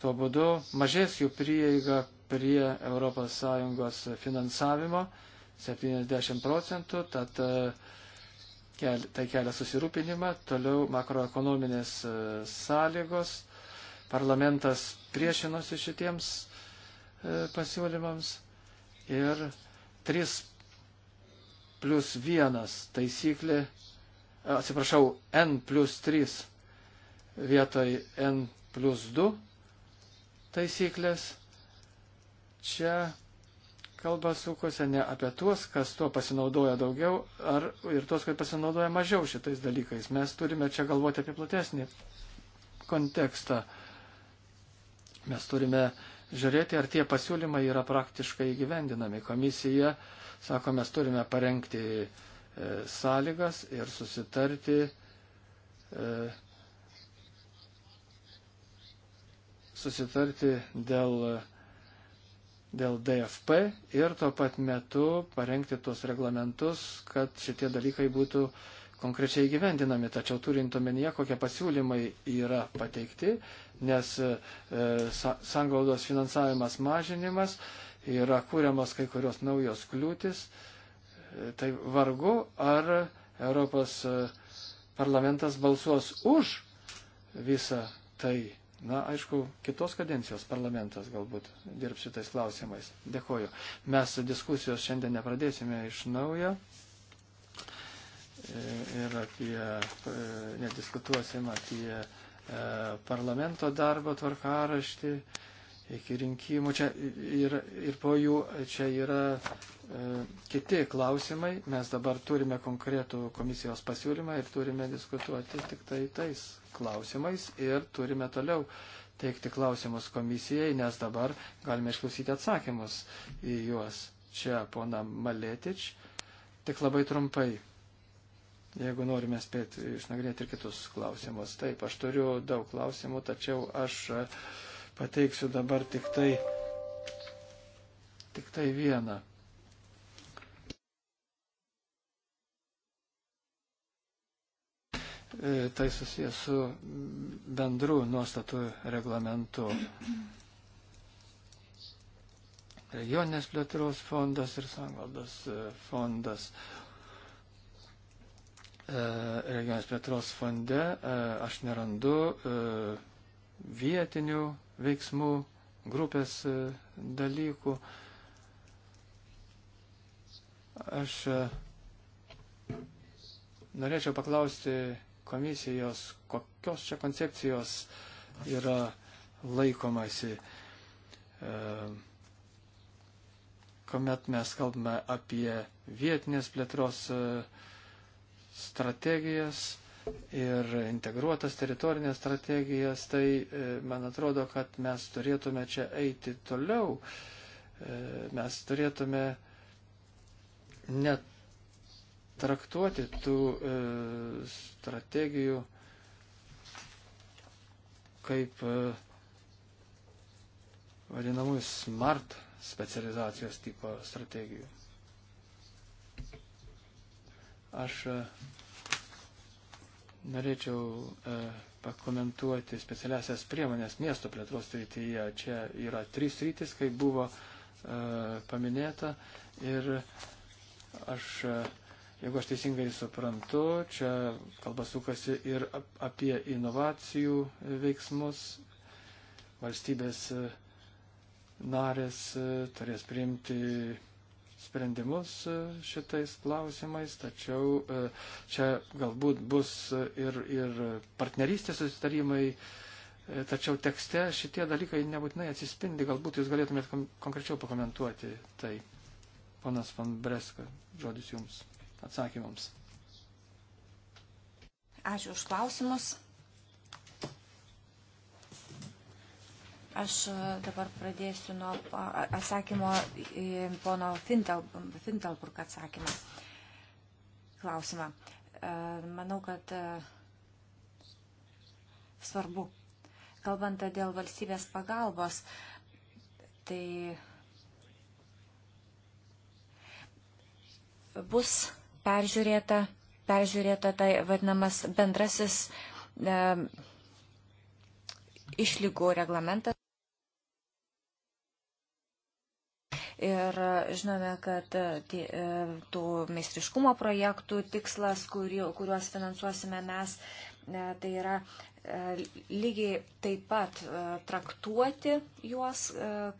tuo būdu mažės jų prieiga prie ES finansavimo 70 procentų, tad e, tai kelia susirūpinimą. Toliau makroekonominės e, sąlygos. Parlamentas priešinosi šitiems e, pasiūlymams ir 3 plus 1 taisyklė, atsiprašau, n plus 3 vietoj n plus 2 taisyklės Čia kalba sukosi ne apie tuos, kas tuo pasinaudoja daugiau ar, ir tuos, kas pasinaudoja mažiau šitais dalykais. Mes turime čia galvoti apie platesnį kontekstą. Mes turime žiūrėti, ar tie pasiūlymai yra praktiškai įgyvendinami. Komisija sako, mes turime parengti e, sąlygas ir susitarti. E, susitarti dėl e, dėl DFP ir tuo pat metu parengti tuos reglamentus, kad šitie dalykai būtų konkrečiai gyvendinami. Tačiau turint omenyje, kokie pasiūlymai yra pateikti, nes e, sanglaudos finansavimas mažinimas, yra kūriamos kai kurios naujos kliūtis, e, tai vargu ar Europos e, parlamentas balsuos už visą tai. Na, aišku, kitos kadencijos parlamentas galbūt dirbs šitais klausimais. Dėkoju. Mes diskusijos šiandien nepradėsime iš naujo e, ir apie, e, nediskutuosim apie e, parlamento darbo tvarkaraštį iki rinkimų čia ir, ir po jų čia yra e, kiti klausimai. Mes dabar turime konkretų komisijos pasiūlymą ir turime diskutuoti tik tai tais klausimais ir turime toliau teikti klausimus komisijai, nes dabar galime išklausyti atsakymus į juos. Čia pona Maletič, tik labai trumpai. Jeigu norime spėti išnagrinėti ir kitus klausimus. Taip, aš turiu daug klausimų, tačiau aš. E, pateiksiu dabar tik tai, tik tai vieną. E, tai susijęs su bendrų nuostatų reglamentu. Regioninės plėtros fondas ir sangaldos e, fondas e, regionės plėtros fonde aš nerandu vietinių veiksmų grupės e, dalykų. Aš e, norėčiau paklausti komisijos, kokios čia koncepcijos yra laikomasi, e, kuomet mes kalbame apie vietinės plėtros strategijas ir integruotas teritorinės strategijas, tai e, man atrodo, kad mes turėtume čia eiti toliau. E, mes turėtume netraktuoti tų e, strategijų kaip vadinamųjų smart specializacijos tipo strategijų. Aš Norėčiau e, pakomentuoti specialiasias priemonės miesto plėtros srityje. Čia yra trys rytis, kaip buvo e, paminėta. Ir aš, e, jeigu aš teisingai suprantu, čia kalba sukasi ir ap, apie inovacijų veiksmus. Valstybės e, narės e, turės priimti sprendimus e, šitais klausimais, tačiau e, čia galbūt bus ir, ir partnerystės susitarimai, e, tačiau tekste šitie dalykai nebūtinai atsispindi, galbūt jūs galėtumėt konkrečiau pakomentuoti tai. Ponas Van Breska, žodis jums atsakymams. Ačiū už klausimus. Aš e, dabar pradėsiu nuo atsakymo į pono Fintal, Fintalburg atsakymą. Klausimą. E, manau, kad e, svarbu. Kalbant dėl valstybės pagalbos, tai bus peržiūrėta, peržiūrėta tai vadinamas bendrasis e, išlygų reglamentas. Ir e, žinome, kad e, e, tų meistriškumo projektų tikslas, kuriuos finansuosime mes, tai yra lygiai taip pat traktuoti juos,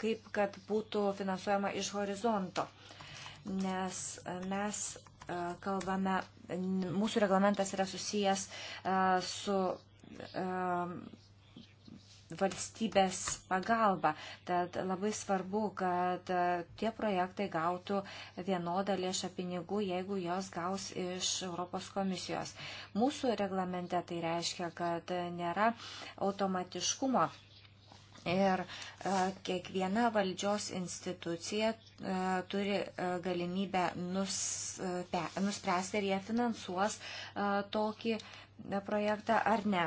kaip kad būtų finansuojama iš horizonto. Nes mes kalbame, mūsų reglamentas yra susijęs su valstybės pagalba. Tad labai svarbu, kad tie projektai gautų vienodą lėšą pinigų, jeigu jos gaus iš Europos komisijos. Mūsų reglamente tai reiškia, kad nėra automatiškumo Ir e, kiekviena valdžios institucija e, turi e, galimybę nuspręsti, ar jie finansuos tokį projektą ar ne.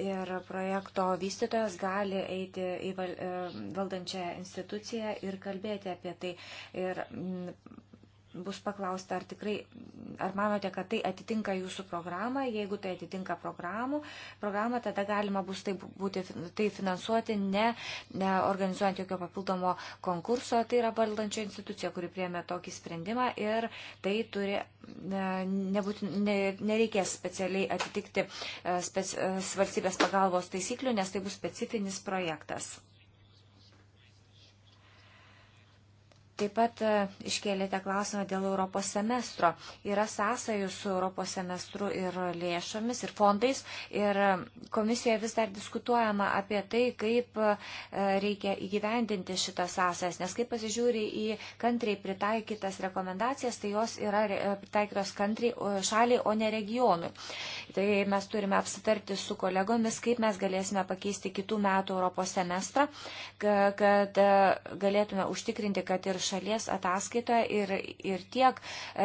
ir projekto vystytojas gali eiti į e, valdančią instituciją ir kalbėti apie tai. Ir bus paklausta, ar tikrai, ar manote, kad tai atitinka jūsų programą, jeigu tai atitinka programų, programą, tada galima bus tai, būti, tai finansuoti, ne, ne organizuojant jokio papildomo konkurso, tai yra valdančio institucija, kuri priėmė tokį sprendimą ir tai turi, nebūti, ne, nereikės specialiai atitikti e, spec, e, valstybės pagalbos taisyklių, nes tai bus specifinis projektas. Taip pat e, iškėlėte klausimą dėl Europos semestro. Yra sąsajų su Europos semestru ir lėšomis, ir fondais. Ir e, komisijoje vis dar diskutuojama apie tai, kaip e, reikia įgyvendinti šitas sąsajas. Nes kaip pasižiūri į kantriai pritaikytas rekomendacijas, tai jos yra pritaikytos kantriai šaliai, o ne regionui. Tai mes turime apsitarti su kolegomis, kaip mes galėsime pakeisti kitų metų Europos semestrą, kad galėtume užtikrinti, kad ir šalies ataskaitoje ir, ir tiek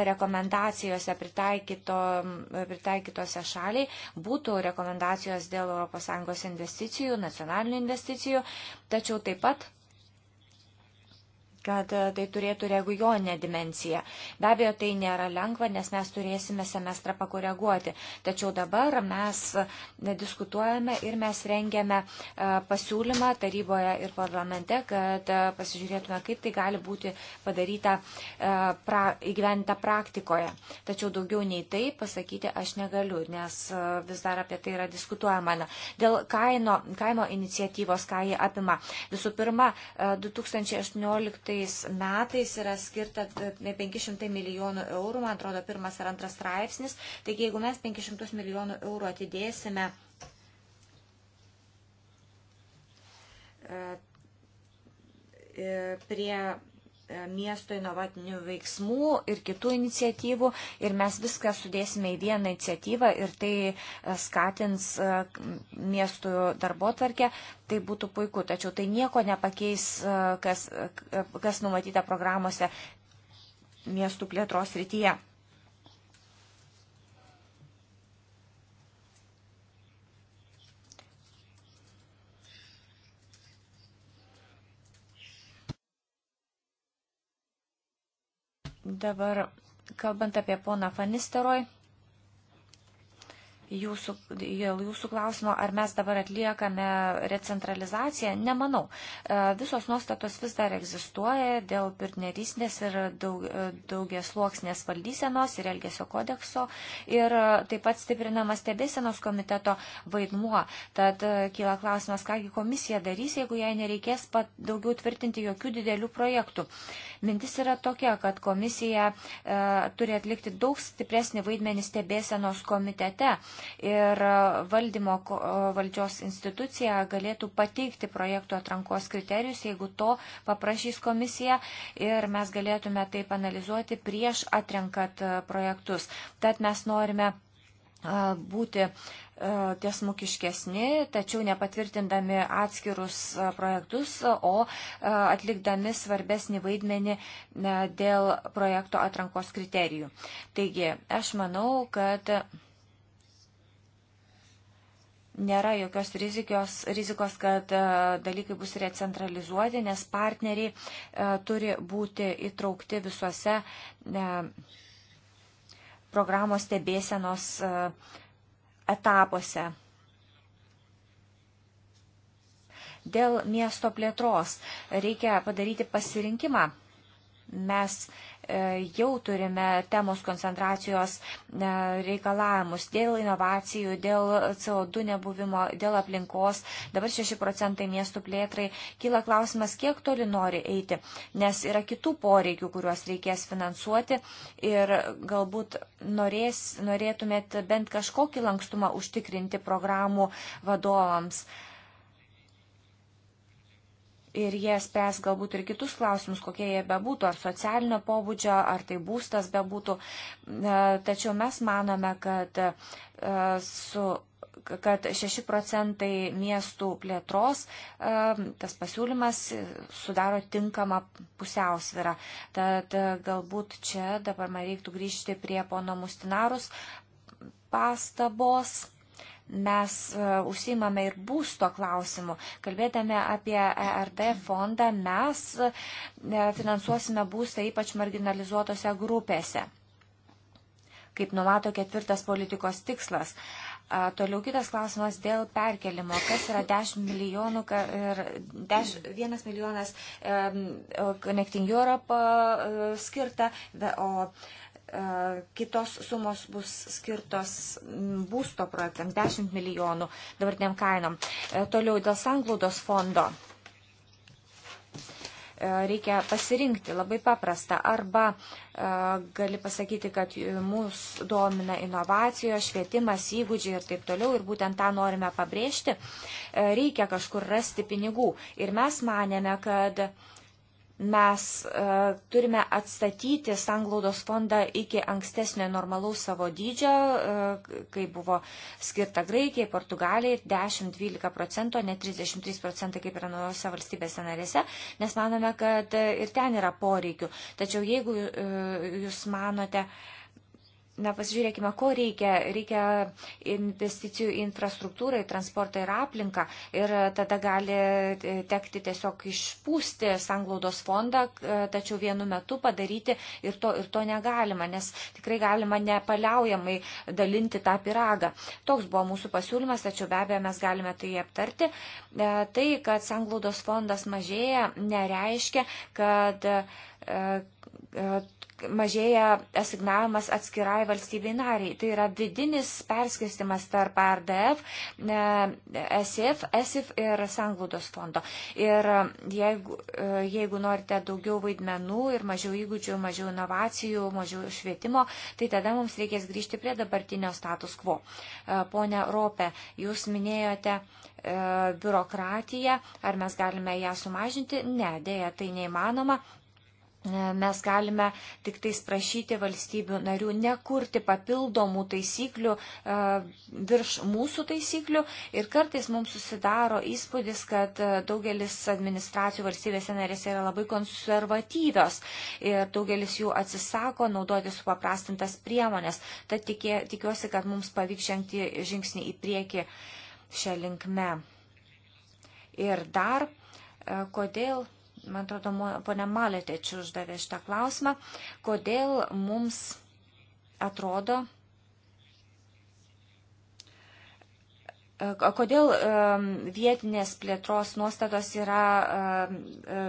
rekomendacijose pritaikyto, pritaikytose šaliai būtų rekomendacijos dėl ES investicijų, nacionalinių investicijų, tačiau taip pat kad e, tai turėtų regioninę dimenciją. Be abejo, tai nėra lengva, nes mes turėsime semestrą pakoreguoti. Tačiau dabar mes e, diskutuojame ir mes rengiame e, pasiūlymą taryboje ir parlamente, kad pasižiūrėtume, kaip tai gali būti padaryta pra, įgyventa praktikoje. Tačiau daugiau nei tai pasakyti aš negaliu, nes vis dar apie tai yra diskutuojama. Dėl kaino, kaimo iniciatyvos, ką jį apima. Visų pirma, 2018 13 metais yra skirta 500 milijonų eurų, man atrodo, pirmas ar antras straipsnis. Taigi, jeigu mes 500 milijonų eurų atidėsime, e, e, prie E, miesto inovatinių veiksmų ir kitų iniciatyvų ir mes viską sudėsime į vieną iniciatyvą ir tai e, skatins e, miestų darbo tvarkę, tai būtų puiku, tačiau tai nieko nepakeis, kas, kas numatyta programuose miestų plėtros rytyje. Dabar, kalbant apie poną Fanisteroj, jūsų, jūsų klausimo, ar mes dabar atliekame recentralizaciją, nemanau. E, visos nuostatos vis dar egzistuoja dėl partnerystės ir daug, e, daugies luoksnės valdysenos ir elgesio kodekso ir e, taip pat stiprinamas stebėsenos komiteto vaidmuo. Tad kyla klausimas, kągi komisija darys, jeigu jai nereikės pat daugiau tvirtinti jokių didelių projektų. Mintis yra tokia, kad komisija e, turi atlikti daug stipresnį vaidmenį stebėsenos komitete. E, ir valdymo valdžios institucija galėtų pateikti projektų atrankos kriterijus, jeigu to paprašys komisija ir mes galėtume tai analizuoti prieš atrenkat e, projektus. Tad mes norime e, būti e, tiesmukiškesni, tačiau nepatvirtindami atskirus projektus, o atlikdami svarbesnį vaidmenį dėl projekto atrankos kriterijų. Taigi, aš manau, kad nėra jokios rizikos, rizikos kad e, dalykai bus recentralizuoti, nes partneriai e, turi būti įtraukti visuose e, programos stebėsenos etapuose. Dėl miesto plėtros reikia padaryti pasirinkimą Mes e, jau turime temos koncentracijos e, reikalavimus dėl inovacijų, dėl CO2 nebuvimo, dėl aplinkos. Dabar 6 procentai miestų plėtrai. Kyla klausimas, kiek toli nori eiti, nes yra kitų poreikių, kuriuos reikės finansuoti ir galbūt norės, norėtumėt bent kažkokį lankstumą užtikrinti programų vadovams. Uh, ir jie spręs galbūt ir kitus klausimus, kokie jie bebūtų, ar socialinio pobūdžio, ar tai būstas bebūtų. E, tačiau mes manome, kad e, su kad 6 procentai miestų plėtros, e, tas pasiūlymas sudaro tinkamą pusiausvirą. Tad galbūt čia dabar man reiktų grįžti prie pono Mustinarus pastabos mes e, užsimame ir būsto klausimų. Kalbėdami apie ERD fondą, mes e, finansuosime būstą ypač marginalizuotose grupėse, kaip numato ketvirtas politikos tikslas. E, toliau kitas klausimas dėl perkelimo. Kas yra 10 milijonų ir 10, 1 milijonas um, Connecting Europe uh, skirta, o uh, E, kitos sumos bus skirtos būsto projektams 10 milijonų dabartiniam kainom. E, toliau dėl sanglaudos fondo e, reikia pasirinkti labai paprasta. Arba gali pasakyti, kad mus domina inovacijos, švietimas, įgūdžiai ir taip toliau ir būtent tą norime pabrėžti. Reikia kažkur rasti pinigų. Ir mes manėme, kad mes uh, turime atstatyti sanglaudos fondą iki ankstesnio normalaus savo dydžio, uh, kai buvo skirta Graikijai, Portugalijai 10-12 procentų, ne 33 procentai kaip yra naujose valstybėse narėse, nes manome, kad ir ten yra poreikių. Tačiau jeigu uh, jūs manote, uh, Na, pasižiūrėkime, ko reikia. Reikia investicijų į infrastruktūrą, į transportą ir aplinką. Ir e, tada gali e, tekti tiesiog išpūsti sanglaudos fondą, e, tačiau vienu metu padaryti ir to, ir to negalima, nes tikrai galima nepaliaujamai dalinti tą piragą. Toks buvo mūsų pasiūlymas, tačiau be abejo mes galime tai aptarti. Tai, kad sanglaudos fondas mažėja, nereiškia, kad mažėja asignavimas atskirai valstybei nariai. Tai yra vidinis perskirstimas tarp RDF, e, SF, SF ir Sanglaudos fondo. Ir e, jeigu, e, jeigu norite daugiau vaidmenų ir mažiau įgūdžių, mažiau inovacijų, mažiau švietimo, tai tada mums reikės grįžti prie dabartinio status quo. Pone Rope, jūs minėjote biurokratiją, ar mes galime ją sumažinti? Ne, dėja, tai neįmanoma, E, mes galime tik tais prašyti valstybių narių nekurti papildomų taisyklių e, virš mūsų taisyklių ir kartais mums susidaro įspūdis, kad e, daugelis administracijų valstybėse narėse yra labai konservatyvios ir daugelis jų atsisako naudoti supaprastintas priemonės. Tad tikė, tikiuosi, kad mums pavyks žengti žingsnį į priekį šią linkmę. Ir dar, kodėl man atrodo, ponia Malėteč uždavė šitą klausimą, kodėl mums atrodo, e, Kodėl e, vietinės plėtros nuostatos yra e,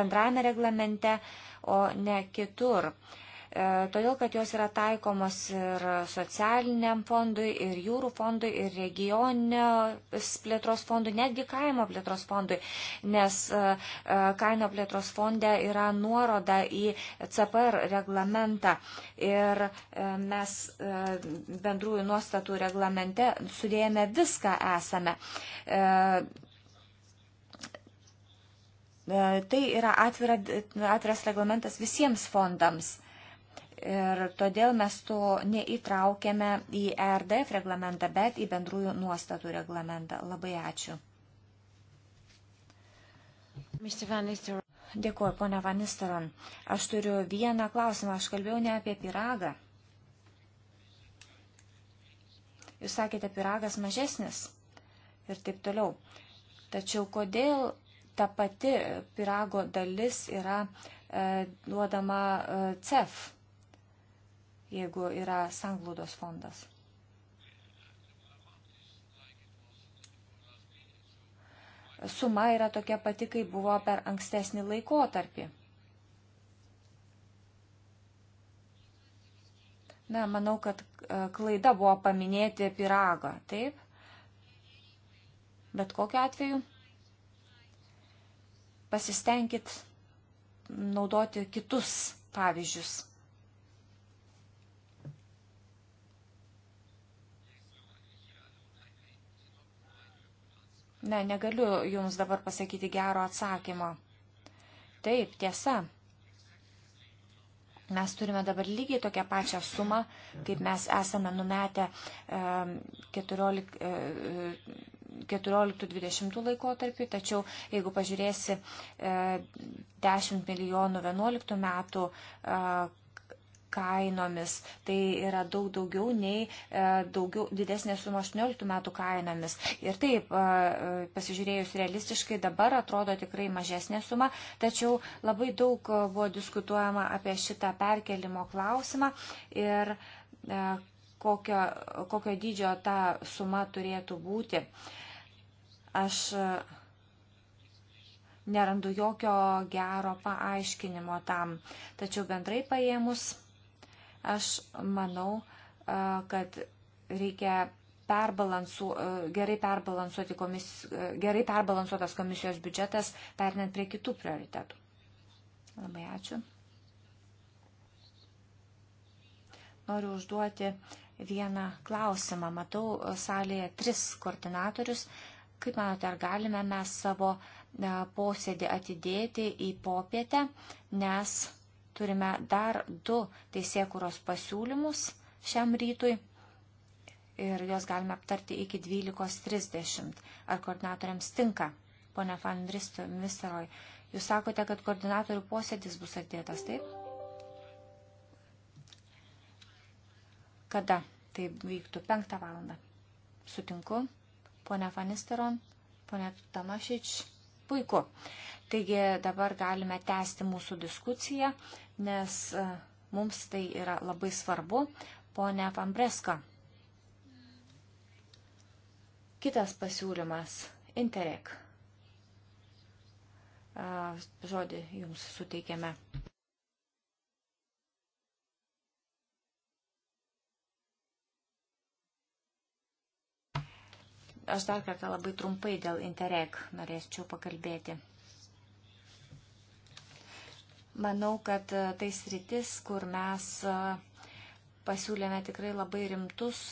bendrame reglamente, o ne kitur? E, todėl kad jos yra taikomos ir socialiniam fondui, ir jūrų fondui, ir regioninės plėtros fondui, netgi kaimo plėtros fondui, nes e, e, kaimo plėtros fonde yra nuoroda į CPR reglamentą. Ir mes bendrųjų nuostatų reglamente sudėjome viską esame. Tai yra atvira, atviras reglamentas visiems fondams. Ir todėl mes to neįtraukėme į ERDF reglamentą, bet į bendrųjų nuostatų reglamentą. Labai ačiū. Dėkuoju, ponia Vanisteron. Aš turiu vieną klausimą. Aš kalbėjau ne apie piragą. Jūs sakėte, piragas mažesnis ir taip toliau. Tačiau kodėl ta pati pirago dalis yra e, duodama e, CEF jeigu yra sanglaudos fondas. Suma yra tokia pati, kaip buvo per ankstesnį laikotarpį. Na, manau, kad e, klaida buvo paminėti piragą, taip? Bet kokiu atveju pasistengit naudoti kitus pavyzdžius. Ne, negaliu jums dabar pasakyti gero atsakymo. Taip, tiesa. Mes turime dabar lygiai tokią pačią sumą, kaip mes esame numetę 14-20 e, laikotarpį, tačiau jeigu pažiūrėsi 10 e, milijonų 11 metų e, kainomis. Tai yra daug daugiau nei e, daugiau, didesnė suma 18 metų kainomis. Ir taip, e, e, pasižiūrėjus realistiškai, dabar atrodo tikrai mažesnė suma, tačiau labai daug buvo diskutuojama apie šitą perkelimo klausimą ir kokio, kokio dydžio ta suma turėtų būti. Aš nerandu jokio gero paaiškinimo tam. Tačiau bendrai paėmus Aš manau, kad reikia perbalansu, gerai, perbalansuoti komis, gerai perbalansuotas komisijos biudžetas, perinant prie kitų prioritetų. Labai ačiū. Noriu užduoti vieną klausimą. Matau salėje tris koordinatorius. Kaip manote, ar galime mes savo posėdį atidėti į popietę, nes turime dar du teisėkuros pasiūlymus šiam rytui ir juos galime aptarti iki 12.30. Ar koordinatoriams tinka, ponia Van Misteroj? Jūs sakote, kad koordinatorių posėdis bus atdėtas, taip? Kada tai vyktų? Penktą valandą. Sutinku. Pone Fanisteron, pone Tamašič. Puiku. Taigi dabar galime tęsti mūsų diskusiją, nes e, mums tai yra labai svarbu. Pone Pambreska. Kitas pasiūlymas - Interreg. E, žodį jums suteikėme. Aš dar kartą labai trumpai dėl Interreg norėčiau pakalbėti. Manau, kad e, tai sritis, kur mes e, pasiūlėme tikrai labai rimtus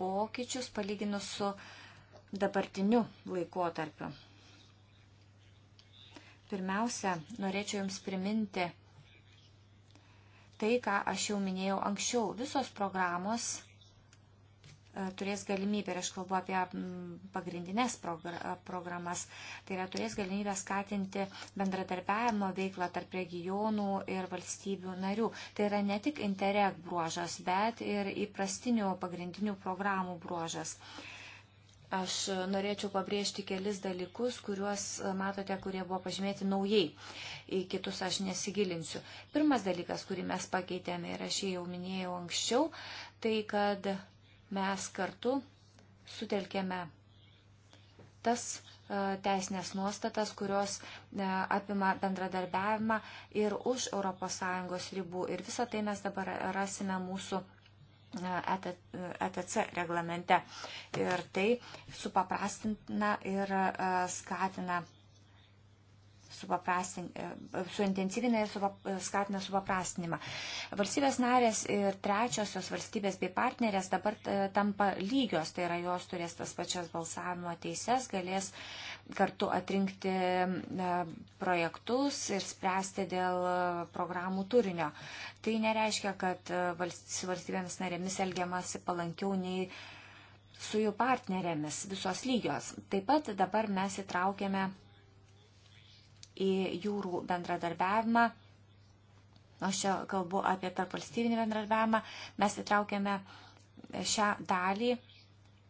pokyčius palyginus su dabartiniu laikotarpiu. Pirmiausia, norėčiau Jums priminti tai, ką aš jau minėjau anksčiau. Visos programos E, turės galimybę, ir aš kalbu apie pagrindinės programas, tai yra turės galimybę skatinti bendradarbiavimo veiklą tarp regionų ir valstybių narių. Tai yra ne tik interreg bruožas, bet ir įprastinių pagrindinių programų bruožas. Aš norėčiau pabrėžti kelis dalykus, kuriuos e, matote, kurie buvo pažymėti naujai. Į kitus aš nesigilinsiu. Pirmas dalykas, kurį mes pakeitėme ir aš jį jau minėjau anksčiau, tai kad mes kartu sutelkėme tas e, teisinės nuostatas, kurios e, apima bendradarbiavimą ir už ES ribų. Ir visą tai mes dabar rasime mūsų e, ETC reglamente. Ir tai supaprastina ir skatina E, suintensyvina ir supap, skatina supaprastinimą. Valstybės narės ir trečiosios valstybės bei partnerės dabar e, tampa lygios, tai yra jos turės tas pačias balsavimo teises, galės kartu atrinkti e, projektus ir spręsti dėl programų turinio. Tai nereiškia, kad su valstybėmis narėmis elgiamasi palankiau nei su jų partnerėmis visos lygios. Taip pat dabar mes įtraukėme į jūrų bendradarbiavimą, aš čia kalbu apie tarpvalstybinį bendradarbiavimą, mes įtraukėme šią dalį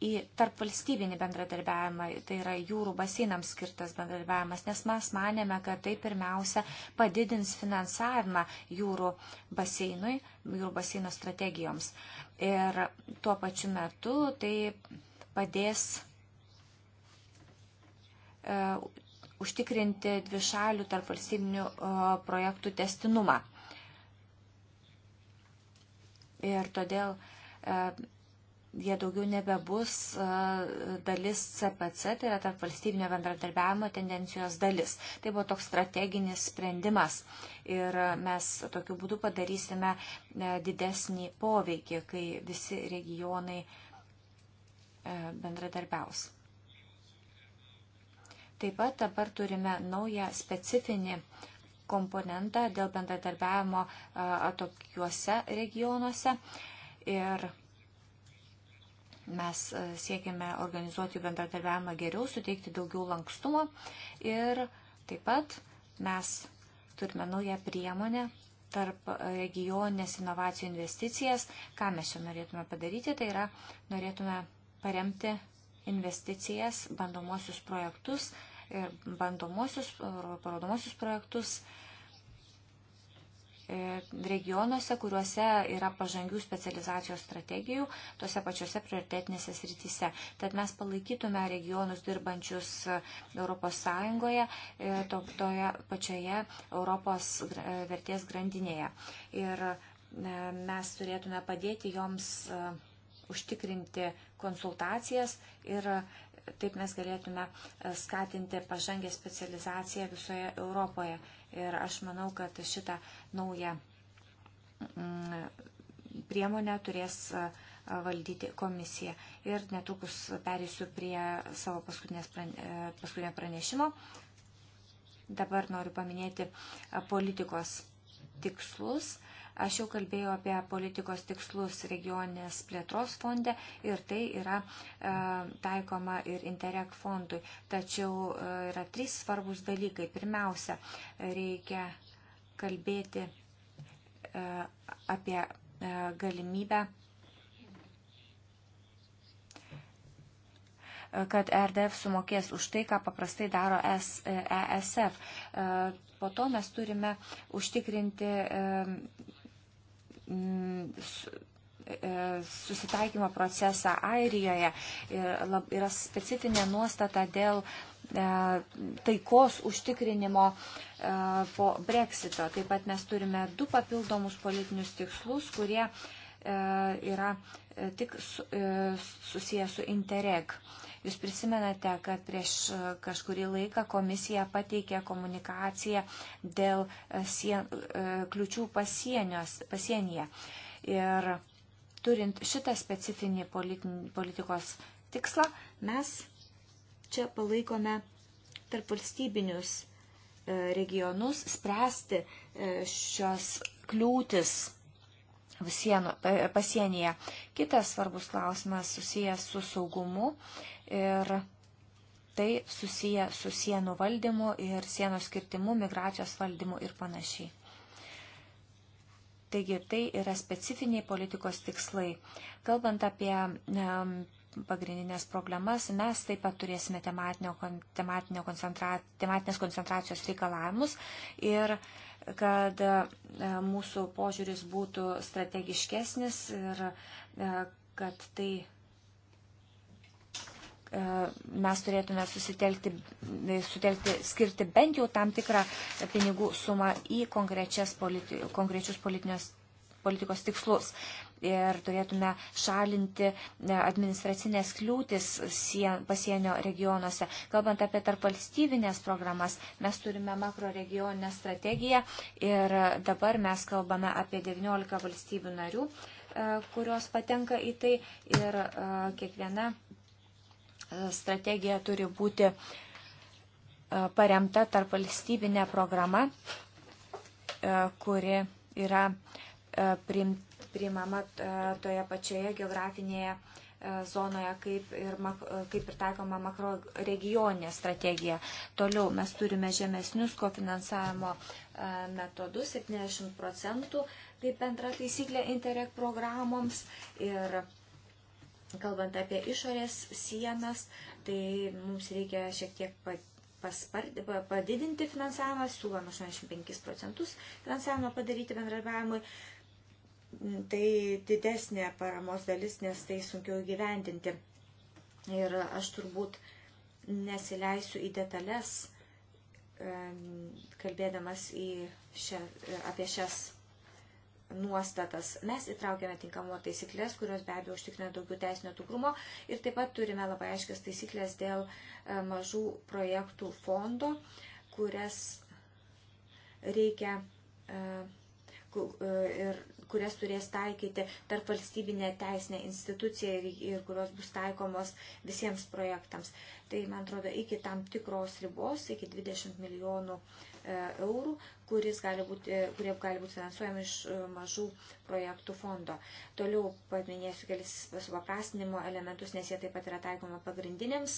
į tarpvalstybinį bendradarbiavimą, tai yra jūrų basinams skirtas bendradarbiavimas, nes mes manėme, kad tai pirmiausia padidins finansavimą jūrų baseinui, jūrų baseino strategijoms. Ir tuo pačiu metu tai padės e, užtikrinti dvišalių tarp valstybinių projektų testinumą. Ir todėl e, jie daugiau nebebus e, dalis CPC, tai yra tarp valstybinio bendradarbiavimo tendencijos dalis. Tai buvo toks strateginis sprendimas ir e, mes tokiu būdu padarysime didesnį poveikį, kai visi regionai bendradarbiaus. Taip pat dabar turime naują specifinį komponentą dėl bendradarbiavimo atokiuose regionuose. Ir mes siekime organizuoti bendradarbiavimą geriau, suteikti daugiau lankstumo. Ir taip pat mes turime naują priemonę tarp regioninės inovacijų investicijas. Ką mes čia norėtume padaryti, tai yra norėtume paremti investicijas, bandomosius projektus ir bandomosius, parodomosius projektus e, regionuose, kuriuose yra pažangių specializacijos strategijų, tuose pačiuose prioritetinėse srityse. Tad mes palaikytume regionus dirbančius ES ir e, toje pačioje Europos e, vertės grandinėje. Ir mes turėtume padėti joms užtikrinti konsultacijas ir taip mes galėtume e, skatinti pažangę specializaciją visoje Europoje. Ir aš manau, kad šitą naują mm, priemonę turės e, valdyti komisija. Ir netrukus perėsiu prie savo e, paskutinio pranešimo. Dabar noriu paminėti politikos tikslus Aš jau kalbėjau apie politikos tikslus regioninės plėtros fonde ir tai yra e, taikoma ir Interreg fondui. Tačiau e, yra trys svarbus dalykai. Pirmiausia, reikia kalbėti e, apie e, galimybę kad RDF sumokės už tai, ką paprastai daro ESF. E, po to mes turime užtikrinti e, Mm, e, e, susitaikymo procesą Airijoje yra specifinė nuostata dėl e, taikos užtikrinimo po breksito. Taip pat mes turime du papildomus politinius tikslus, kurie yra tik susijęs su Interreg. Jūs prisimenate, kad prieš e, kažkurį laiką komisija pateikė komunikaciją dėl e, sien, e, kliučių pasienyje. Ir turint šitą specifinį politikos tikslą, mes čia palaikome tarp valstybinius regionus spręsti šios kliūtis sienų, pasienyje. Kitas svarbus klausimas susijęs su saugumu ir tai susiję su sienų valdymu ir sienos skirtimu, migracijos valdymu ir panašiai. Taigi tai yra specifiniai politikos tikslai. Kalbant apie pagrindinės problemas, mes taip pat turėsime tematinio, tematinio koncentra, tematinės koncentracijos reikalavimus ir kad e, mūsų požiūris būtų strategiškesnis ir e, kad tai E, mes turėtume susitelkti, e, sutelkti, skirti bent jau tam tikrą pinigų sumą į politi, konkrečius politikos tikslus. Ir turėtume šalinti e, administracinės kliūtis sien, pasienio regionuose. Kalbant apie tarpvalstybinės programas, mes turime makroregioninę strategiją ir dabar mes kalbame apie 19 valstybių narių kurios patenka į tai ir kiekviena strategija turi būti e, paremta tarp valstybinė programa, e, kuri yra e, priimama toje pačioje geografinėje zonoje, kaip ir, kaip ir taikoma makro regioninė strategija. Toliau mes turime žemesnius kofinansavimo metodus, 70 procentų kaip bendra taisyklė Interreg programoms ir Kalbant apie išorės sienas, tai mums reikia šiek tiek pasparti, padidinti finansavimą, siūlom 85 procentus finansavimą padaryti bendradarbiavimui. Tai didesnė paramos dalis, nes tai sunkiau gyvendinti. Ir aš turbūt nesileisiu į detalės, kalbėdamas į šia, apie šias nuostatas. Mes įtraukėme tinkamo taisyklės, kurios be abejo užtikrina daugiau teisinio tukrumo ir taip pat turime labai aiškias taisyklės dėl e, mažų projektų fondo, kurias reikia uh, E, ir kurias turės taikyti tarp valstybinė teisinė institucija ir, ir kurios bus taikomos visiems projektams. Tai, man atrodo, iki tam tikros ribos, iki 20 milijonų e, eurų, gali būti, e, kurie gali būti finansuojami iš mažų projektų fondo. Toliau paminėsiu kelis supaprastinimo elementus, nes jie taip pat yra taikoma pagrindinėms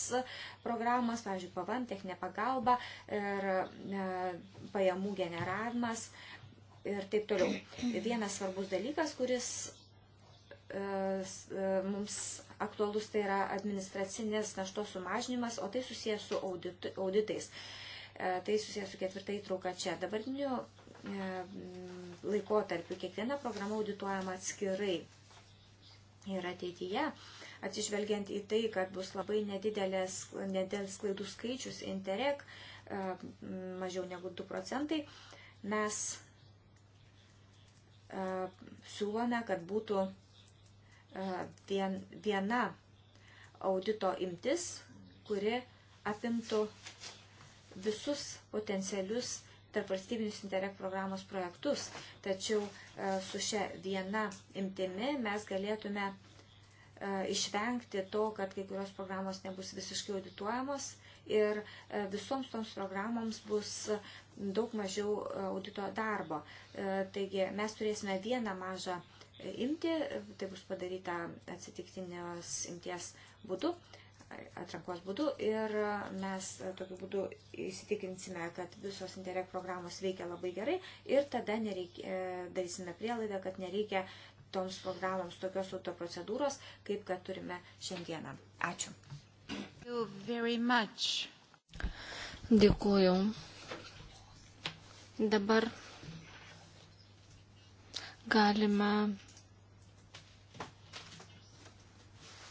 programas, pavyzdžiui, pavan, techninė pagalba ir pajamų generavimas. E, ir taip toliau. Vienas svarbus dalykas, kuris e, e, mums aktualus, tai yra administracinės naštos sumažinimas, o tai susijęs su audit, auditais. E, tai susijęs su ketvirta įtrauka čia. Dabartiniu laikotarpiu kiekviena programa audituojama atskirai. Ir ateityje, atsižvelgiant į tai, kad bus labai nedidelės, nedidelis klaidų skaičius Interreg, mažiau negu 2 procentai, mes E, siūlome, kad būtų e, vien, viena audito imtis, kuri apimtų visus potencialius tarp valstybinius Interreg programos projektus. Tačiau e, su šia viena imtimi mes galėtume išvengti to, kad kai kurios programos nebus visiškai audituojamos ir e, visoms toms programoms bus e, daug mažiau e, audito darbo. Taigi mes turėsime vieną mažą imti, tai bus padaryta atsitiktinės imties būdu atrankos būdu ir mes tokiu būdu įsitikinsime, kad visos Interreg programos veikia labai gerai ir tada nereikia, darysime prielaidą, kad nereikia toms programoms tokios autoprocedūros, kaip kad turime šiandieną. Ačiū. Dėkuoju. Dabar galime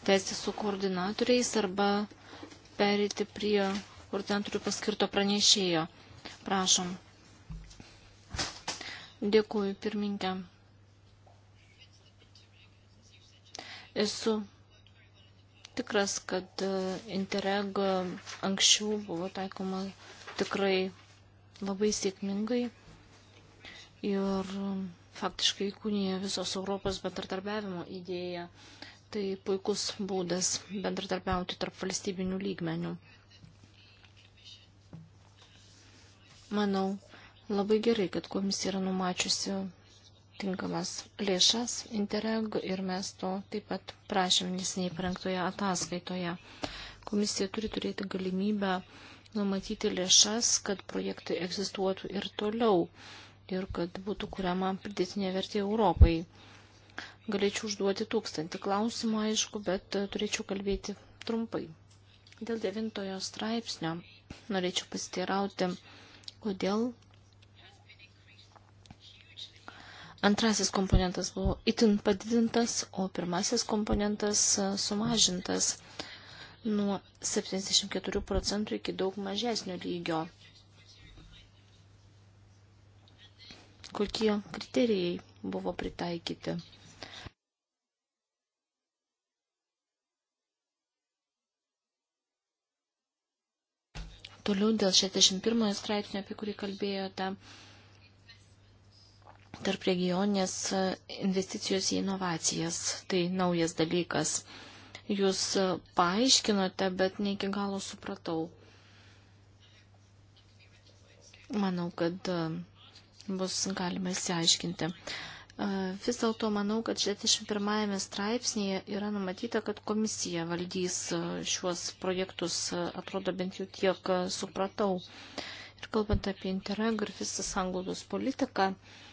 tęsti su koordinatoriais arba perėti prie koordinatorių paskirto pranešėjo. Prašom. Dėkuoju, pirmininkė. Esu tikras, kad e, Intereg anksčiau buvo taikoma tikrai labai sėkmingai ir e, faktiškai kūnyje visos Europos bendradarbiavimo idėja. Tai puikus būdas bendradarbiauti tarp valstybinių lygmenių. Manau, labai gerai, kad komisija yra numačiusi tinkamas lėšas Intereg ir mes to taip pat prašėm nesiniai parengtoje ataskaitoje. Komisija turi turėti galimybę numatyti lėšas, kad projektai egzistuotų ir toliau ir kad būtų kuriama pridėtinė vertė Europai. Galėčiau užduoti tūkstantį klausimų, aišku, bet turėčiau kalbėti trumpai. Dėl devintojo straipsnio norėčiau pasiteirauti, kodėl Antrasis komponentas buvo itin padidintas, o pirmasis komponentas e, sumažintas nuo 74 procentų iki daug mažesnio lygio. Kokie kriterijai buvo pritaikyti? Toliau dėl 61 straipsnio, apie kurį kalbėjote. Ta tarp regioninės e, investicijos į inovacijas. Tai naujas dalykas. Jūs e, paaiškinote, bet ne iki galo supratau. Manau, kad e, bus galima įsiaiškinti. Vis dėlto manau, kad 61 straipsnėje yra numatyta, kad komisija valdys šiuos projektus, atrodo bent jau tiek supratau. Ir kalbant apie Interreg ir visą sanglaudos politiką, uh,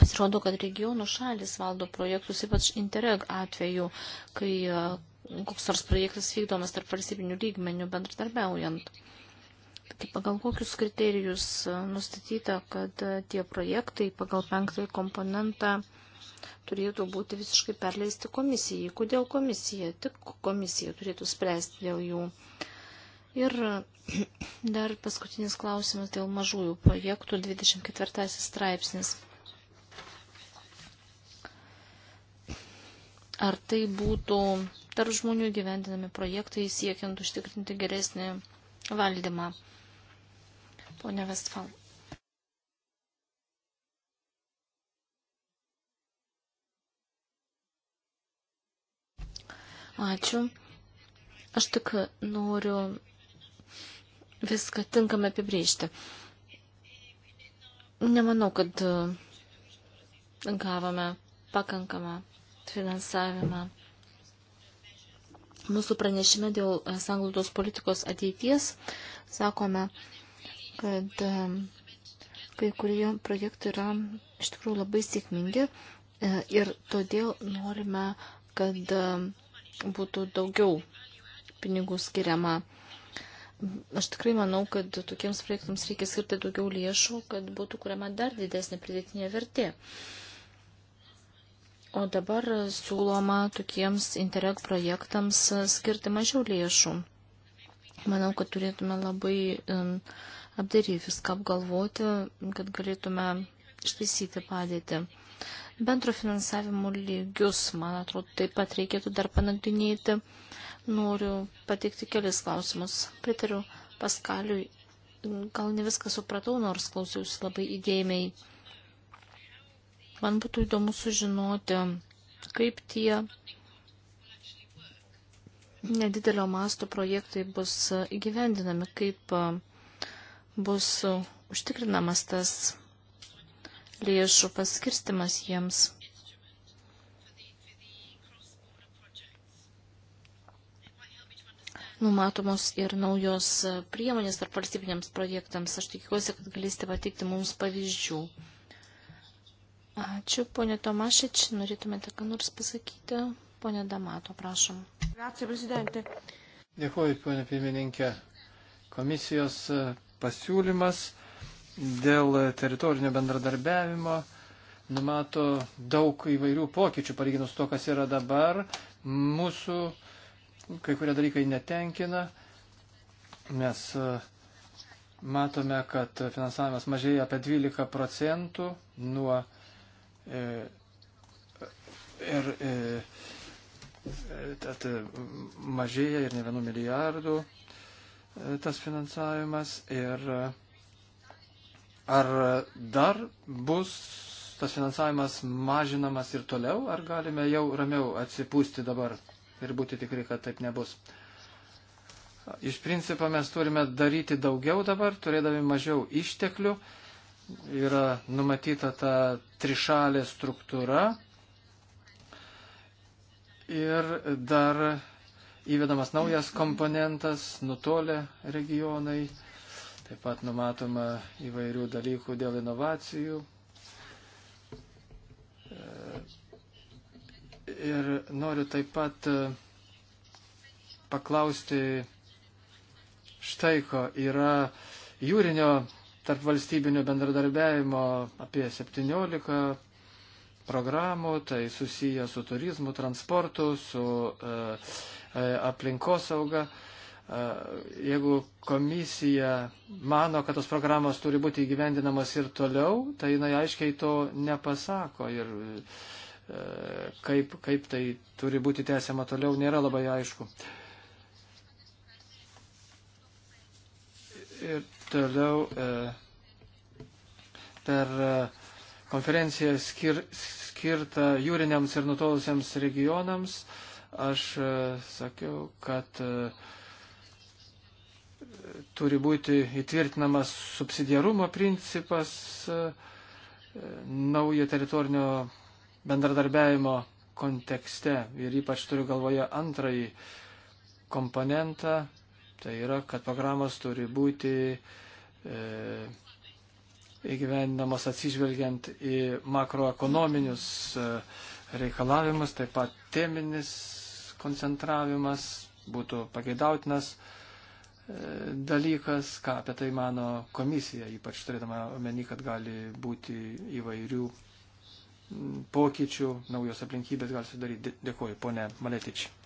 Pasirodo, kad regionų šalis valdo projektus, ypač Interreg atveju, kai e, koks nors projektas vykdomas tarp valstybinių lygmenių bendradarbiaujant. Tai pagal kokius kriterijus e, nustatyta, kad e, tie projektai pagal penktąjį komponentą turėtų būti visiškai perleisti komisijai. Kodėl komisija? Tik komisija turėtų spręsti dėl jų. Ir dar paskutinis klausimas dėl mažųjų projektų 24 straipsnis. Ar tai būtų tarp žmonių gyvendinami projektai siekiant užtikrinti geresnį valdymą? Pone Vestfal. Ačiū. Aš tik noriu viską tinkamai apibrėžti. Nemanau, kad gavome pakankamą finansavimą. Mūsų pranešime dėl sanglaudos politikos ateities sakome, kad kai kurie projektai yra iš tikrųjų labai sėkmingi e, ir todėl norime, kad būtų daugiau pinigų skiriama. Aš tikrai manau, kad tokiems projektams reikia skirti daugiau lėšų, kad būtų kuriama dar didesnė pridėtinė vertė. Uh, O dabar siūloma tokiems Interreg projektams skirti mažiau lėšų. Manau, kad turėtume labai apdariai viską apgalvoti, kad galėtume ištaisyti padėtį. Bendro finansavimo lygius, man atrodo, taip pat reikėtų dar panagrinėti. Noriu pateikti kelis klausimus. Pritariu Paskaliui, gal ne viską supratau, nors klausiausi labai įdėmiai. Man būtų įdomu sužinoti, kaip tie nedidelio masto projektai bus įgyvendinami, kaip bus užtikrinamas tas lėšų paskirstimas jiems. numatomos ir naujos priemonės tarp valstybiniams projektams. Aš tikiuosi, kad galėsite pateikti mums pavyzdžių. Ačiū, ponė Tomašič, norėtumėte ką nors pasakyti? Pone Damato, prašom. Ačiū, prezidentė. Dėkuoju, ponė pirmininkė. Komisijos e, pasiūlymas dėl teritorinio bendradarbiavimo numato daug įvairių pokyčių, palyginus to, kas yra dabar. Mūsų kai kurie dalykai netenkina. Mes e, matome, kad finansavimas mažėja apie 12 procentų nuo E, ir e, tad e, mažėja ir ne vienu milijardu tas finansavimas. Ir ar dar bus tas finansavimas mažinamas ir toliau, ar galime jau ramiau atsipūsti dabar ir būti tikri, kad taip nebus. Iš principo mes turime daryti daugiau dabar, turėdami mažiau išteklių yra numatyta ta trišalė struktūra ir dar įvedamas naujas komponentas, nutolę regionai, taip pat numatoma įvairių dalykų dėl inovacijų. Ir noriu taip pat e, paklausti štai ko yra jūrinio tarp valstybinio bendradarbiavimo apie 17 programų, tai susiję su turizmu, transportu, su e, e, aplinkosauga. E, jeigu komisija mano, kad tos programos turi būti įgyvendinamas ir toliau, tai jinai aiškiai to nepasako ir e, kaip, kaip tai turi būti tęsiama toliau, nėra labai aišku. Ir Toliau e, per e, konferenciją skir, skirtą jūriniams ir nutolusiems regionams aš e, sakiau, kad turi būti įtvirtinamas subsidiarumo principas, naujo teritorinio bendradarbiajimo kontekste ir ypač turiu galvoje antrąjį komponentą, Tai yra, kad programos turi būti e, įgyvendinamos atsižvelgiant į makroekonominius e, reikalavimus, taip pat teminis koncentravimas būtų pageidautinas e, dalykas, ką apie tai mano komisija, ypač turėdama omeny, kad gali būti įvairių pokyčių, naujos aplinkybės gali sudaryti. Dėkuoju, ponė Maletičiai.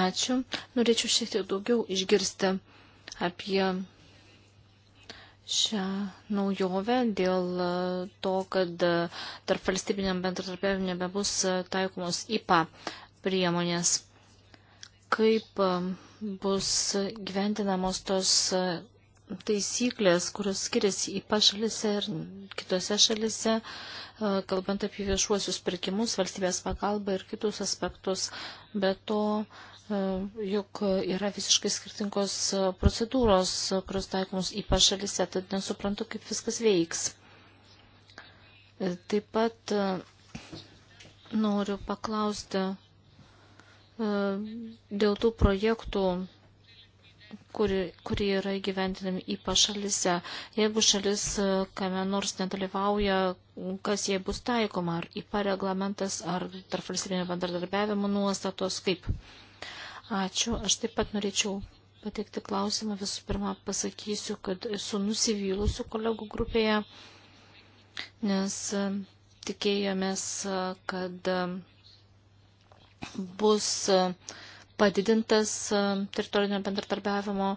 Ačiū. Norėčiau šiek tiek daugiau išgirsti apie šią naujovę dėl to, kad tarp valstybiniam bendratarpiavimui nebebus taikomos IPA priemonės. Kaip bus gyventinamos tos taisyklės, kurios skiriasi ypač šalise ir kitose šalise, e, kalbant apie viešuosius pirkimus, valstybės pagalbą ir kitus aspektus. Be to, e, juk yra visiškai skirtingos procedūros, kurios taikomus ypač šalise, tad nesuprantu, kaip viskas veiks. E, taip pat noriu paklausti dėl tų projektų kuri, kuri yra įgyventinami ypač šalise. Jeigu šalis e, kame nors nedalyvauja, kas jai bus taikoma, ar IPA reglamentas, ar tarp valstybinio bendradarbiavimo nuostatos, kaip. Ačiū. Aš taip pat norėčiau pateikti klausimą. Visų pirma, pasakysiu, kad esu nusivylusių kolegų grupėje, nes e, tikėjomės, e, kad bus uh, padidintas e, teritorinio bendradarbiavimo e,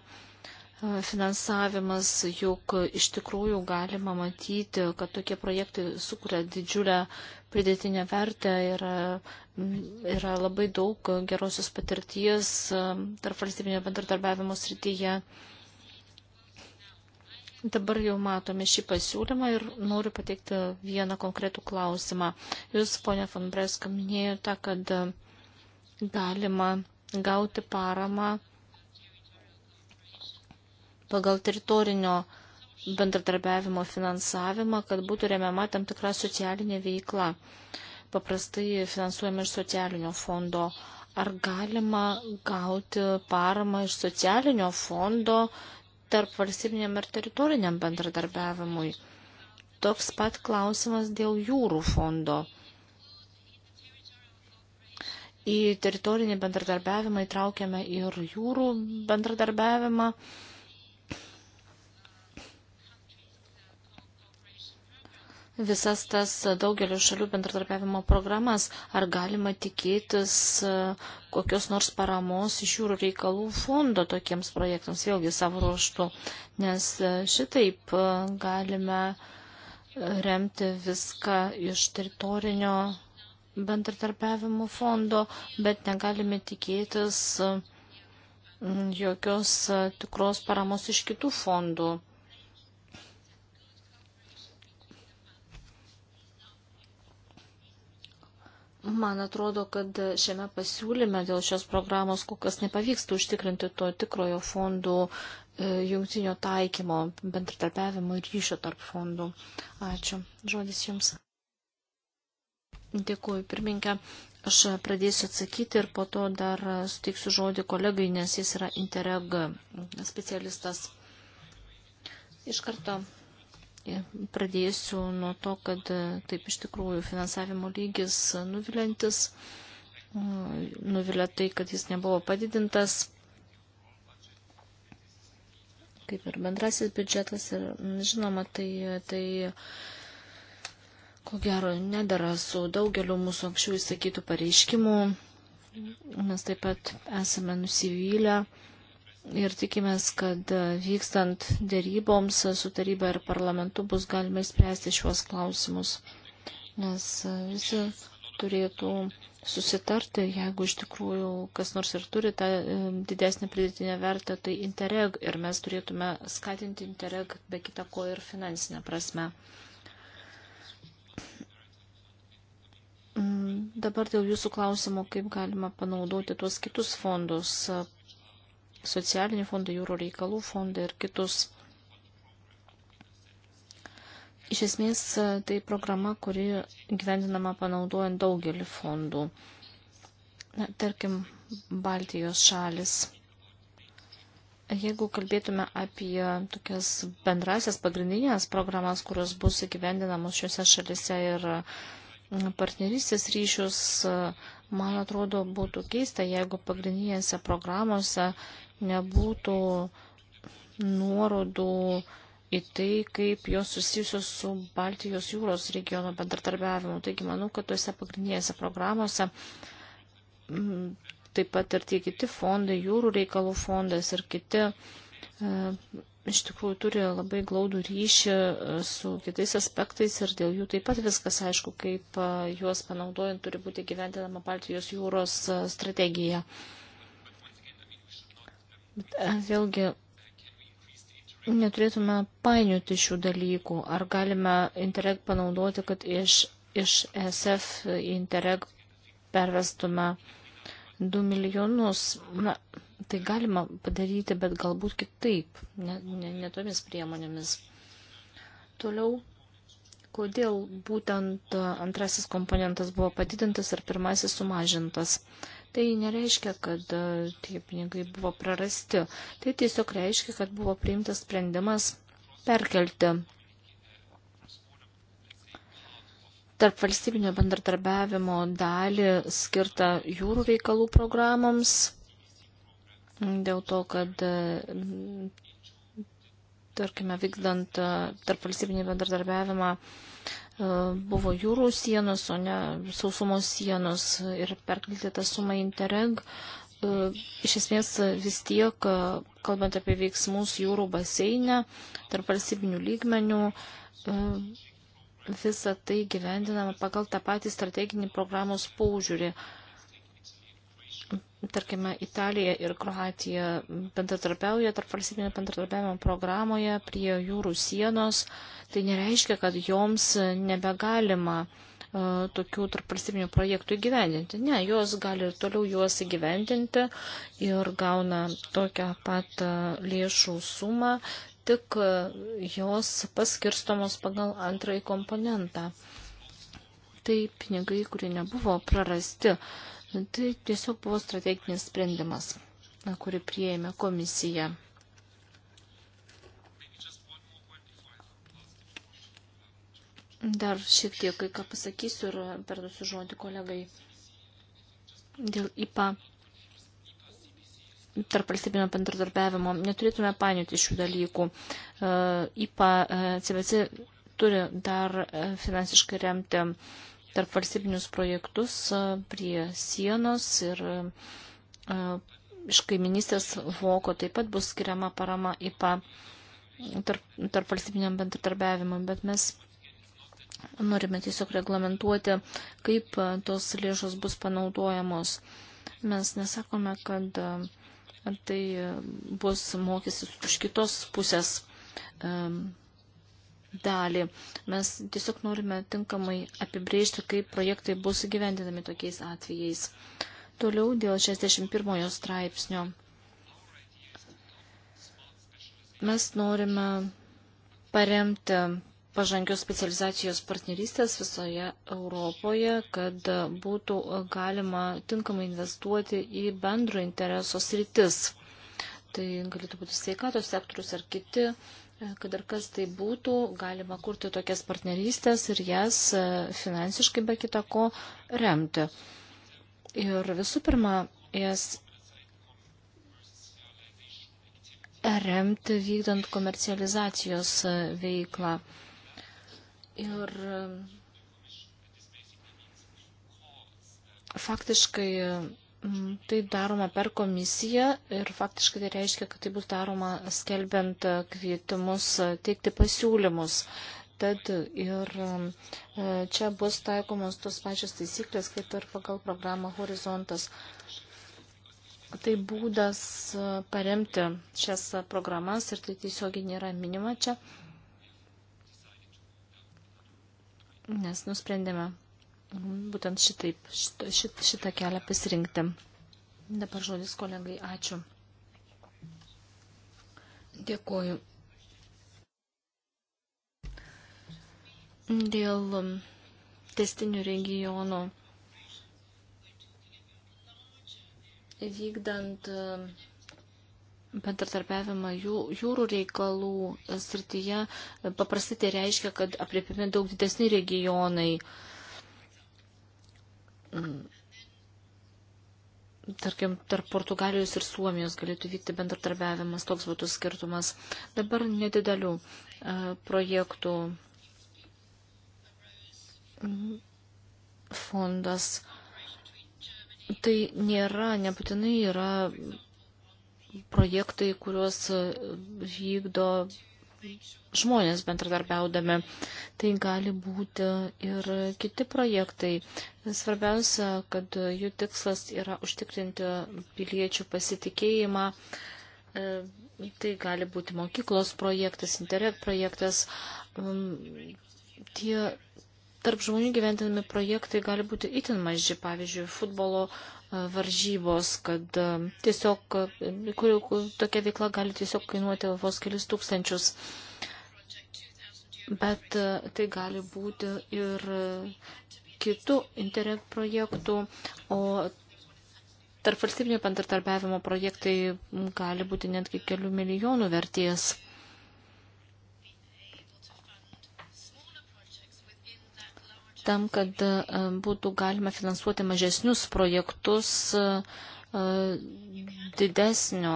finansavimas, juk iš tikrųjų galima matyti, kad tokie projektai sukuria didžiulę pridėtinę vertę ir yra labai daug gerosios patirties e, tarp valstybinio bendradarbiavimo srityje. Dabar jau matome šį pasiūlymą ir noriu pateikti vieną konkretų klausimą. Jūs, ponia von Breska, minėjote, kad galima gauti paramą pagal teritorinio bendradarbiavimo finansavimą, kad būtų remiama tam tikra socialinė veikla. Paprastai finansuojame iš socialinio fondo. Ar galima gauti paramą iš socialinio fondo tarp valstybiniam ir teritoriniam bendradarbiavimui? Toks pat klausimas dėl jūrų fondo. Į teritorinį bendradarbiavimą įtraukiame ir jūrų bendradarbiavimą. Visas tas daugelio šalių bendradarbiavimo programas, ar galima tikėtis e, kokios nors paramos iš jūrų reikalų fondo tokiems projektams, vėlgi savo ruoštų, nes e, šitaip e, galime remti viską iš teritorinio bendratarpiavimo fondo, bet negalime tikėtis mm, jokios e, tikros paramos iš kitų fondų. Man atrodo, kad šiame pasiūlyme dėl šios programos kol kas nepavyksta užtikrinti to tikrojo fondų e, jungtinio taikymo, bendratarpiavimo ir ryšio tarp fondų. Ačiū. Žodis Jums. Dėkuoju, pirminkė. Aš pradėsiu atsakyti ir po to dar suteiksiu žodį kolegai, nes jis yra Intereg specialistas. Iš karto e, pradėsiu nuo to, kad e, taip iš tikrųjų finansavimo lygis nuvilintis, e, nuvilia tai, kad jis nebuvo padidintas, kaip ir bendrasis biudžetas ir žinoma, tai, tai ko gero nedara su daugeliu mūsų anksčiau įsakytų pareiškimų. Mes taip pat esame nusivylę ir tikimės, kad vykstant dėryboms su taryba ir parlamentu bus galima spręsti šiuos klausimus. Nes visi turėtų susitarti, jeigu iš tikrųjų kas nors ir turi tą e, didesnį pridėtinę vertę, tai Interreg ir mes turėtume skatinti Interreg be kita ko ir finansinę prasme. Dabar dėl jūsų klausimo, kaip galima panaudoti tuos kitus fondus - socialinį fondą, jūro reikalų fondą ir kitus. Iš esmės, tai programa, kuri gyvendinama panaudojant daugelį fondų. Na, tarkim, Baltijos šalis. Jeigu kalbėtume apie tokias bendrasias pagrindinės programas, kurios bus įgyvendinamos šiuose šalise ir uh, partnerystės ryšius, man atrodo, būtų keista, jeigu pagrindinėse programuose nebūtų nuorodų į tai, kaip jos susijusios su Baltijos jūros regiono bendradarbiavimu. Taigi manau, kad tuose pagrindinėse programuose taip pat ir tie kiti fondai, jūrų reikalų fondas ir kiti e, iš tikrųjų turi labai glaudų ryšį e, su kitais aspektais ir dėl jų taip pat viskas aišku, kaip e, juos panaudojant turi būti gyvendinama Baltijos jūros e, strategija. Bet vėlgi neturėtume painioti šių dalykų. Ar galime Interreg panaudoti, kad iš, iš SF į Interreg pervestume 2 milijonus? Na, Tai galima padaryti, bet galbūt kitaip, ne, ne, ne tomis priemonėmis. Toliau, kodėl būtent antrasis komponentas buvo padidintas ir pirmasis sumažintas. Tai nereiškia, kad tie pinigai buvo prarasti. Tai tiesiog reiškia, kad buvo priimtas sprendimas perkelti tarp valstybinio bendradarbiavimo dalį skirtą jūrų reikalų programoms dėl to, kad, e, tarkime, vykdant e, tarp valstybinį bendradarbiavimą e, buvo jūrų sienos, o ne sausumos sienos ir perkelti tą sumą Interreg. Iš esmės vis tiek, kalbant apie veiksmus jūrų baseinę, tarp valstybinių lygmenių, visa tai gyvendinama pagal tą patį strateginį programos paužiūrį. Tarkime, Italija ir Kroatija bendradarbiauja tarp valstybinio bendradarbiavimo programoje prie jūrų sienos. Tai nereiškia, kad joms nebegalima e, tokių tarpvalstybinių projektų įgyvendinti. Ne, jos gali ir toliau juos įgyvendinti ir gauna tokią pat e, lėšų sumą, tik e, jos paskirstomos pagal antrąjį komponentą. Tai pinigai, kurie nebuvo prarasti, Nu, tai tiesiog buvo strateginis sprendimas, kurį prieėmė komisija. Dar šiek tiek kai ką pasakysiu ir perduosiu žodį kolegai dėl IPA tarp valstybinio bendradarbiavimo. Neturėtume painioti šių dalykų. E, IPA CBC e, turi dar e, finansiškai remti tarp valstybinius projektus prie sienos ir iš kaiminystės voko taip pat bus skiriama parama IPA tarp, tarp valstybiniam bendradarbiavimui, bet mes norime tiesiog reglamentuoti, kaip tos lėšos bus panaudojamos. Mes nesakome, kad tai bus mokysis iš kitos pusės dalį. Mes tiesiog norime tinkamai apibrėžti, kaip projektai bus gyvendinami tokiais atvejais. Toliau dėl 61 straipsnio. Mes norime paremti pažangios specializacijos partnerystės visoje Europoje, kad būtų galima tinkamai investuoti į bendro intereso sritis. Tai galėtų būti sveikatos sektorius ar kiti Kad ir kas tai būtų, galima kurti tokias partnerystės ir jas e, finansiškai be kita ko remti. Ir visų pirma, jas remti vykdant komercializacijos e, veiklą. Ir e, faktiškai Mm, tai daroma per komisiją ir faktiškai tai reiškia, kad tai bus daroma skelbiant e, kvietimus e, teikti pasiūlymus. Tad ir mm, e, čia bus taikomos tos pačios taisyklės, kaip ir pagal programą Horizontas. Tai būdas paremti šias programas ir tai tiesiogiai nėra minima čia, nes nusprendėme būtent šitaip, šitą, šitą, šitą kelią pasirinkti. Dabar žodis kolegai, ačiū. Dėkuoju. Dėl um, testinių regionų vykdant um, bendratarpiavimą jų, jūrų reikalų srityje, paprastai tai reiškia, kad apriepiami daug didesni regionai. Uh, Mm. tarkim, tarp Portugalijos ir Suomijos galėtų vykti bendradarbiavimas, toks būtų skirtumas. Dabar nedidelių e, projektų mm, fondas. Tai nėra, nebūtinai yra projektai, kuriuos e, vykdo žmonės bendradarbiaudami. Tai gali būti ir kiti projektai. Svarbiausia, kad jų tikslas yra užtikrinti piliečių pasitikėjimą. E, tai gali būti mokyklos projektas, internet projektas. Mm, tie tarp žmonių gyventinami projektai gali būti itin maži, pavyzdžiui, futbolo varžybos, kad e, tiesiog, e, kurių tokia veikla gali tiesiog kainuoti vos kelis tūkstančius. Bet e, tai gali būti ir kitų internet projektų, o tarp valstybinio bendradarbiavimo projektai gali būti netgi kelių milijonų vertės. tam, kad e, būtų galima finansuoti mažesnius projektus e, didesnio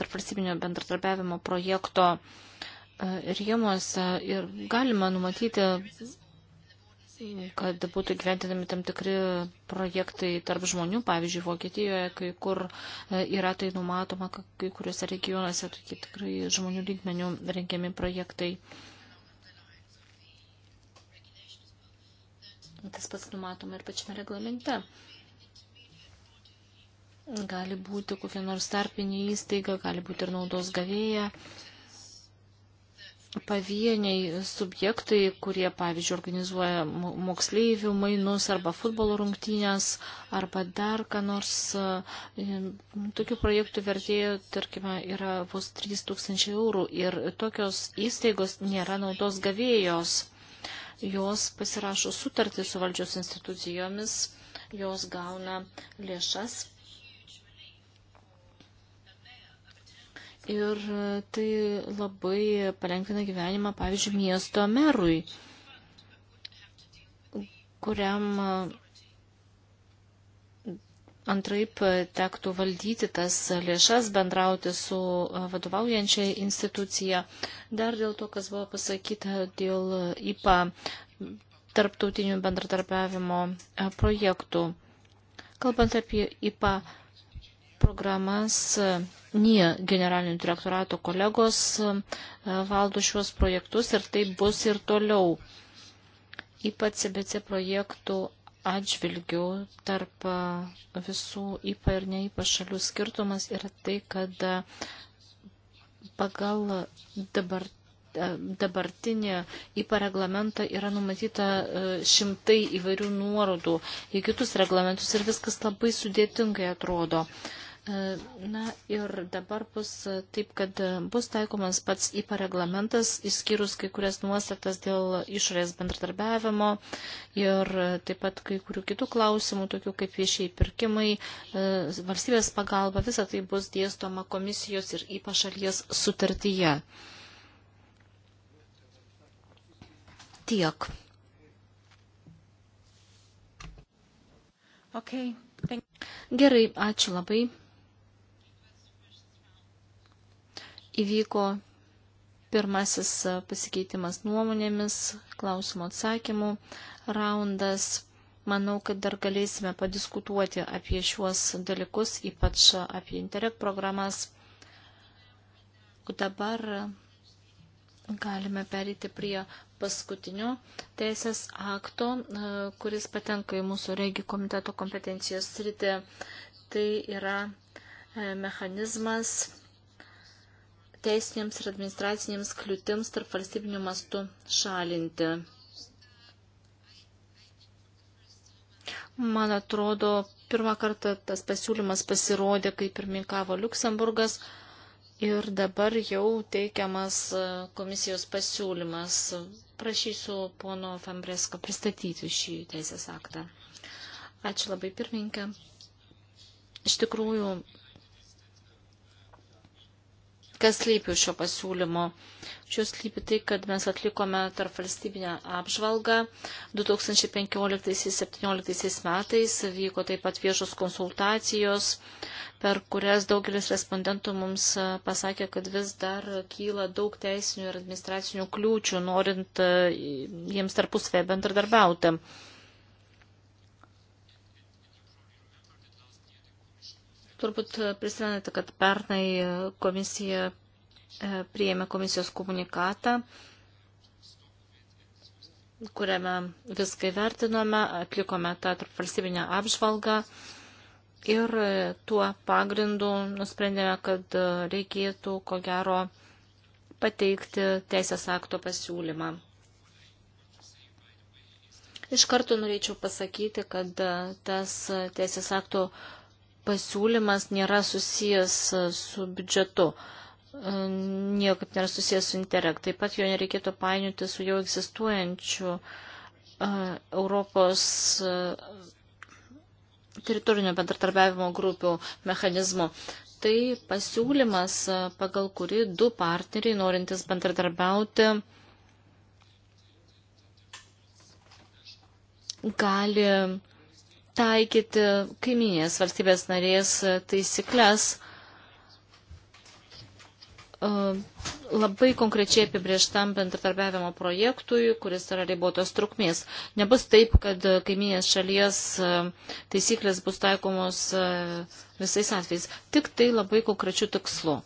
tarpvalstybinio bendradarbiavimo projekto e, rėmuose ir galima numatyti kad būtų gyventinami tam tikri projektai tarp žmonių, pavyzdžiui, Vokietijoje, kai kur yra tai numatoma, kai kuriuose regionuose tokie tikrai žmonių lygmenių rengiami projektai. Uh, Tas pats numatoma ir pačiame reglamente. Gali būti kokia nors tarpinė įstaiga, gali būti ir naudos gavėja, pavieniai subjektai, kurie, pavyzdžiui, organizuoja moksleivių mainus arba futbolo rungtynės arba dar ką nors. E, tokių projektų vertėjo, tarkime, yra vos 3000 eurų ir tokios įstaigos nėra naudos gavėjos jos pasirašo sutartį su valdžios institucijomis, jos gauna lėšas. Ir tai labai palengvina gyvenimą, pavyzdžiui, miesto merui, kuriam Antraip e, tektų valdyti tas lėšas, bendrauti su e, vadovaujančia institucija. Dar dėl to, kas buvo pasakyta dėl IPA tarptautinių bendradarbiavimo e, projektų. Kalbant apie IPA programas, nie generalinių direktorato kolegos valdo šiuos projektus ir taip bus ir toliau. Ypač CBC projektų atžvilgių tarp visų IPA ir neįPA šalių skirtumas yra tai, kad pagal dabar, dabartinį IPA reglamentą yra numatyta šimtai įvairių nuorodų į kitus reglamentus ir viskas labai sudėtingai atrodo. Uh, Na ir dabar bus taip, kad bus taikomas pats IPA reglamentas, išskyrus kai kurias nuostatas dėl išorės bendradarbiavimo ir taip pat kai kurių kitų klausimų, tokių kaip viešiai pirkimai, e, valstybės pagalba, visa tai bus dėstoma komisijos ir IPA šalies sutartyje. Tiek. Okay. Gerai, ačiū labai. įvyko pirmasis e, pasikeitimas nuomonėmis, klausimų atsakymų raundas. Manau, kad dar galėsime padiskutuoti apie šiuos dalykus, ypač apie Interreg programas. O dabar galime perėti prie paskutinio teisės akto, e, kuris patenka į mūsų regi komiteto kompetencijos sritį. Tai yra e, mechanizmas teisinėms ir administracinėms kliūtims tarp valstybinių mastų šalinti. Man atrodo, pirmą kartą tas pasiūlymas pasirodė, kai pirmininkavo Luksemburgas ir dabar jau teikiamas komisijos pasiūlymas. Prašysiu pono Fambresko pristatyti šį teisės aktą. Ačiū labai pirmininkę. Iš tikrųjų, Kas lypi šio pasiūlymo? Šio lypi tai, kad mes atlikome tarp valstybinę apžvalgą. 2015-2017 metais vyko taip pat viešos konsultacijos, per kurias daugelis respondentų mums e, pasakė, kad vis dar kyla daug teisinių ir administracinių kliūčių, norint e, jiems tarpusvėje bendradarbiauti. Turbūt prisimenate, kad pernai e, komisija e, priėmė komisijos komunikatą, kuriame viską įvertinome, atlikome tą valstybinę apžvalgą ir e, tuo pagrindu nusprendėme, kad reikėtų, ko gero, pateikti teisės akto pasiūlymą. Iš karto norėčiau pasakyti, kad tas teisės akto pasiūlymas pasiūlymas nėra susijęs e, su biudžetu, e, niekaip nėra susijęs su interek. Taip pat jo nereikėtų painioti su jau egzistuojančiu e, Europos teritorinio bendratarbiavimo grupių mechanizmu. Tai pasiūlymas, pagal kurį du partneriai, norintys bendradarbiauti, gali taikyti kaiminės valstybės narės e, taisyklės e, labai konkrečiai apibrieštam bendradarbiavimo projektui, kuris yra ribotos trukmės. Nebus taip, kad kaiminės šalies e, taisyklės bus taikomos visais atvejais. Tik tai labai konkrečių tikslų.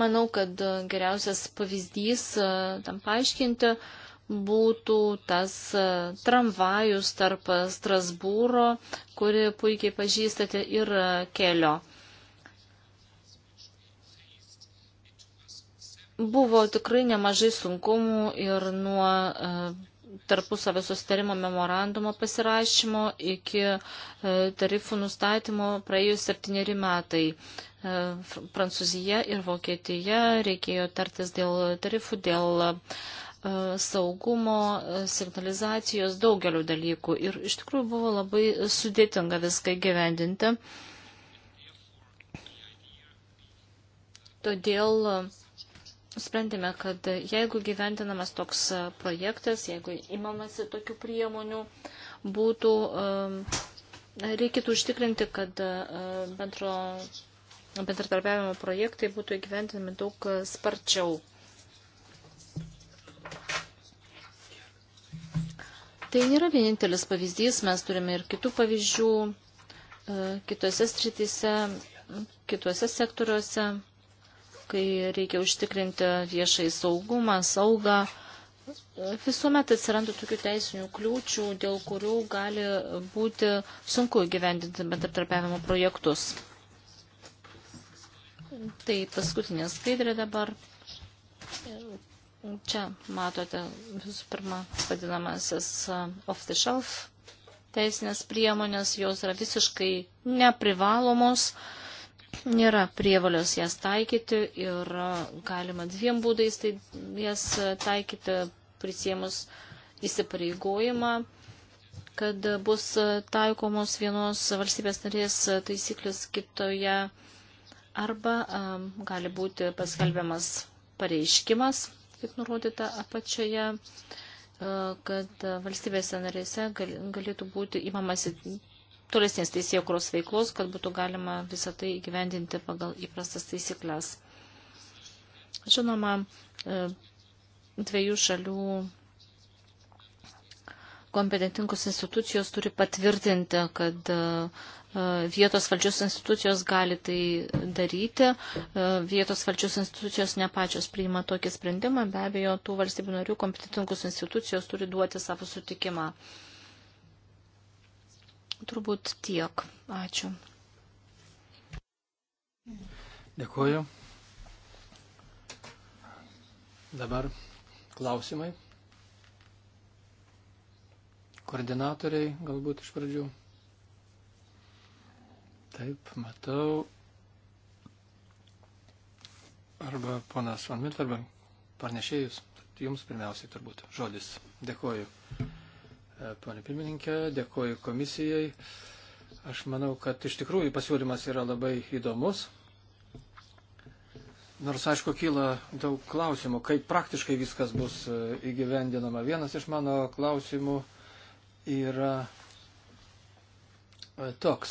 Manau, kad geriausias pavyzdys tam paaiškinti būtų tas e, tramvajus tarp Strasbūro, kuri puikiai pažįstate, ir e, kelio. Buvo tikrai nemažai sunkumų ir nuo e, tarpusavio susitarimo memorandumo pasirašymo iki tarifų nustatymo praėjus septyneri metai. Prancūzija ir Vokietija reikėjo tartis dėl tarifų, dėl E, saugumo, e, signalizacijos, daugeliu dalykų. Ir iš tikrųjų buvo labai sudėtinga viską gyvendinti. Todėl e, sprendėme, kad jeigu gyventinamas toks projektas, jeigu imamasi tokių priemonių, būtų, reikėtų užtikrinti, kad bendro bendradarbiavimo projektai būtų įgyventinami daug sparčiau. Tai nėra vienintelis pavyzdys, mes turime ir kitų pavyzdžių e, kitose strityse, kitose sektoriuose, kai reikia užtikrinti viešai saugumą, saugą. Visuomet atsiranda tokių teisinių kliūčių, dėl kurių gali būti sunku gyvendinti bendratarpiavimo projektus. Tai paskutinė skaidrė dabar. Čia matote visų pirma vadinamasis off-the-shelf teisinės priemonės, jos yra visiškai neprivalomos, nėra prievalios jas taikyti ir galima dviem būdais tai jas taikyti prisėmus įsipareigojimą kad bus taikomos vienos valstybės narės taisyklės kitoje arba um, gali būti paskelbiamas pareiškimas kaip nurodyta apačioje, e, kad valstybėse narėse galėtų būti įmamasi tolesnės teisėkuros veiklos, kad būtų galima visą tai įgyvendinti pagal įprastas taisyklės. Žinoma, e, dviejų šalių kompetentingos institucijos turi patvirtinti, kad uh, E, vietos valdžios institucijos gali tai daryti. E, vietos valdžios institucijos ne pačios priima tokį sprendimą. Be abejo, tų valstybių narių kompetitinkus institucijos turi duoti savo sutikimą. Turbūt tiek. Ačiū. Dėkuoju. Dabar klausimai. Koordinatoriai galbūt iš pradžių. Taip, matau. Arba ponas Van Milterbank, parnešėjus, jums pirmiausiai turbūt žodis. Dėkoju, e, ponė pirmininkė, dėkoju komisijai. Aš manau, kad iš tikrųjų pasiūlymas yra labai įdomus. Nors, aišku, kyla daug klausimų, kaip praktiškai viskas bus e, įgyvendinama. Vienas iš mano klausimų yra e, toks.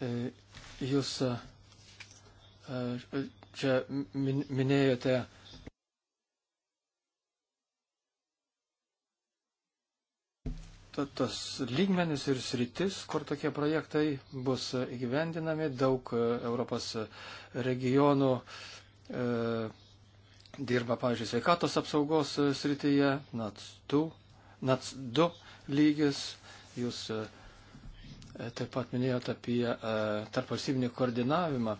E, jūs e, e, čia minėjote tas lygmenis ir sritis, kur tokie projektai bus įgyvendinami. Daug Europos regionų e, dirba, pavyzdžiui, sveikatos apsaugos srityje, NAC2, NAC2 lygis. Jūs E, taip pat minėjote apie e, tarpvalstybinį koordinavimą.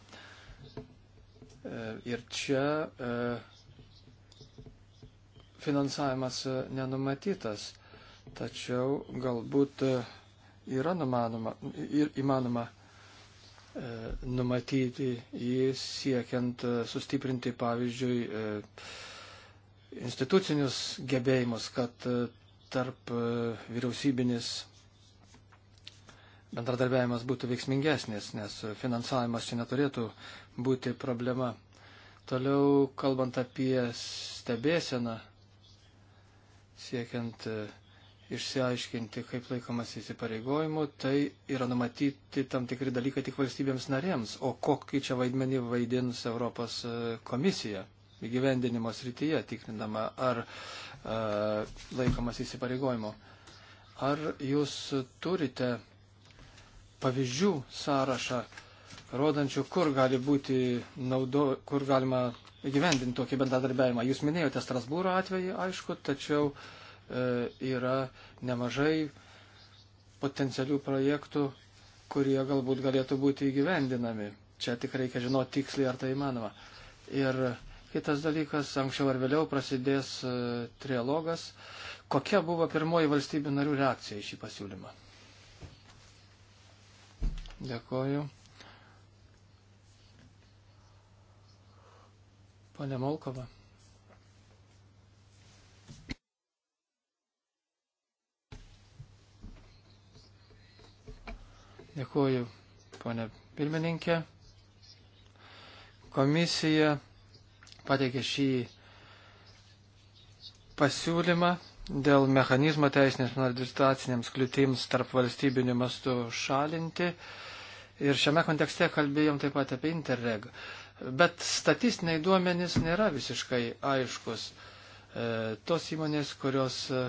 E, ir čia finansavimas nenumatytas, tačiau galbūt yra numanoma, ir įmanoma numatyti jį siekiant sustiprinti, pavyzdžiui, institucinius gebėjimus, kad tarp vyriausybinis bendradarbiavimas būtų veiksmingesnis, nes finansavimas čia neturėtų būti problema. Toliau, kalbant apie stebėseną, siekiant e, išsiaiškinti, kaip laikomas įsipareigojimu, tai yra numatyti tam tikri dalykai tik valstybėms narėms, o kokį čia vaidmenį vaidins Europos e, komisija įgyvendinimo srityje, tikrindama, ar a, e, laikomas įsipareigojimo. Ar jūs turite pavyzdžių sąrašą, rodančių, kur gali būti naudo, kur galima įgyvendinti tokį bendradarbiavimą. Jūs minėjote Strasbūro atvejį, aišku, tačiau e, yra nemažai potencialių projektų, kurie galbūt galėtų būti įgyvendinami. Čia tik reikia žinoti tiksliai, ar tai įmanoma. Ir kitas dalykas, anksčiau ar vėliau prasidės e, trialogas. Kokia buvo pirmoji valstybių narių reakcija į šį pasiūlymą? Dėkoju. Pane Molkova. Dėkuoju, ponė pirmininkė. Komisija pateikė šį pasiūlymą dėl mechanizmo teisinės administracinėms kliūtims tarp valstybinių mastų šalinti. Uh, Ir šiame kontekste kalbėjom taip pat apie Interreg. Bet statistiniai duomenys nėra visiškai aiškus. E, tos įmonės, kurios, e,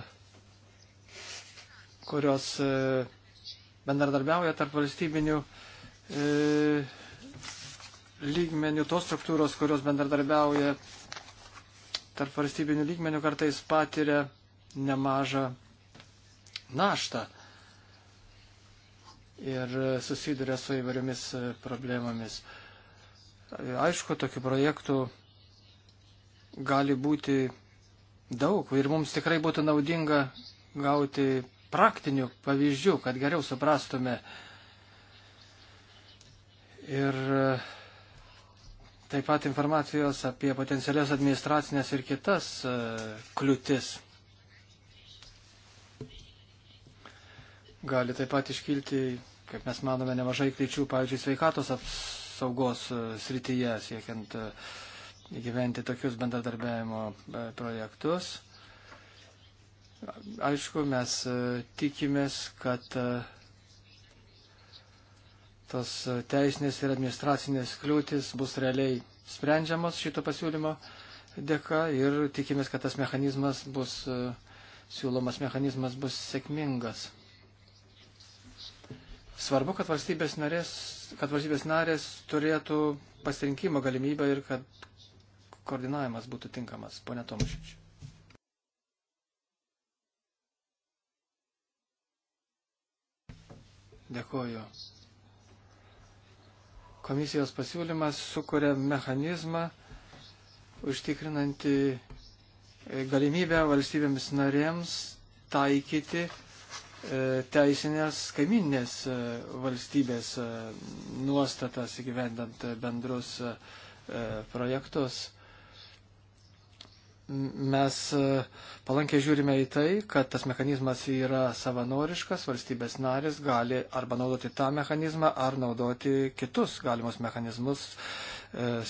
kurios e, bendradarbiauja tarp valstybinių e, lygmenių, tos struktūros, kurios bendradarbiauja tarp valstybinių lygmenių, kartais patiria nemažą naštą ir susiduria su įvairiomis problemomis. Aišku, tokių projektų gali būti daug ir mums tikrai būtų naudinga gauti praktinių pavyzdžių, kad geriau suprastume. Ir e, taip pat informacijos apie potencialias administracinės ir kitas e, kliūtis. gali taip pat iškilti, kaip mes manome, nemažai kliučių, pavyzdžiui, sveikatos apsaugos e, srityje, siekiant e, įgyventi tokius bendradarbiavimo e, projektus. Aišku, mes tikimės, kad tos teisinės ir administracinės kliūtis bus realiai sprendžiamos šito pasiūlymo dėka ir tikimės, kad tas mechanizmas bus, siūlomas mechanizmas bus sėkmingas. Svarbu, kad valstybės, narės, kad valstybės narės turėtų pasirinkimo galimybę ir kad koordinavimas būtų tinkamas. Pone Tomašič. Dėkoju. Komisijos pasiūlymas sukuria mechanizmą užtikrinantį galimybę valstybėms narėms taikyti E, teisinės kaiminės e, valstybės e, nuostatas įgyvendant bendrus projektus. Mes palankiai žiūrime į tai, kad tas mechanizmas yra savanoriškas, valstybės narės gali arba naudoti tą mechanizmą, ar naudoti kitus galimus mechanizmus,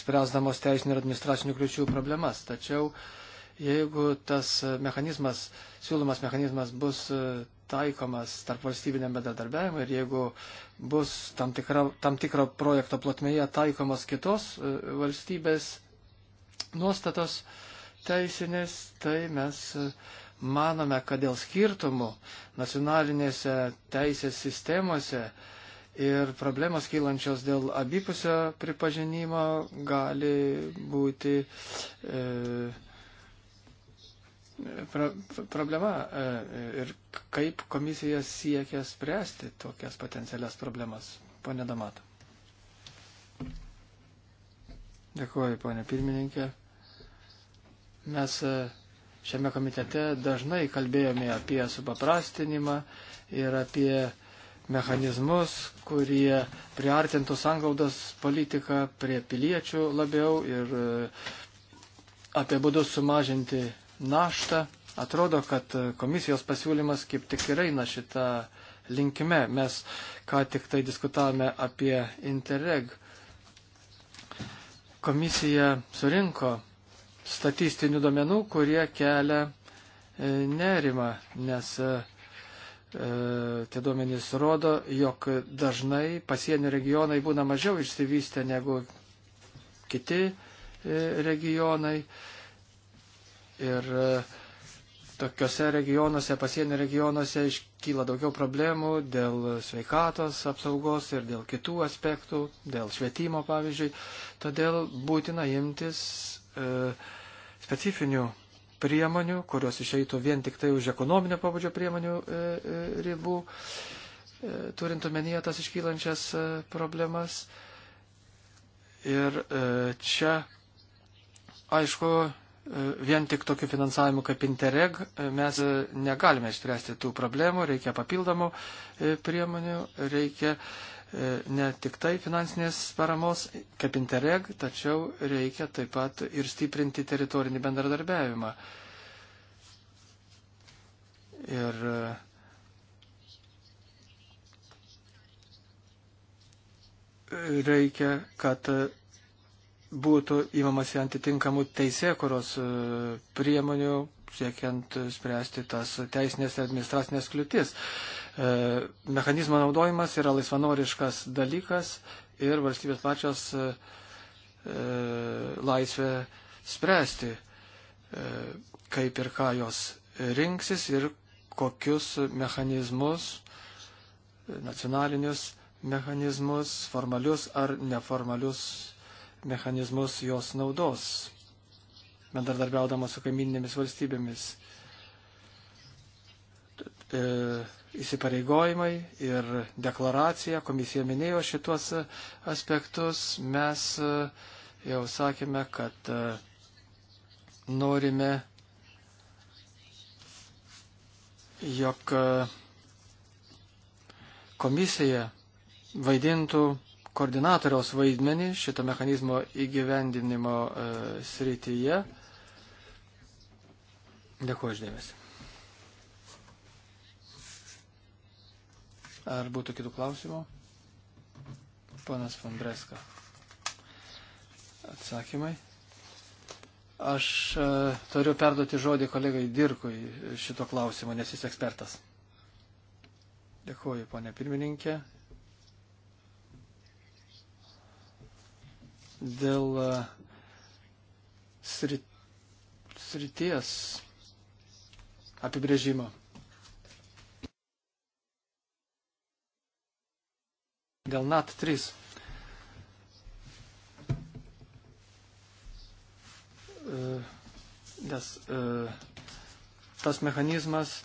spręsdamos teisinių ir administracinių kliučių problemas. Tačiau jeigu tas mechanizmas, siūlomas mechanizmas bus taikomas tarp valstybinėm bedadarbiavimui ir jeigu bus tam, tikra, tam tikro projekto plotmėje taikomas kitos e, valstybės nuostatos teisinės, tai mes e, manome, kad dėl skirtumų nacionalinėse teisės sistemose ir problemos kylančios dėl abipusio pripažinimo gali būti e, pro, problema e, ir kaip komisija siekia spręsti tokias potencialias problemas. Pone Damata. Dėkuoju, ponė pirmininkė. Mes e, šiame komitete dažnai kalbėjome apie supaprastinimą ir apie mechanizmus, kurie priartintų sanglaudos politiką prie piliečių labiau ir e, apie būdus sumažinti naštą. Atrodo, kad komisijos pasiūlymas kaip tik ir eina šitą linkime. Mes ką tik tai diskutavome apie Interreg. Komisija surinko statistinių domenų, kurie kelia e, nerimą, nes e, e, tie duomenys rodo, jog dažnai pasienio regionai būna mažiau išsivystę negu kiti regionai. E, Ir e, tokiuose regionuose, pasienio regionuose iškyla daugiau problemų dėl sveikatos apsaugos ir dėl kitų aspektų, dėl švietimo pavyzdžiui. Todėl būtina imtis e, specifinių priemonių, kurios išeitų vien tik tai už ekonominio pabudžio priemonių e, e, ribų, e, turint omenyje tas iškylančias e, problemas. Ir e, čia, aišku, vien tik tokiu finansavimu kaip Interreg mes negalime išspręsti tų problemų, reikia papildomų e, priemonių, reikia e, ne tik tai finansinės paramos kaip Interreg, tačiau reikia taip pat ir stiprinti teritorinį bendradarbiavimą. Ir e, reikia, kad būtų įmamasi antitinkamų teisėkuros e, priemonių, siekiant spręsti tas teisinės ir administracinės kliūtis. E, mechanizmo naudojimas yra laisvanoriškas dalykas ir valstybės pačios e, laisvė spręsti, kaip ir ką jos rinksis ir kokius mechanizmus, nacionalinius mechanizmus, formalius ar neformalius mechanizmus jos naudos, bendradarbiaudama su kaiminėmis valstybėmis. E, įsipareigojimai ir deklaracija, komisija minėjo šitos aspektus, mes e, jau sakėme, kad e, norime, jog e, komisija vaidintų koordinatoriaus vaidmenį šito mechanizmo įgyvendinimo e, srityje. Dėkuoju išdėmesi. Ar būtų kitų klausimų? Ponas Fondreska. Atsakymai. Aš e, turiu perduoti žodį kolegai Dirkui šito klausimo, nes jis ekspertas. Dėkuoju, ponė pirmininkė, dėl e, srities apibrėžimo. Dėl NAT 3. E, nes e, tas mechanizmas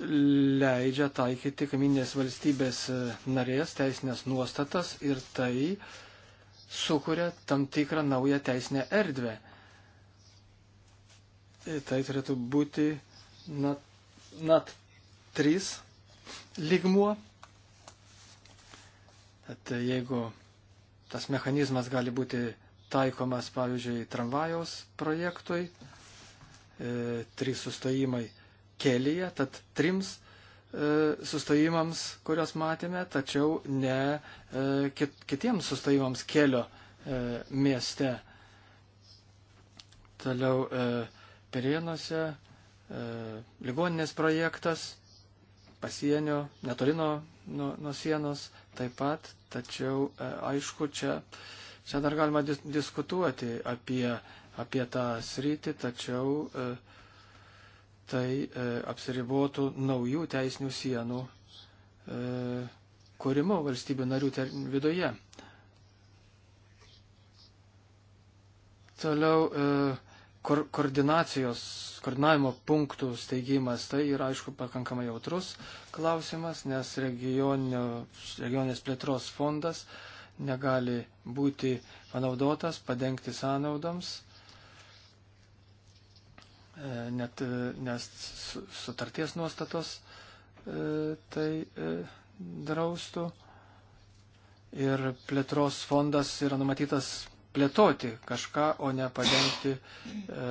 leidžia taikyti kaiminės valstybės narės teisinės nuostatas ir tai uh, sukuria tam tikrą naują teisinę erdvę. E, tai turėtų būti net, net 3 lygmuo. At jeigu tas mechanizmas gali būti taikomas, pavyzdžiui, tramvajaus projektui, e, trys sustojimai kelyje, tad trims E, sustojimams, kurios matėme, tačiau ne e, kit, kitiems sustojimams kelio e, mieste. Toliau e, Pirėnuose e, ligoninės projektas pasienio, netolino nuo, nuo sienos taip pat, tačiau e, aišku, čia, čia dar galima dis, diskutuoti apie, apie tą sritį, tačiau e, tai e, apsiribotų naujų teisinių sienų e, kūrimo valstybių narių ter, viduje. Toliau e, ko, koordinacijos, koordinavimo punktų steigimas, tai yra aišku pakankamai jautrus klausimas, nes regioninės plėtros fondas negali būti panaudotas padengti sąnaudoms E, net e, nes sutarties nuostatos e, tai draustų. Ir plėtros fondas yra numatytas plėtoti kažką, o ne padengti e,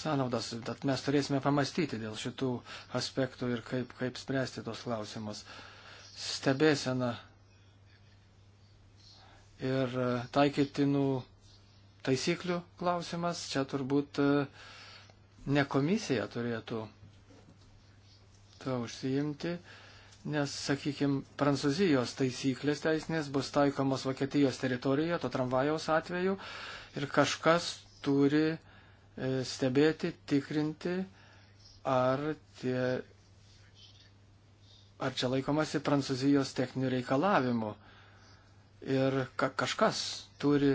sąnaudas. Tad mes turėsime pamastyti dėl šitų aspektų ir kaip, kaip spręsti tos klausimus. Stebėsena ir taikytinų taisyklių klausimas čia turbūt e, ne komisija turėtų to užsiimti, nes, sakykime, Prancūzijos taisyklės teisinės bus taikomos Vokietijos teritorijoje, to tramvajaus atveju, ir kažkas turi e, stebėti, tikrinti, ar, tie, ar čia laikomasi Prancūzijos techninių reikalavimų. Ir ka kažkas turi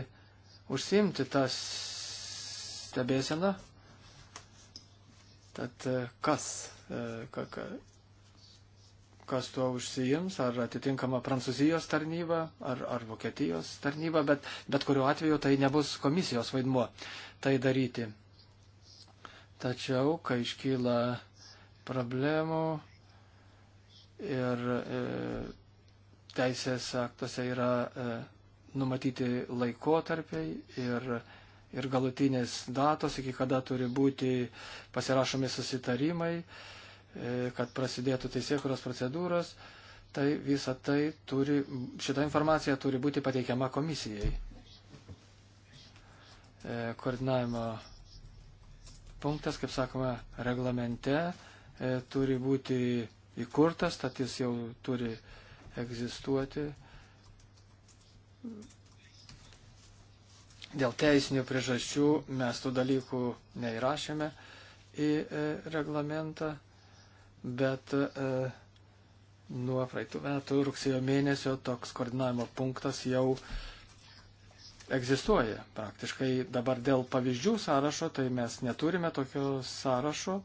užsiimti tą stebėseną, Tad e, kas, e, ka, ka, kas tuo užsijims, ar atitinkama Prancūzijos tarnyba, ar, ar Vokietijos tarnyba, bet, bet kuriuo atveju tai nebus komisijos vaidmuo tai daryti. Tačiau, kai iškyla problemų ir e, teisės aktuose yra e, numatyti laikotarpiai ir e, ir galutinės datos, iki kada turi būti pasirašomi susitarimai, e, kad prasidėtų teisėkuros procedūros, tai visa tai turi, šita informacija turi būti pateikiama komisijai. E, koordinavimo punktas, kaip sakoma, reglamente e, turi būti įkurtas, tad jis jau turi egzistuoti Dėl teisinių priežasčių mes tų dalykų neįrašėme į e, reglamentą, bet e, nuo praeitų metų rugsėjo mėnesio toks koordinavimo punktas jau egzistuoja praktiškai. Dabar dėl pavyzdžių sąrašo, tai mes neturime tokio sąrašo,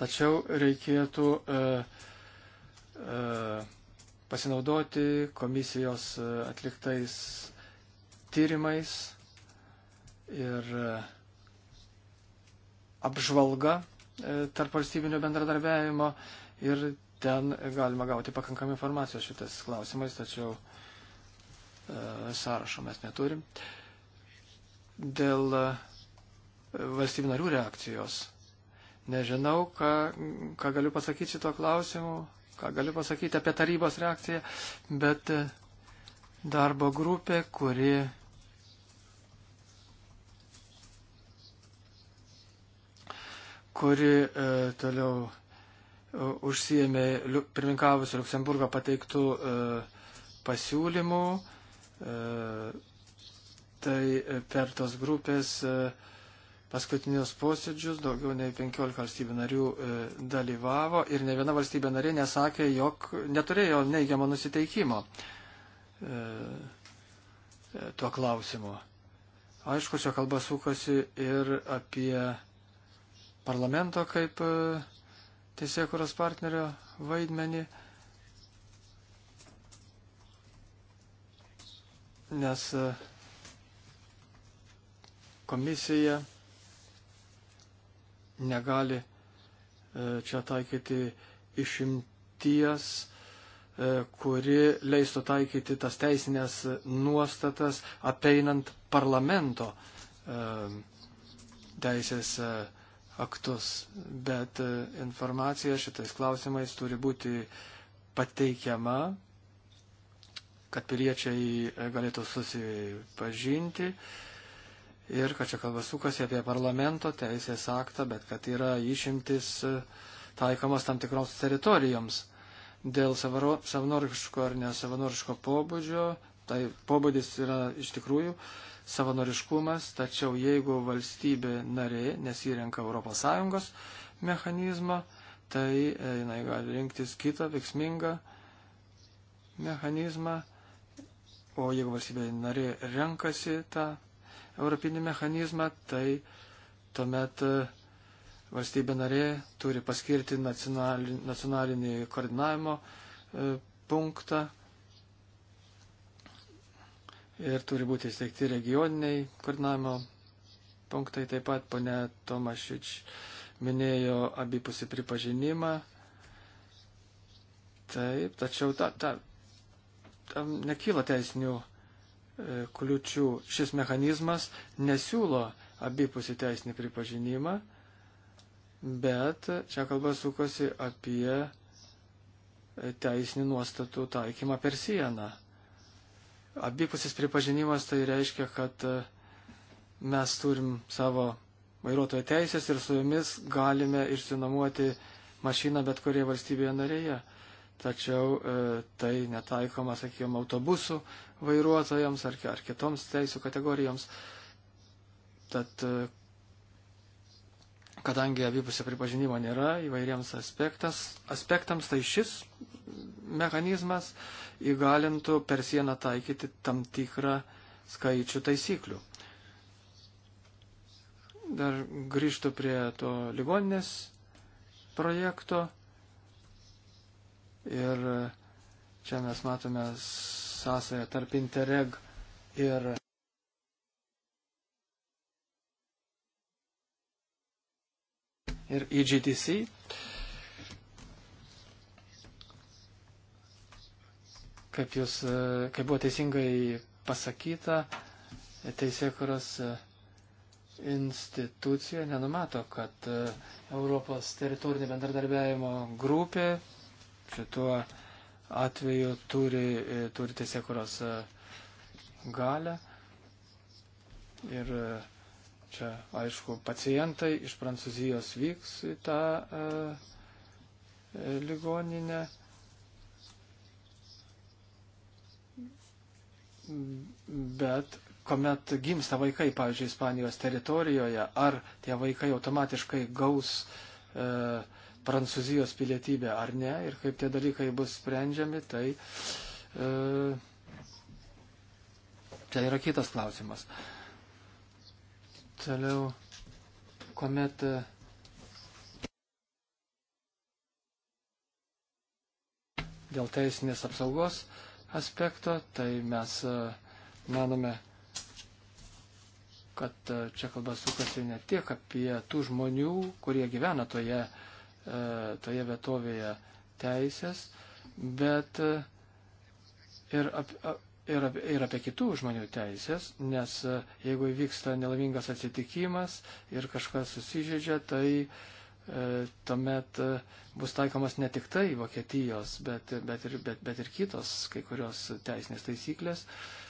tačiau reikėtų e, e, pasinaudoti komisijos e, atliktais tyrimais ir e, apžvalga e, tarp valstybinio bendradarbiavimo ir ten galima gauti pakankamai informacijos šitas klausimais, tačiau e, sąrašo mes neturim. Dėl valstybių narių reakcijos. Nežinau, ką, ką galiu pasakyti šito klausimu, ką galiu pasakyti apie tarybos reakciją, bet darbo grupė, kuri kuri e, toliau e, užsijėmė pirmininkavusių Luksemburgo pateiktų e, pasiūlymų. E, tai e, per tos grupės e, paskutinius posėdžius daugiau nei 15 valstybių narių e, dalyvavo ir ne viena valstybė narė nesakė, jog neturėjo neigiamo nusiteikimo e, tuo klausimu. Aišku, čia kalba sukosi ir apie parlamento kaip e, teisėkuros partnerio vaidmenį, nes e, komisija negali e, čia taikyti išimties, kuri leistų taikyti tas teisinės nuostatas apeinant parlamento teisės aktus, bet e, informacija šitais klausimais turi būti pateikiama, kad piliečiai e, galėtų susipažinti ir kad čia kalba sukasi apie parlamento teisės aktą, bet kad yra išimtis e, taikomas tam tikroms teritorijoms. Dėl savanoriško ar nesavanoriško pobūdžio, tai pobūdis yra iš tikrųjų savanoriškumas, tačiau jeigu valstybė narė nesirenka ES mechanizmą, tai e, jinai gali rinktis kitą veiksmingą mechanizmą, o jeigu valstybė narė renkasi tą europinį mechanizmą, tai tuomet e, valstybė narė turi paskirti nacionalinį koordinavimo e, punktą ir turi būti įsteigti regioniniai koordinavimo punktai. Taip pat ponė Tomašič minėjo abipusį pripažinimą. Taip, tačiau ta, ta, tam nekyla teisinių e, kliučių. Šis mechanizmas nesiūlo abipusį teisinį pripažinimą, bet čia kalba sukosi apie e, teisinį nuostatų taikymą per sieną. Abipusis pripažinimas tai reiškia, kad e, mes turim savo vairuotojo teisės ir su jomis galime išsinamuoti mašiną bet kurioje valstybėje narėje. Tačiau e, tai netaikoma, sakykime, autobusų vairuotojams ar, ar kitoms teisų kategorijoms. Tad, e, kadangi abipusio pripažinimo nėra įvairiems aspektas, aspektams, tai šis mechanizmas įgalintų per sieną taikyti tam tikrą skaičių taisyklių. Dar grįžtų prie to ligoninės projekto. Ir čia mes matome sąsąją tarp Interreg ir. Ir EGTC. kaip, jūs, e, kaip buvo teisingai pasakyta, teisėkuros e, institucija nenumato, kad e, Europos teritorinio bendradarbiavimo grupė šituo atveju turi, turi teisėkuros galę. Ir čia, aišku, pacientai iš Prancūzijos vyks į tą e, ligoninę. E, bet kuomet gimsta vaikai, pavyzdžiui, Ispanijos teritorijoje, ar tie vaikai automatiškai gaus e, Prancūzijos pilietybę ar ne, ir kaip tie dalykai bus sprendžiami, tai e, čia yra kitas klausimas. Toliau, kuomet. E, dėl teisinės apsaugos. E, aspekto, tai mes e, manome, kad e, čia kalba sukasi ne tiek apie tų žmonių, kurie gyvena toje, e, toje vietovėje teisės, bet ir, ap, ir, ap, ir apie kitų žmonių teisės, nes jeigu įvyksta nelavingas atsitikimas ir kažkas susižeidžia, tai E, tuomet e, bus taikomas ne tik tai Vokietijos, bet, bet, ir, bet, bet ir kitos kai kurios teisinės taisyklės. E,